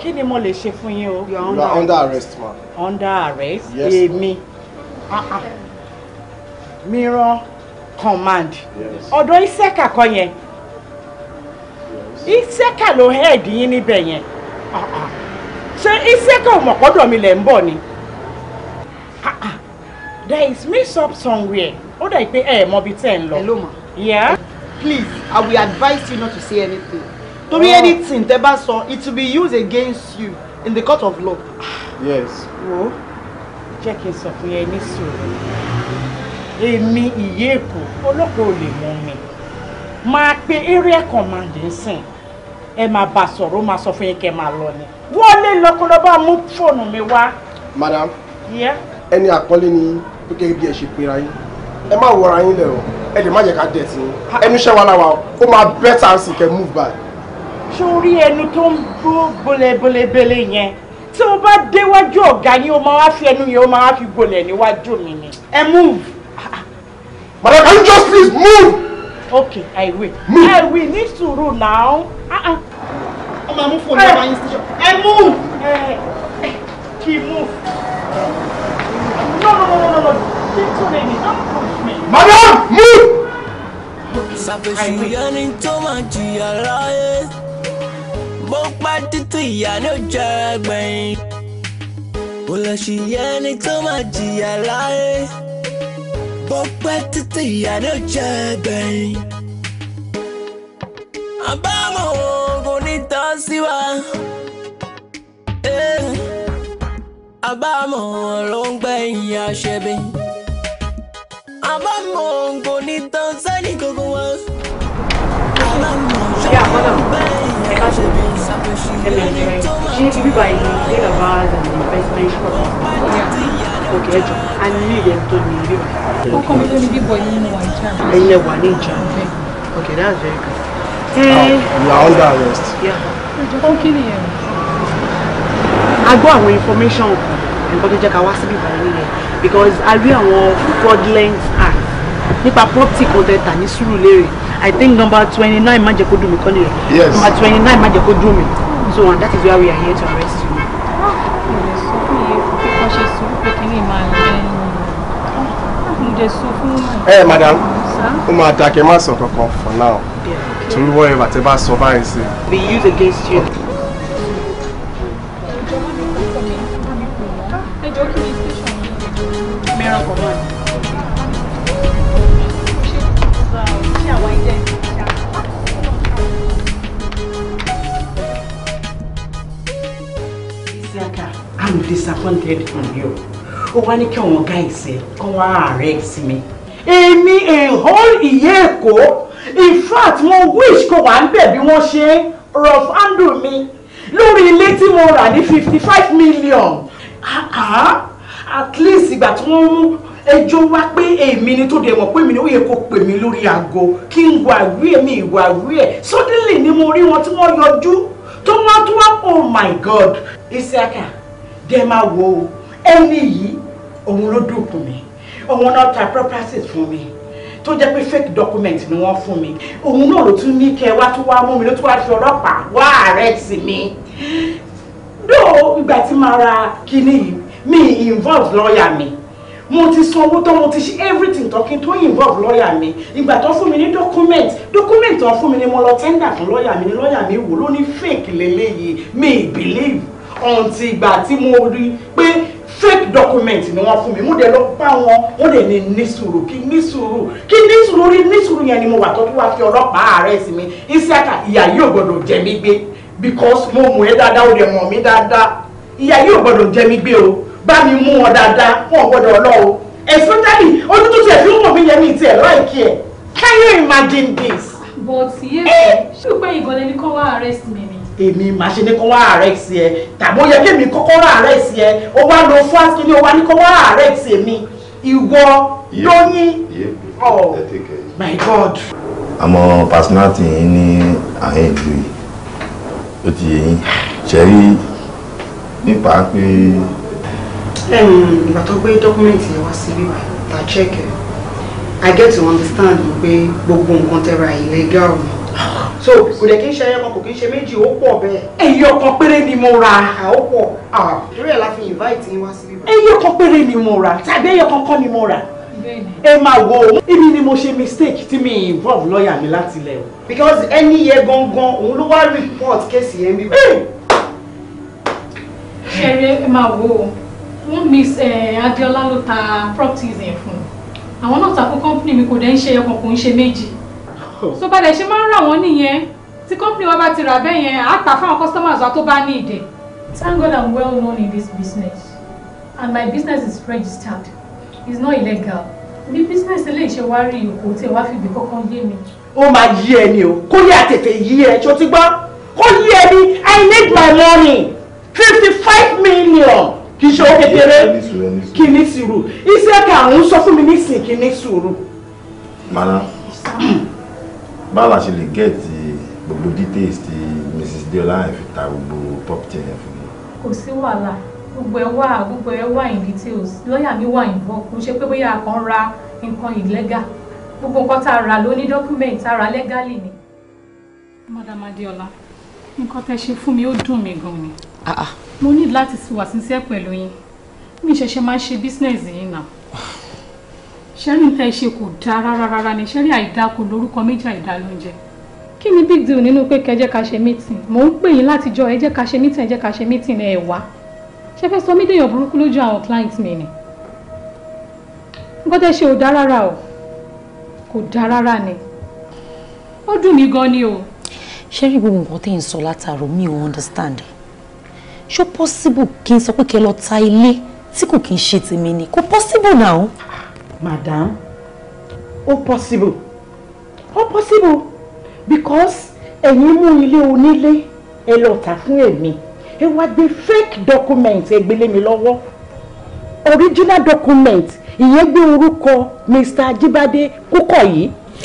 kí ni mo lè ṣe fún yín o. you are under, under arrest ma. under arrest. yes èmi. ah ah Mirror Command. yes. ọ̀dọ̀ isẹ́ka kọ́ yẹn. yes. isẹ́ka ló head yín níbẹ̀ yẹn. ah ah ṣé isẹ́ka ò mọ̀ pọ́dọ̀ mi lẹ̀ ń bọ̀ ni. ah ah there is mix up somewhere ó dà pé eh, mọ ibi tẹ́ ń hello ma. yeah. please i will advise you not to say anything. torí oh. anything tẹ́ bá sọ it will be used against you in the court of law. yes. wo jẹ́ kí n sọ fún yẹn ní sùúrù èmi ìyé èkó ọlọ́pàá mi máa pe area command nsìn ẹ máa bá sọ̀rọ̀ ó máa sọ fún yín kẹ́ máa lọ ni wọ́n lè lọ́kọ́ lọ́ bá mú mi wá. madam ẹni àpọ́nlé ni tó gẹ́gẹ́ bí ẹ ṣe pera yín ẹ má wọra yín lẹ̀ o ẹ lè má jẹ́ ká dẹ̀ sí yín ẹnu iṣẹ́ wa láwa ó máa bẹ́tà sí kẹ́ move by. sórí ẹnu tó ń bó bólebólebélé yẹn tí o bá déwájú ọ̀gá yín o máa wá fi ẹnu yẹn o máa wá fi gbolẹ̀ níwájú mi ni ẹ move. madam can you just please move. okay i will. move i will ní sùúrù now. ọmọ àmúfò ní ọmọ yín sí. ẹ eh, move. ẹ kì í move. No, no, no, no, no, Madam, move! ni tó máa jìyà láyé bó pẹ́ títí ìyá ni ó jẹ́ ẹgbẹ̀yìn kò lè ni tó máa jìyà láyé bó pẹ́ títí ìyá ni ó jẹ́ ẹgbẹ̀yìn. àbámọ̀ kò ní tọ́ àbámọ̀ ló ń gbẹ̀yìn aṣẹ́bí àbámọ̀ kò ní tán sẹ́ni gbogbo wa àbámọ̀ ló ń gbẹ̀yìn aṣẹ́bí ṣàkóso ẹni tó máa ń tún bá yìí ní ìlànà àdàlù ìfẹsẹ̀ ìṣòro òkè ẹjọ́ a ní ìyẹn tó ní ìlú rẹ̀. ọkọ mi ló ní bíbọ yìí ní wàjà. ẹ̀yin okay that's very good. you are under arrest. ó kí nìyẹn a gbọ́ àwọn information nǹkan tó jẹ́ ká wá síbí ìbàdàn nìyẹn because a rí àwọn fraudulent acts nípa property contenter ní Sùúrùlérè i think number twenty nine má jẹ́ kó dùn mí kọ́ nìyẹn yes number twenty nine má jẹ́ kó dùn mí so and that is why we are here to arrest you. ẹ eh, madam ó máa dákẹ́ má sọ kankan for now torí wọ́n ẹ̀ bàtẹ́ bá sọ báyìí sí. We use against you. Okay. I'm disappointed on you. Ó wá ní kí guys ẹ̀ kọ́ wá arrest me." Amy, a whole year ago, In fact, mo wish kó wà ń bẹ̀ bí wọ́n rough handle mi lórí ilé tí mo rà ní fifty five million. Ah, ah. At least ìgbà tí wọ́n a ẹjọ́ wá a minute ni tó dẹ̀ mọ̀ pé èmi ni ó yẹ kó pè mí lórí aago kí n wà suddenly ni mo rí wọn you. wọ́n yọjú tó wọ́n tó oh my god Isiaka kẹ́ máa wo ẹni yìí òun ló dùnkùn mi òun náà ta properties fún mi tó jẹ́ pé fake document ni wọ́n fún mi òun náà ló tún ní kẹ́ wá tún wá mú mi ló tún wá fi ọlọ́pàá wá arrest mi dóò ìgbà tí màá ra kinní yìí mi involve lọ́ọ̀yà mi mo ti sanwó tán mo ti ṣe everything talking tó involve lọ́ọ̀yà mi ìgbà tó fún mi ní document document tó fún mi ni mo lọ tender fún lọ́ọ̀yà mi ni lọ́ọ̀yà mi wò ló ní fake lélẹ́yìí mi believe ọ̀ǹtì ìgbà tí mo rí pé fake document ni wọ́n fún mi mo dẹ̀ lọ bá wọn mo dẹ̀ ní nísùúrù kí nísùúrù kí nísùúrù rí nísùúrù yẹn ni mo wà tó tó wá fi ọlọ́pàá ààrẹ sí mi ìsíàkà ìyá yìí ò gbọ́dọ̀ jẹ mí gbé because mo mọ̀ ẹ́ dáadáa ó dẹ̀ mọ̀ mí dáadáa ìyá yìí ò gbọ́dọ̀ jẹ mí gbé o bá mi mú wọn dáadáa wọn ò gbọ́dọ̀ lọ o especially ojú tó tiẹ̀ fi ń wọ̀ mí yẹn mi tiẹ̀ láìkí ẹ̀ can you imagine this. but yes eh? ṣùgbọ́n ìgànnì èmi máa ṣe ní kó wá àárẹ̀ sí ẹ tàbí ó yẹ kí èmi kọ́kọ́ rà àárẹ̀ sí ẹ ó wá lọ fún àtúndì ó wá ní kó wá àárẹ̀ sí èmi ìwọ lóyún oh my god. àmọ́ personality yìí ní àárín ìlú yìí ó ti yẹ yín ṣe rí nípa pé. ìgbà tó gbé dọ́kúmẹ́ǹtì yẹn wá sí bíbá ta check i get to understand pé gbogbo nǹkan tẹ́ra illegal ni so kò dẹ̀ kí n ṣe ẹyọ kan kò kí n ṣe méjì ó pọ̀ bẹ́ẹ̀. ẹyọ kan péré ni mo ra. à ó pọ̀ torí ẹ̀ la fi invite yín wá síbí. ẹyọ kan péré ni mo ra tàbí ẹyọ kan kọ́ ni mo ra ẹ máa wo èmi ni mo ṣe mistake tí mi involve lọ́ọ̀yà mi láti ilẹ̀ o. because ẹni yẹ gangan òun ló wá report kéèsì yẹn bí. ṣeré ẹ máa wo wọ́n miss Adéọlá ló ta properties yẹn fún un àwọn náà ta fún company mi kò dẹ̀ ń ṣe ẹyọkan kò ń ṣe méjì so balẹ̀ ṣe máa ń rà wọ́n nìyẹn tí company wa bá ti rà bẹ́ẹ̀ yẹn á tà fáwọn customers wa tó bá ní ìdè. Thank God I'm well known in this business and my business is registered it's not illegal bí business ilé ìṣe wá rí ìkó tí ẹ wá fi ibi kankan yé mi. ó máa yí ẹ ni o kó yí àtètè yí ẹ ṣó ti gbọ́ kó yí ẹ ni I need my money fifty five million kì í ṣe ó kékeré kì ní sùúrù iṣẹ́ kà ń sọ fún mi nísìnyí kì ní sùúrù. màná báwo la ṣe lè gẹ̀ẹ́tì gbogbo details ti Mrs. deola ẹ̀ fi ta gbogbo property yẹn fún mi. kò sí wàhálà gbogbo ẹ wà gbogbo ẹ wà in details lọ́ọ̀yà mi wà involved kò ṣe pé bóyá a kàn ra nǹkan illegal gbogbo nǹkan tá a rà ló document tá a rà legally ni. madam adeola nǹkan tẹ́ ṣe fún mi ó dùn mí gan ni ah, ah. mo ní láti wà sínsẹ́ pẹ̀lú yín mi ṣẹ̀ṣẹ̀ máa ṣe business yìí náà ṣẹ́rí ń tẹ́ ṣe kò dáa rárá rárá ni ṣẹ́rí àìdá kò lórúkọ méjì àìdá ló ń jẹ kí ni big deal nínú pé kẹjẹ ká ṣe meeting mò ń pè yín látijọ́ ẹ jẹ́ ká ṣe meeting ẹ ká ṣe meeting ẹ wá ṣe fẹ́ sọ mí déyàn burúkú lójú àwọn client mi ni nǹkan ṣe ò dáa rárá o kò dáa rárá ni ó dùn mí gan ni o. ṣẹ́rí gbogbo nǹkan tẹ́ ń sọ látàrọ mi ò understand ṣó possible kí n sọ pé kẹ lọ ta ilé tí kò kí n ṣe tèmi ni kò possible náà madam ó possible ó possible because ẹ̀yin mú ilé onílé ẹ lọ tà fún èmi ẹ wá gbé fake document ẹ gbélé mi lọ́wọ́ original document ìyẹn gbé orúkọ mr Ajíbádé Kúkọ̀yí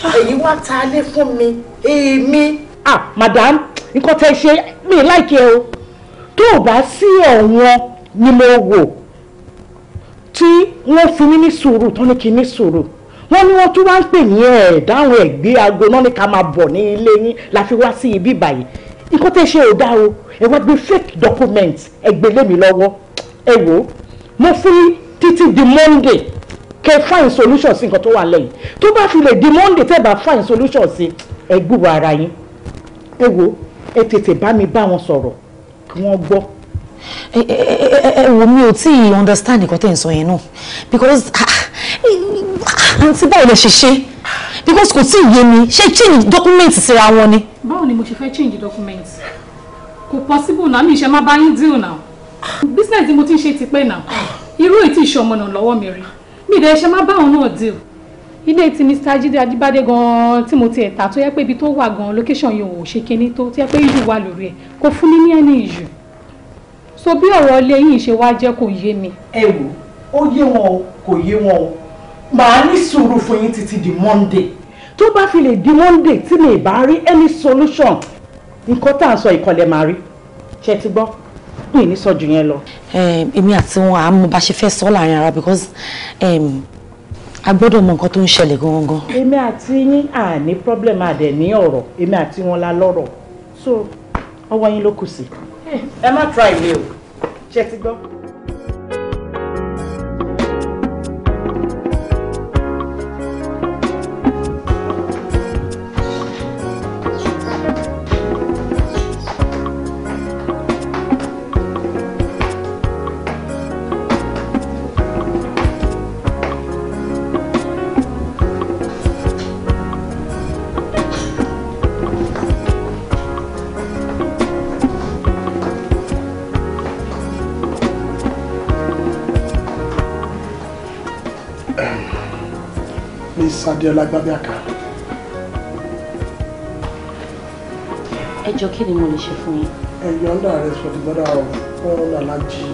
ah. èyí wá ta lé fún mi èmi. ah madam nǹkan tẹ ṣe mi láìkẹ́ o tó o bá sí ọ̀wọ́n ni mo wò tí wọ́n fún mi ní sùúrù tán ní kí ní sùúrù wọ́n ní wọ́n tún wá ń pè ní ẹ̀ dáhùn ẹ̀gbé aago náà ní ká máa bọ̀ ní ilé yín la fi wá sí ibi báyìí nǹkan tẹ́ ṣe ò dá o ẹ wá gbé fake document ẹ gbé lé mi lọ́wọ́ ẹ wò ó mo fún títí di monday kẹ́ find solution sí nǹkan tó wà lẹ́yìn tó bá fi lè di monday tẹ́ bá find solution sí ẹ gbúwò ara yín ẹ wò ó ẹ tètè bá mi bá wọn sọ̀rọ̀ kí wọ́n gbọ́ ẹ wo mi ò tí understand nǹkan tẹ̀ ń sọ yẹn náà because àǹtí báwo lè ṣe ṣe because kò tí ì yé mi ṣé change document síra wọn ni. báwo ni mo ṣe fẹ́ change document kò possible náà mi ṣe má bá yín deal náà business mo ti ń ṣe tipẹ́ náà irú ètí ìṣọmọnà lọ́wọ́ mi rí mi ìdẹ ṣe má bá òun náà deal ilé tí Mr. Jídé Ajíbádé gan-an tí mo ti ẹ̀ta tó yẹ pé ibi tó wà gan-an location yìí ò ṣe kinní tó tó yẹ pé iyù wà lórí ẹ̀ kò fún mi ní ẹni iyù so bí ọ̀rọ̀ ilé yìí ṣe wá jẹ́ kò yé mi. ẹ wò ó yé wọn o kò yé wọn o màá ní sùúrù fún yín títí di monday. tó bá fi lè di monday tí mi bá rí any solution nǹkan tá à ń sọ ìkọlẹ̀ máa rí ṣe ti gbọ́ pè ní sọ jù yẹn lọ. èmi àti wọn àá mú bá ṣe fẹ́ sọ láàrin ara because a gbọ́dọ̀ mọ nǹkan tó ń ṣẹlẹ̀ gangan. èmi àti yín à ní problem àdẹ̀ ní ọ̀rọ̀ èmi àti wọn la lọ́rọ̀ so ọwọ́ yín ló kù sí. ẹ má try me o ṣe ti gbọ́. Adéọlá Gbábíàká. Ẹ jọ kí ni mo lè ṣe fún yín? Ẹ yọ ọ́ndà rẹ̀ sọ di gbọ́dọ̀ àwọn ọ̀rọ̀ alájí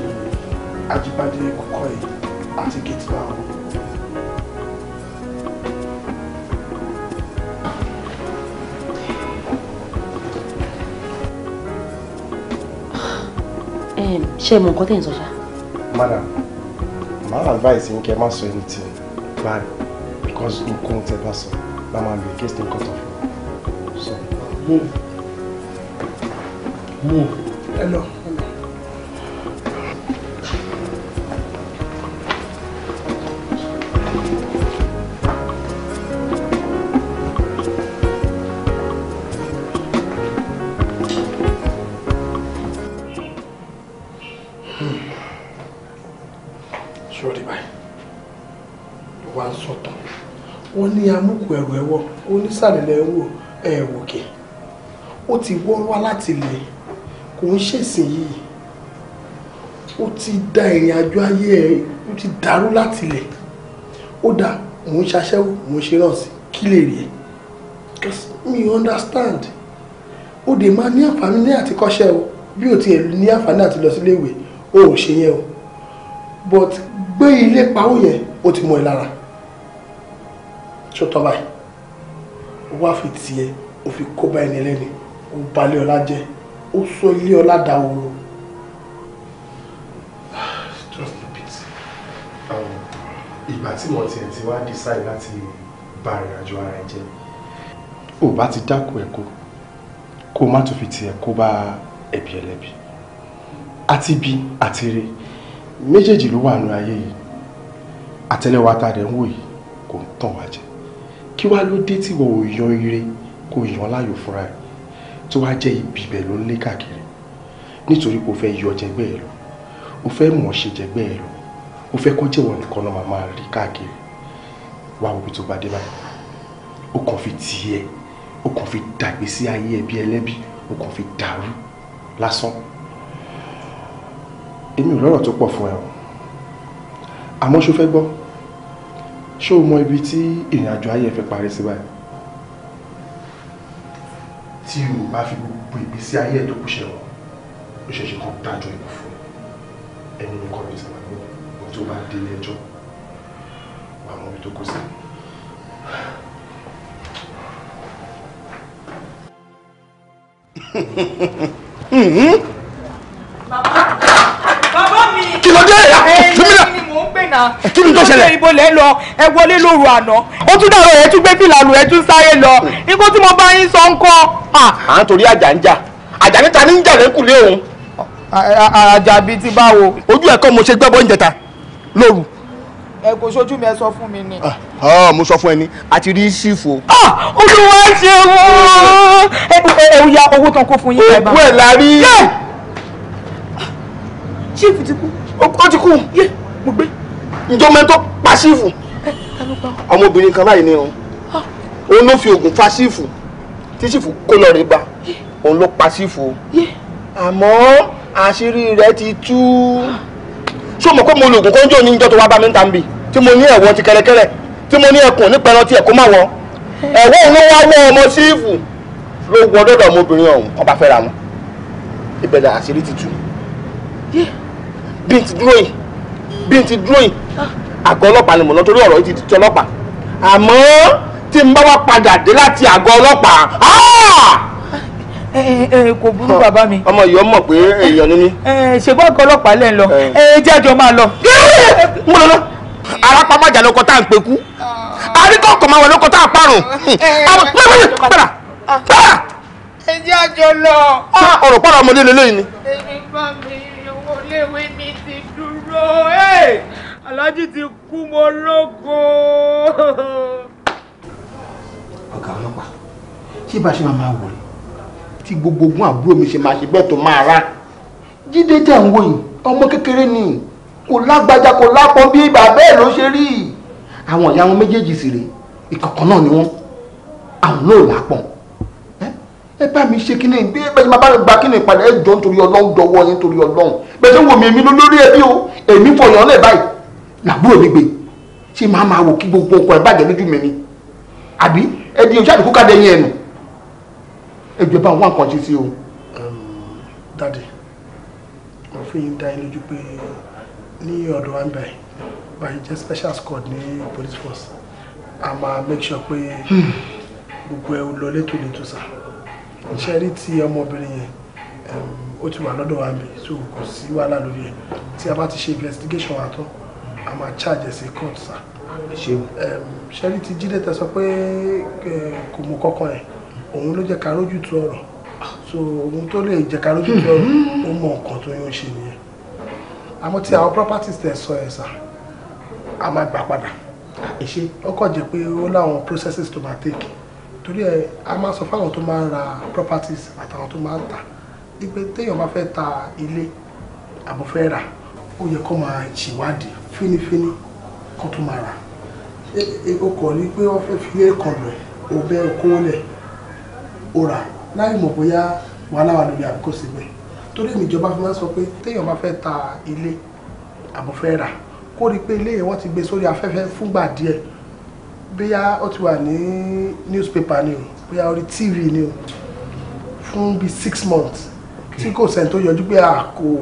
Ajíbádé kúkọ́ yìí àti Gẹ̀tìmá ọ̀hún. ṣe mọ nǹkan tẹ̀ ń sọ ṣá. madam màá advice yín kẹ́ ẹ má sọ anything báyìí because nǹkan tẹ bá sọ la máa lo against nǹkan tó so move move. ẹ̀rù ẹ̀wọ̀ ó nísàlẹ̀ lẹ́wọ̀ ẹ̀wọ̀ kẹ̀ ó ti wọ́ wá láti ilẹ̀ kò ń ṣèsìn yìí ó ti da ìrìn àjò ayé ẹ̀ ó ti dàrú láti ilẹ̀ ó dà òun ṣaṣẹ́wó òun ṣe náà sí kí lè rí ẹ̀ because me understand ó dè máa ní àǹfààní ní àtikọ́ṣẹ́ o bí o tiẹ̀ ní àǹfààní àti lọ sílé ìwé o ò ṣe yẹn o but gbé ilé pawó yẹn o ti mọ ẹ lára ṣòtọ́ báyìí ó wá fi tiẹ̀ ó fi kó bá ẹni lẹ́ni ó bà ilé ọlá ó sọ ilé ọlá dàwòrò. just a bit um, ìgbà tí mo tiẹ̀ ti wá decide láti ba ìrìn àjò ara ẹ̀ jẹ́ ò bá ti dákun ẹ̀kọ́ kó má tún fi tiẹ̀ kó bá ẹ̀bí ẹlẹ́bí àti bí àti rè méjèèjì ló wà nínú ayé yìí àtẹ́lẹwọ́ atá rẹ̀ ń wò yìí kò ń tàn wá jẹ kí wá ló dé tí wọ́n ò yan ire kò yan láàyò fúnra ẹ̀ tó wá jẹ́ ibi ibẹ̀ ló ń lé káàkiri nítorí pé o fẹ́ yọ jẹgbẹ́ ẹ lọ o fẹ́ mọ̀ ṣe jẹgbẹ́ ẹ lọ o fẹ́ kọ́ jẹ́wọ́ nìkan náà màmá rí káàkiri wá wo ibi tó bá dé báyìí o kàn fi tiẹ̀ o kàn fi dàgbé sí ayé ẹ bí ẹlẹ́bí o kàn fi dàrú lásán èmi ò lọ́rọ̀ tó pọ̀ fún ẹ o àmọ́ ṣó fẹ́ gbọ́ ṣé o mọ ibi tí ìrìn àjò ayé fẹ́ parí sí báyìí tí o bá fi gbogbo ìgbésí ayé tó kù ṣẹ̀wọ̀ ó ṣẹ̀ṣẹ̀ kan dájọ́ ìlú fún ẹni ní kọ́ni ìsìnkú ní tó bá dé ilé ẹjọ́ wà mọ́ ibi tó kù sí. bàbá mi. kí ló fún mi náà náà. kí ni tó ṣẹlẹ̀. ibo lẹ́ lọ ẹ wọlé lóru àná ó tún dàrọ ẹ tún gbé fìlà lù ẹ tún sáré lọ nǹkan tí mo bá yín sọ ń kọ́. à ń torí àjà ń jà àjà níta ní ń jà lẹ́kùnlé òun. àjà bíi ti báwo. ojú ẹ̀kọ́ mo ṣe gbẹ́bọ́ oúnjẹ ta lóru ẹ kò sójú mi ẹ sọ fún mi ni. Ah, ah, mo sọ fún ẹni a ti rí sífù o. Ah, olúwa ṣe wọ́n. ẹ̀wù ya owó tán kó fún yín. òkú ẹ̀ chief ti kú. ó ti kú. mo gbé ntọ́mẹ́tọ́ pasífù ọmọbìnrin kan báyìí ni o òun ló fi oògùn pasífù tí sífù kó lọ rí ba òun ló pasífù o àmọ́ àṣírí rẹ̀ ti tú ṣé o mọ̀ pé mo lo oògùn kọ́njọ́ ní ìjọ tó wá bá mi ń ta nbì tí mo ní ẹ̀wọ̀n ti kẹ̀rẹ̀kẹ̀rẹ̀ tí mo ní ẹkùn nípa ẹran tí ẹ̀kọ́ máa wọ̀ ẹ̀wọ̀n òun ló wá wọ́ ọmọ sífù ló wọ dọ́dọ̀ ọmọbìnrin ọ̀hún wọ́n bá fẹ́ra wọn ìbẹ̀rẹ̀ àṣírí ti tú bí n dúró yìí bí n ti dúró yìí àgọ́ ọlọ́pàá ni mò ń lọ torí ọ̀rọ̀ yìí ti ti ọlọ́pàá àmọ́ tí n bá wá padà dé láti àgọ́ ọlọ́pàá ah! kò burú bàbá mi. ọmọ yìí ọmọ pé èèyàn ni mí. ṣègbọ́n ọkọ ọlọ́pàá lẹ́ ń lọ ẹ jẹ́jọ́ máa lọ. mo lọ lọ arápámájà lọkọ tá à ń pekú aríkọ̀ọ̀kọ̀ máa wà lọkọ tá à parùn. Ah. ọ̀rọ̀ pọ̀rọ̀ ọmọdé lélẹ́yìn ni. èmi bá mi owó léwé mi alájí ti kú mo lóko. ọ̀gá ọlọ́pàá ṣé bá ṣe máa máa wò rẹ̀ tí gbogbo ogún àbúrò mi ṣe máa ṣe bẹ́ẹ̀ tó máa rà jíde tẹ̀ ń wò yìí ọmọ kékeré ni kò lágbájá kò lápọn bí ibà bẹ́ẹ̀ ló ṣe rí àwọn ìyá wọn méjèèjì sì rèé ìkọ̀kan náà ni wọ́n àwọn náà lápọn ẹ bá mi ṣe kíni ìdí bẹ́ẹ̀ máa bá mi gba kíni ìpàdé ẹjọ́ nítorí ọlọ́run dọwọ́ yín nítorí ọlọ́run bẹ́ẹ̀ ṣe wò mí èmi lórí ẹbí o èmi fọyàn lẹ̀ báyìí làbúrò mi gbé ṣé máa máa wò kí gbogbo nǹkan ẹ̀ bàjẹ́ lójú mi ni àbí ẹdí oṣù àdìkú káde yín ẹnu ẹjọ́ bá wọn kàn ṣe sí o. dadi mo fi yín dá yín lójú pé ní ọ̀dọ̀ wa ń bẹ̀ báyìí jẹ́ special squad ní police force a máa make sure pé hmm. gbogbo ẹ̀ lọ létòlétò sáà ṣe rí ti ọmọbìnrin yẹn ó ti wà lọ́dọ̀ wa mi so kò sí wàhálà lórí ẹ̀ tí a bá ti ṣe investigation wa tán a máa charge ẹ̀ sí court sa. ṣe rí ti jíde tẹ sọ pé kò mú kọ́kọ́ yẹn òun ló jẹ́ ká rójú tu ọ̀rọ̀ so ohun tó lè jẹ́ ká rójú tu ọ̀rọ̀ ó mọ nǹkan tó yóò ṣe nìyẹn àmọ́ tí àwọn properties tẹ̀ sọ ẹ̀ sà a máa gbà padà ó kàn jẹ́ pé ó láwọn processes to ma take torí ẹ a máa sọ fáwọn tó máa ń ra properties àtàwọn tó máa ń tà wípé téèyàn bá fẹ́ ta ilé àbò fẹ́ rà ó yẹ kó máa ṣèwádìí fínífíní kó tó máa rà ó kọ̀ ní pé wọ́n fẹ́ filé kan lẹ̀ o bẹ́ kówó lẹ̀ ó rà láì mọ̀ bóyá wàhálà wà lórí àbíkó síbẹ̀ torí ìjọba fi máa ń sọ pé téèyàn bá fẹ́ ta ilé àbò rà kó rí i pé ilé yẹn wọ́n ti gbé sórí afẹ́fẹ́ fúngbà díẹ̀ bóyá ó ti wà ní newspaper ni o bóyá orí tv ni o fún bí six months tí kò sẹ́ni tó yọjú pé àkó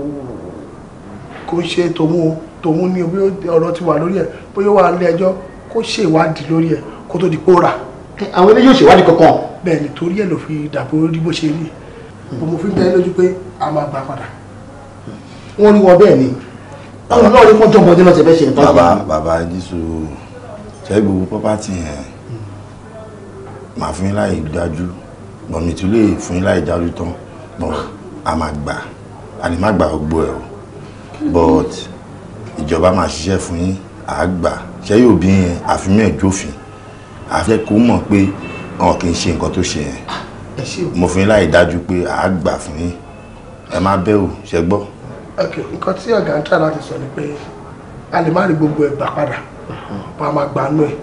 kò ń ṣe tòun tòun ni ọ̀rọ̀ ti wà lórí ẹ̀ bóyá ó wà nílé ẹjọ́ kó ṣe ìwádìí lórí ẹ̀ kó tó di pòórà. àwọn eléyìí ò ṣèwádìí kankan. bẹ́ẹ̀ ni torí ẹ̀ ló fi dàbò rí bó ṣe rí mo fi ń dá lójú pé a máa gbà padà. wọ́n rí wọn bẹ́ẹ̀ ni báwo náà rí fún jọ̀bọ̀dé náà ṣe fẹ́ ṣe nǹkan. bàbá bàbá jísù ṣe gbogbo property yẹn màá fún yín láì dájú bọ̀n mi tún lè fún yín láì dájú tán bọ̀n a máa gbà a lè má gbà gbogbo ẹ̀ o but ìjọba máa ṣiṣẹ́ fún yín a á gbà ṣe yóò bí yẹn àfihàn ìjófin àfẹ́ kó mọ̀ pé wọn kì í ṣe nǹkan tó ṣe yẹn mo fún yín láì dájú pé à á gbà fún yín ẹ má bẹ̀rù ṣe gbọ́. ok nǹkan tí ọ̀gá ń tà láti sọ ni pé a lè má rí gbogbo ẹ̀ gbà padà wọ́n á máa gbanú ẹ̀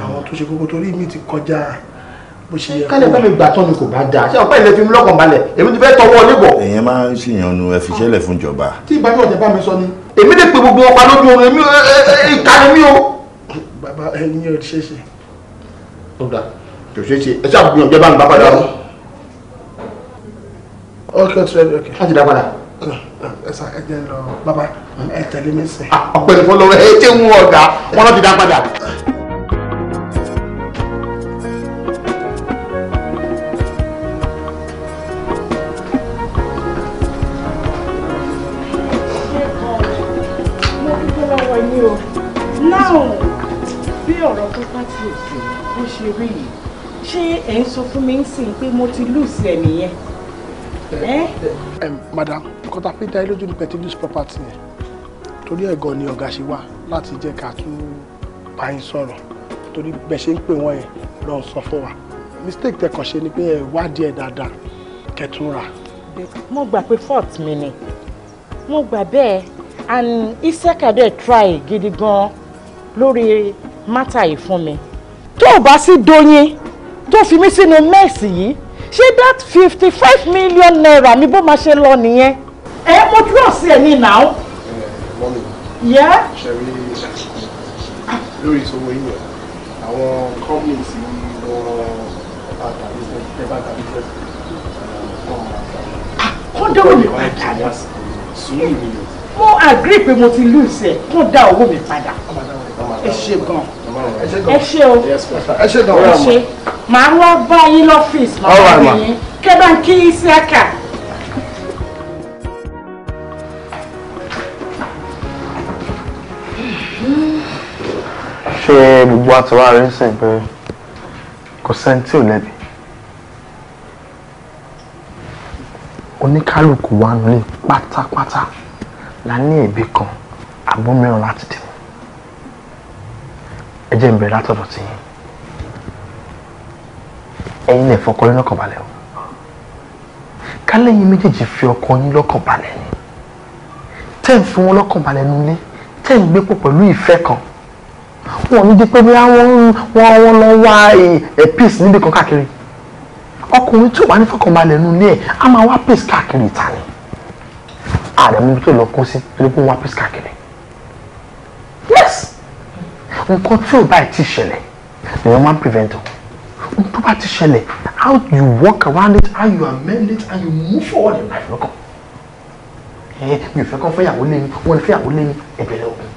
àwọn tó ṣe kókó torí mi ti kọjá bó ṣe yẹ kó kálẹ̀ fẹ́mi gbà tán ni kò bá dáa ṣé ọ̀pẹ́ ilẹ̀ fi mú lọ́kàn balẹ̀ èmi ti fẹ́ tọwọ́ níbọ̀. èèyàn máa ń ṣèyànnu ẹ̀fíṣẹ́lẹ̀ fún ìjọba. tí ìbájú ọ̀jẹ̀ bá mi sọ ni èmi lè pe gbogbo ọpa lójú oorun èmi ìka ni mí o. bàbá ẹni ò ṣe ṣe. ó dà kò ṣe ṣe ẹ ṣáà gbìyànjú ẹ bá mi bá padà. ok ok ok. láti dá padà ẹsà ẹjẹ lọ bàbá ẹ tẹ̀lé mi sìn. Ah, ọ̀pẹ̀lẹ̀ fọlọ́rọ̀ ẹ jẹ́ ń ọ̀gá wọn lọ́ọ́ ti dá padà. ṣe rí yìí ṣé ẹ̀ ń sọ fún mi ń sìn pé mo ti lù sí ẹ̀ nìyẹn. madam nǹkan tá a fi lójú ní petitus property yẹn torí ẹ̀gàn ni ọ̀gá ṣe wá láti jẹ́ ká tún bá sọ̀rọ̀ torí bẹ́ẹ̀ ṣe ń pè wọ́n yẹn lọ́n sọ fún wa mistake tẹ̀kàn ṣe ni pé ẹ wádìí ẹ̀ dáadáa kẹtùnra. mo gbà pé fault mi ni mo gbà bẹ́ẹ̀ and iseka dẹ̀ try gidi gan lórí mátà yìí fún mi tó o bá sì dóyin tó fi mí sínú mẹ́ẹ̀sì yìí ṣé that fifty five million naira mi bó máa ṣe lọ nìyẹn ẹ mo trust see ní now. Eh, mọ́mí ṣe rí lórí ìṣòwò yìí àwọn company tí wọ́n tàbí tẹ́bá tàbí tẹ́bá kọ́ńdà owó mi padà ni mo agree pé mo ti lose ẹ̀ kọ́ńdà owó mi padà ẹ ṣe gan ẹ ṣe o ẹ ṣe máa wá bá yín lọ́fíìsì máa wá bí yín kẹ́ bá ń kí sí ẹ̀ka. ṣé gbogbo àtọwà rẹ ń sìn pé kò sẹ́ni tí ò lẹ́bi oníkálukú wa ní pátápátá la ní ẹ̀bi kan àbómìíràn láti dì ẹ jẹ́ ń bẹ̀rẹ̀ látọ̀dọ̀ tí yín ẹ̀yin lè fọkọ yín lọ́kàn balẹ̀ o kálẹ̀yìn méjèèjì fi ọkọ yín lọ́kàn balẹ̀ ni tẹ́ ń fi wọn lọ́kàn balẹ̀ nulẹ̀ tẹ́ ń gbé pẹ̀lú ìfẹ́ kan wọn ní jẹ́ pé bí wọ́n wọ́n lọ wá eh, eh, peace níbi kan káàkiri ọkùnrin tí ò bá ní fọkànbalẹ̀ nù ilé ẹ̀ á máa wá peace káàkiri ìta ni ààrẹ mú tó lọ kó sí torí pé wọ́n wá peace káàkiri yes nǹkan tí ò bá ti ṣẹlẹ̀ ni wọ́n máa ń prevent o ohun tó bá ti ṣẹlẹ̀ how you work around it how you amend it and you move forward in life lọ́kàn ẹ eh, mi ò fẹ́ kàn fẹ́yàwó lé mi wọ́n fẹ́yàwó lé mi ẹ̀bẹ̀rẹ̀ ogun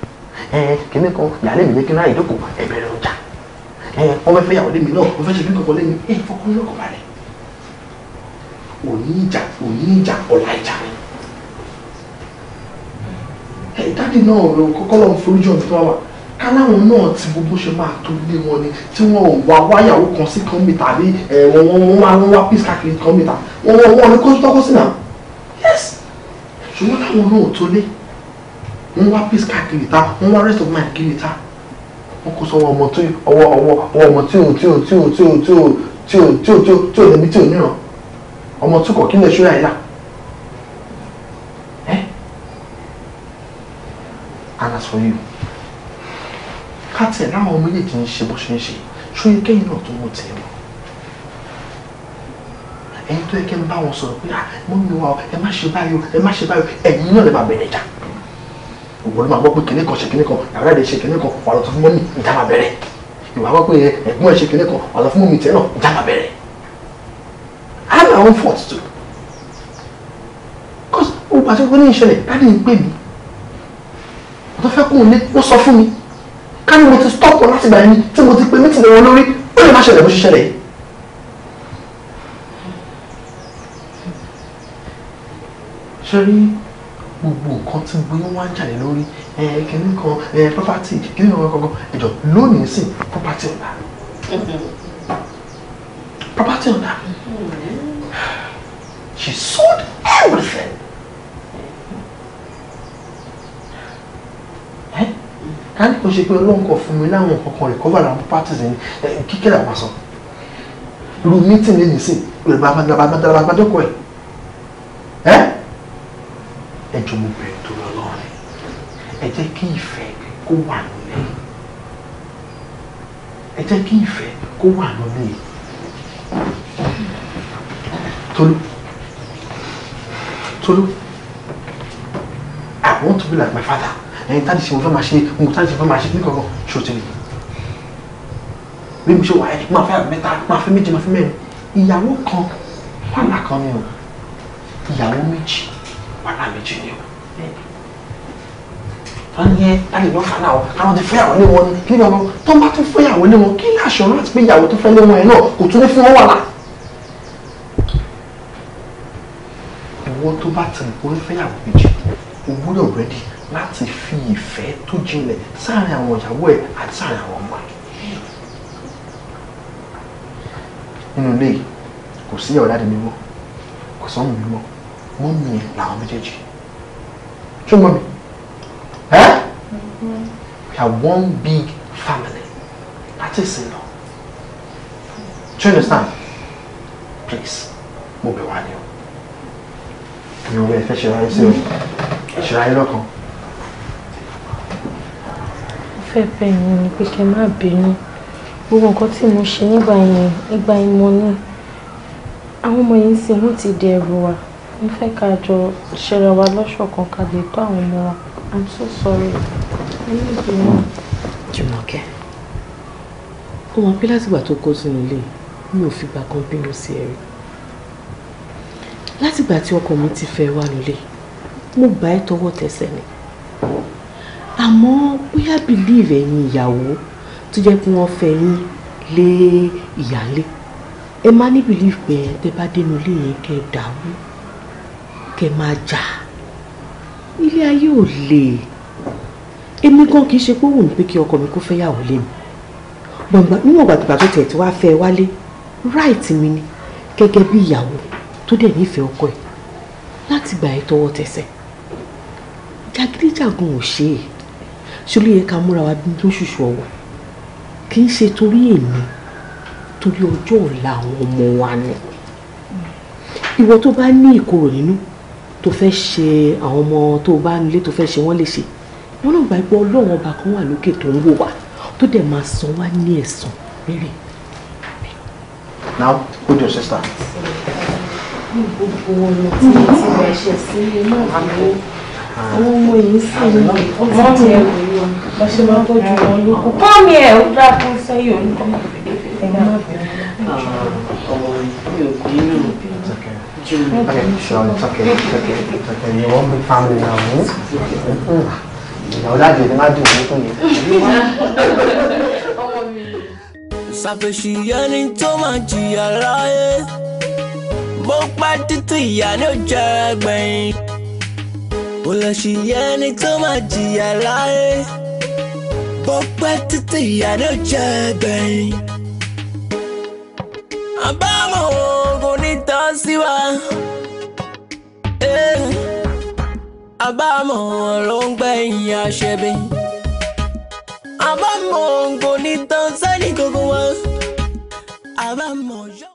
kìnìún kan yàrá mi ní kí n ráyè dókòó ẹ̀bẹ̀rẹ̀ ọjà wọ́n fẹ́ fẹ́ yàwó lé mi náà wọ́n fẹ́ ṣe bí kankan lé mi ẹ̀ fọkàn lọ́kàn balẹ̀ òní ìjà òní ìjà ọ̀la ìjà ni dáàdì náà ọ̀rọ̀ kọ́kọ́ lọ́n forí jọ̀ nípa wa káláwọn náà ti gbogbo ṣe máa tó lé wọn ni tí wọn ò wá wáyàwó kan sí kan mìta àbí ẹ̀wọ̀n wọn wọn máa ń wá pís káàkiri kan mìta wọn wọn wọn ní kó tọ́kọ́ sí náà yẹ́sì ṣùgbọ́n táwọn náà tó lé wọ́n wá peace card kiri ta wọ́n wá rest of mind kiri ta wọ́n kó sọ́wọ́ ọmọ tí ọwọ́ ọwọ́ ọwọ́ ọmọ tí ò tí ò tí ò tí ò tí ò tí ò tí ò tí ò tí ò níbi tí ò níran ọmọ tí kò kílẹ̀ ṣó yàyà ẹ́ and as for you ká tiẹ̀ láwọn ọmọ méjèèjì ń ṣe bó ṣe ń ṣe ṣó yẹ kẹ́yìn náà tó wọ́n tiẹ̀ wọ́n ẹ̀yin tó yẹ kẹ́ ń bá wọn sọ̀rọ̀ pé ah mọ́mí wa ẹ má ṣe báyìí ẹ má ṣe báyìí ẹ̀yin náà lè bá bẹ̀rẹ̀ jà ògbọ́n ló máa gbọ́ pé kinní kan ṣe kinní kan yàrá ìdè ṣe kinní kan wà lọ fún mọ́mí ìjà máa bẹ̀rẹ̀ ìwà wá pé ẹ̀gbọ́n ẹ̀ ṣe kinní kan wà lọ fún mọ́mí ìtẹ́ náà ìjà máa bẹ̀rẹ̀ á là ń fọ̀t tó cause ó pàṣẹ pé ní ìṣẹ̀lẹ̀ dáadé ń pè mí mo tó fẹ́ kó lé ó sọ fún mi ká mo ti stop láti gbà yín tí mo ti pe mí ti lè wọn lórí ó lè má ṣẹlẹ̀ bó ṣe ṣẹlẹ̀ yìí gbogbo nǹkan tí gbé wọn ń jàlè lórí kìnìún kan property kìnìún kan kankan ẹjọ lónìí sìn property ọ̀la property ọ̀la she sold everything. ká ní kò ṣe pé ọlọ́run kò fún mi láwọn nǹkan kan recover làwọn properties ní kíkẹ́ làwọn sọ irú meeting lè nìsín lè bá bá dọ́kọ̀ ẹ̀. ẹjọ́ mo bẹ̀rẹ̀ torí ọlọ́run ẹ jẹ́ kí ìfẹ́ kó wà nílẹ̀ ẹ jẹ́ kí ìfẹ́ kó wà nílẹ̀ Tolu Tolu I want to be like my father ẹyin tá a ti ṣe mo fẹ́ máa ṣe mo tá a ti ṣe fẹ́ máa ṣe ní kankan ṣòro tẹ̀lé bí mo ṣe wà ẹ máa fẹ́ àbí mẹ́ta máa fẹ́ méje máa fẹ́ mẹ́rin ìyàwó kan wàhálà kan ni o ìyàwó méjì wàhálà méjì ni o wọ́n yẹ àlejò kan náà àwọn ti fẹ́yàwó ní wọn kí ni ọmọ tó bá tún fẹ́yàwó ní wọn kí ni assurance pé ìyàwó tó fẹ́ lé wọn yẹn náà kò tún ní fún wọn wà láà. ìwọ tó bá o gbúdọ̀ rẹ́dí láti fi ìfẹ́ tó jinlẹ̀ sáàrin àwọn ìyàwó ẹ̀ àti sáàrin àwọn ọmọ ẹ̀. nínú ilé kò sí ọ̀dà mi mọ́ kò sọ́mù mi mọ́ mi làwọn méjèèjì ṣé mọ́ mi ẹ́ we are one big family That is it, do you understand please mo bẹ̀ wá ní o mi ò bẹ̀ fẹ́ ṣe ráyé sí o ṣe ráyé lọ́kàn. mo fẹ́ bẹ̀ yín ni pé kẹ́ má bínú gbogbo nǹkan tí mo ṣe nígbà yẹn nígbà yẹn mo ní àwọn ọmọ yìí ń sin wọ́n ti dẹrù wa mo fẹ́ ká jọ ṣẹra wa lọ́ṣọ̀kan ká lè tó àwọn ọmọ wa i'm so sorry i need you now. jùmọ̀kẹ́ ó mọ̀ pé látìgbà tó kó sínú ilé mi ò fìgbà kan bínú sí ẹ rí látìgbà tí ọkọ mi ti fẹ́ wá lólè mo bá ẹ tọwọ́ tẹsẹ̀ ni àmọ́ bóyá believe ẹ̀yin ìyàwó tó jẹ́ pé wọ́n fẹ́ yín lé ìyálé ẹ má ní believe pé tẹ bá dénú ilé yẹn kẹ́ dàrú kẹ́ máa jà ilé ayé ò le èmi gan kì í ṣe pé wù mí pé kí ọkọ mi kó fẹ́ yàwó lé mi gbọ̀ngbà níwọ̀n gbàgbà tó tẹ̀ tí wàá fẹ́ wálé right mi ni gẹ́gẹ́ bí ìyàwó tó dẹ̀ nífẹ̀ẹ́ ọkọ ẹ̀ láti gbà ẹ́ tọwọ́ tẹsẹ̀ jàgídíjàgan ò ṣe é ṣolú yẹ ká múra wa bí lóṣooṣù ọwọ́ kì í ṣe torí èmi torí ọjọ́ ọ̀la àwọn ọmọ wa ni ìwọ tó bá ní ìkorò nínú tó fẹ́ ṣe àwọn ọmọ tó bá nílé tó fẹ́ ṣe wọ́n lè ṣe wọn náà gbà pé ọlọ́run ọba kan wà lókè tó ń wò wá tó dẹ̀ máa san wá ní ẹ̀san rere. now hold your sister. ọmọ yìí sì ń ah, ọmọ Okay, sure, it's okay, it's okay, it's okay. You won't be family now, hmm? Ìyàwó láti ìdí not dùn ní fún mi. Ṣàfẹ̀sì ẹni tó máa jìyà láyé. Bó pẹ́ títí ìyá ni ó jẹ ẹgbẹ̀yìn. Kò lè ṣì ẹni tó máa jìyà láyé. Bó pẹ́ títí ìyá ni ó jẹ ẹgbẹ̀yìn. Àbá sí wa. Eh, àbámọ̀ ló ń gbẹ̀yìn àṣẹbí. àbámọ̀ kò ní tán sẹ́ni kankan wá. àbámọ̀ yọ.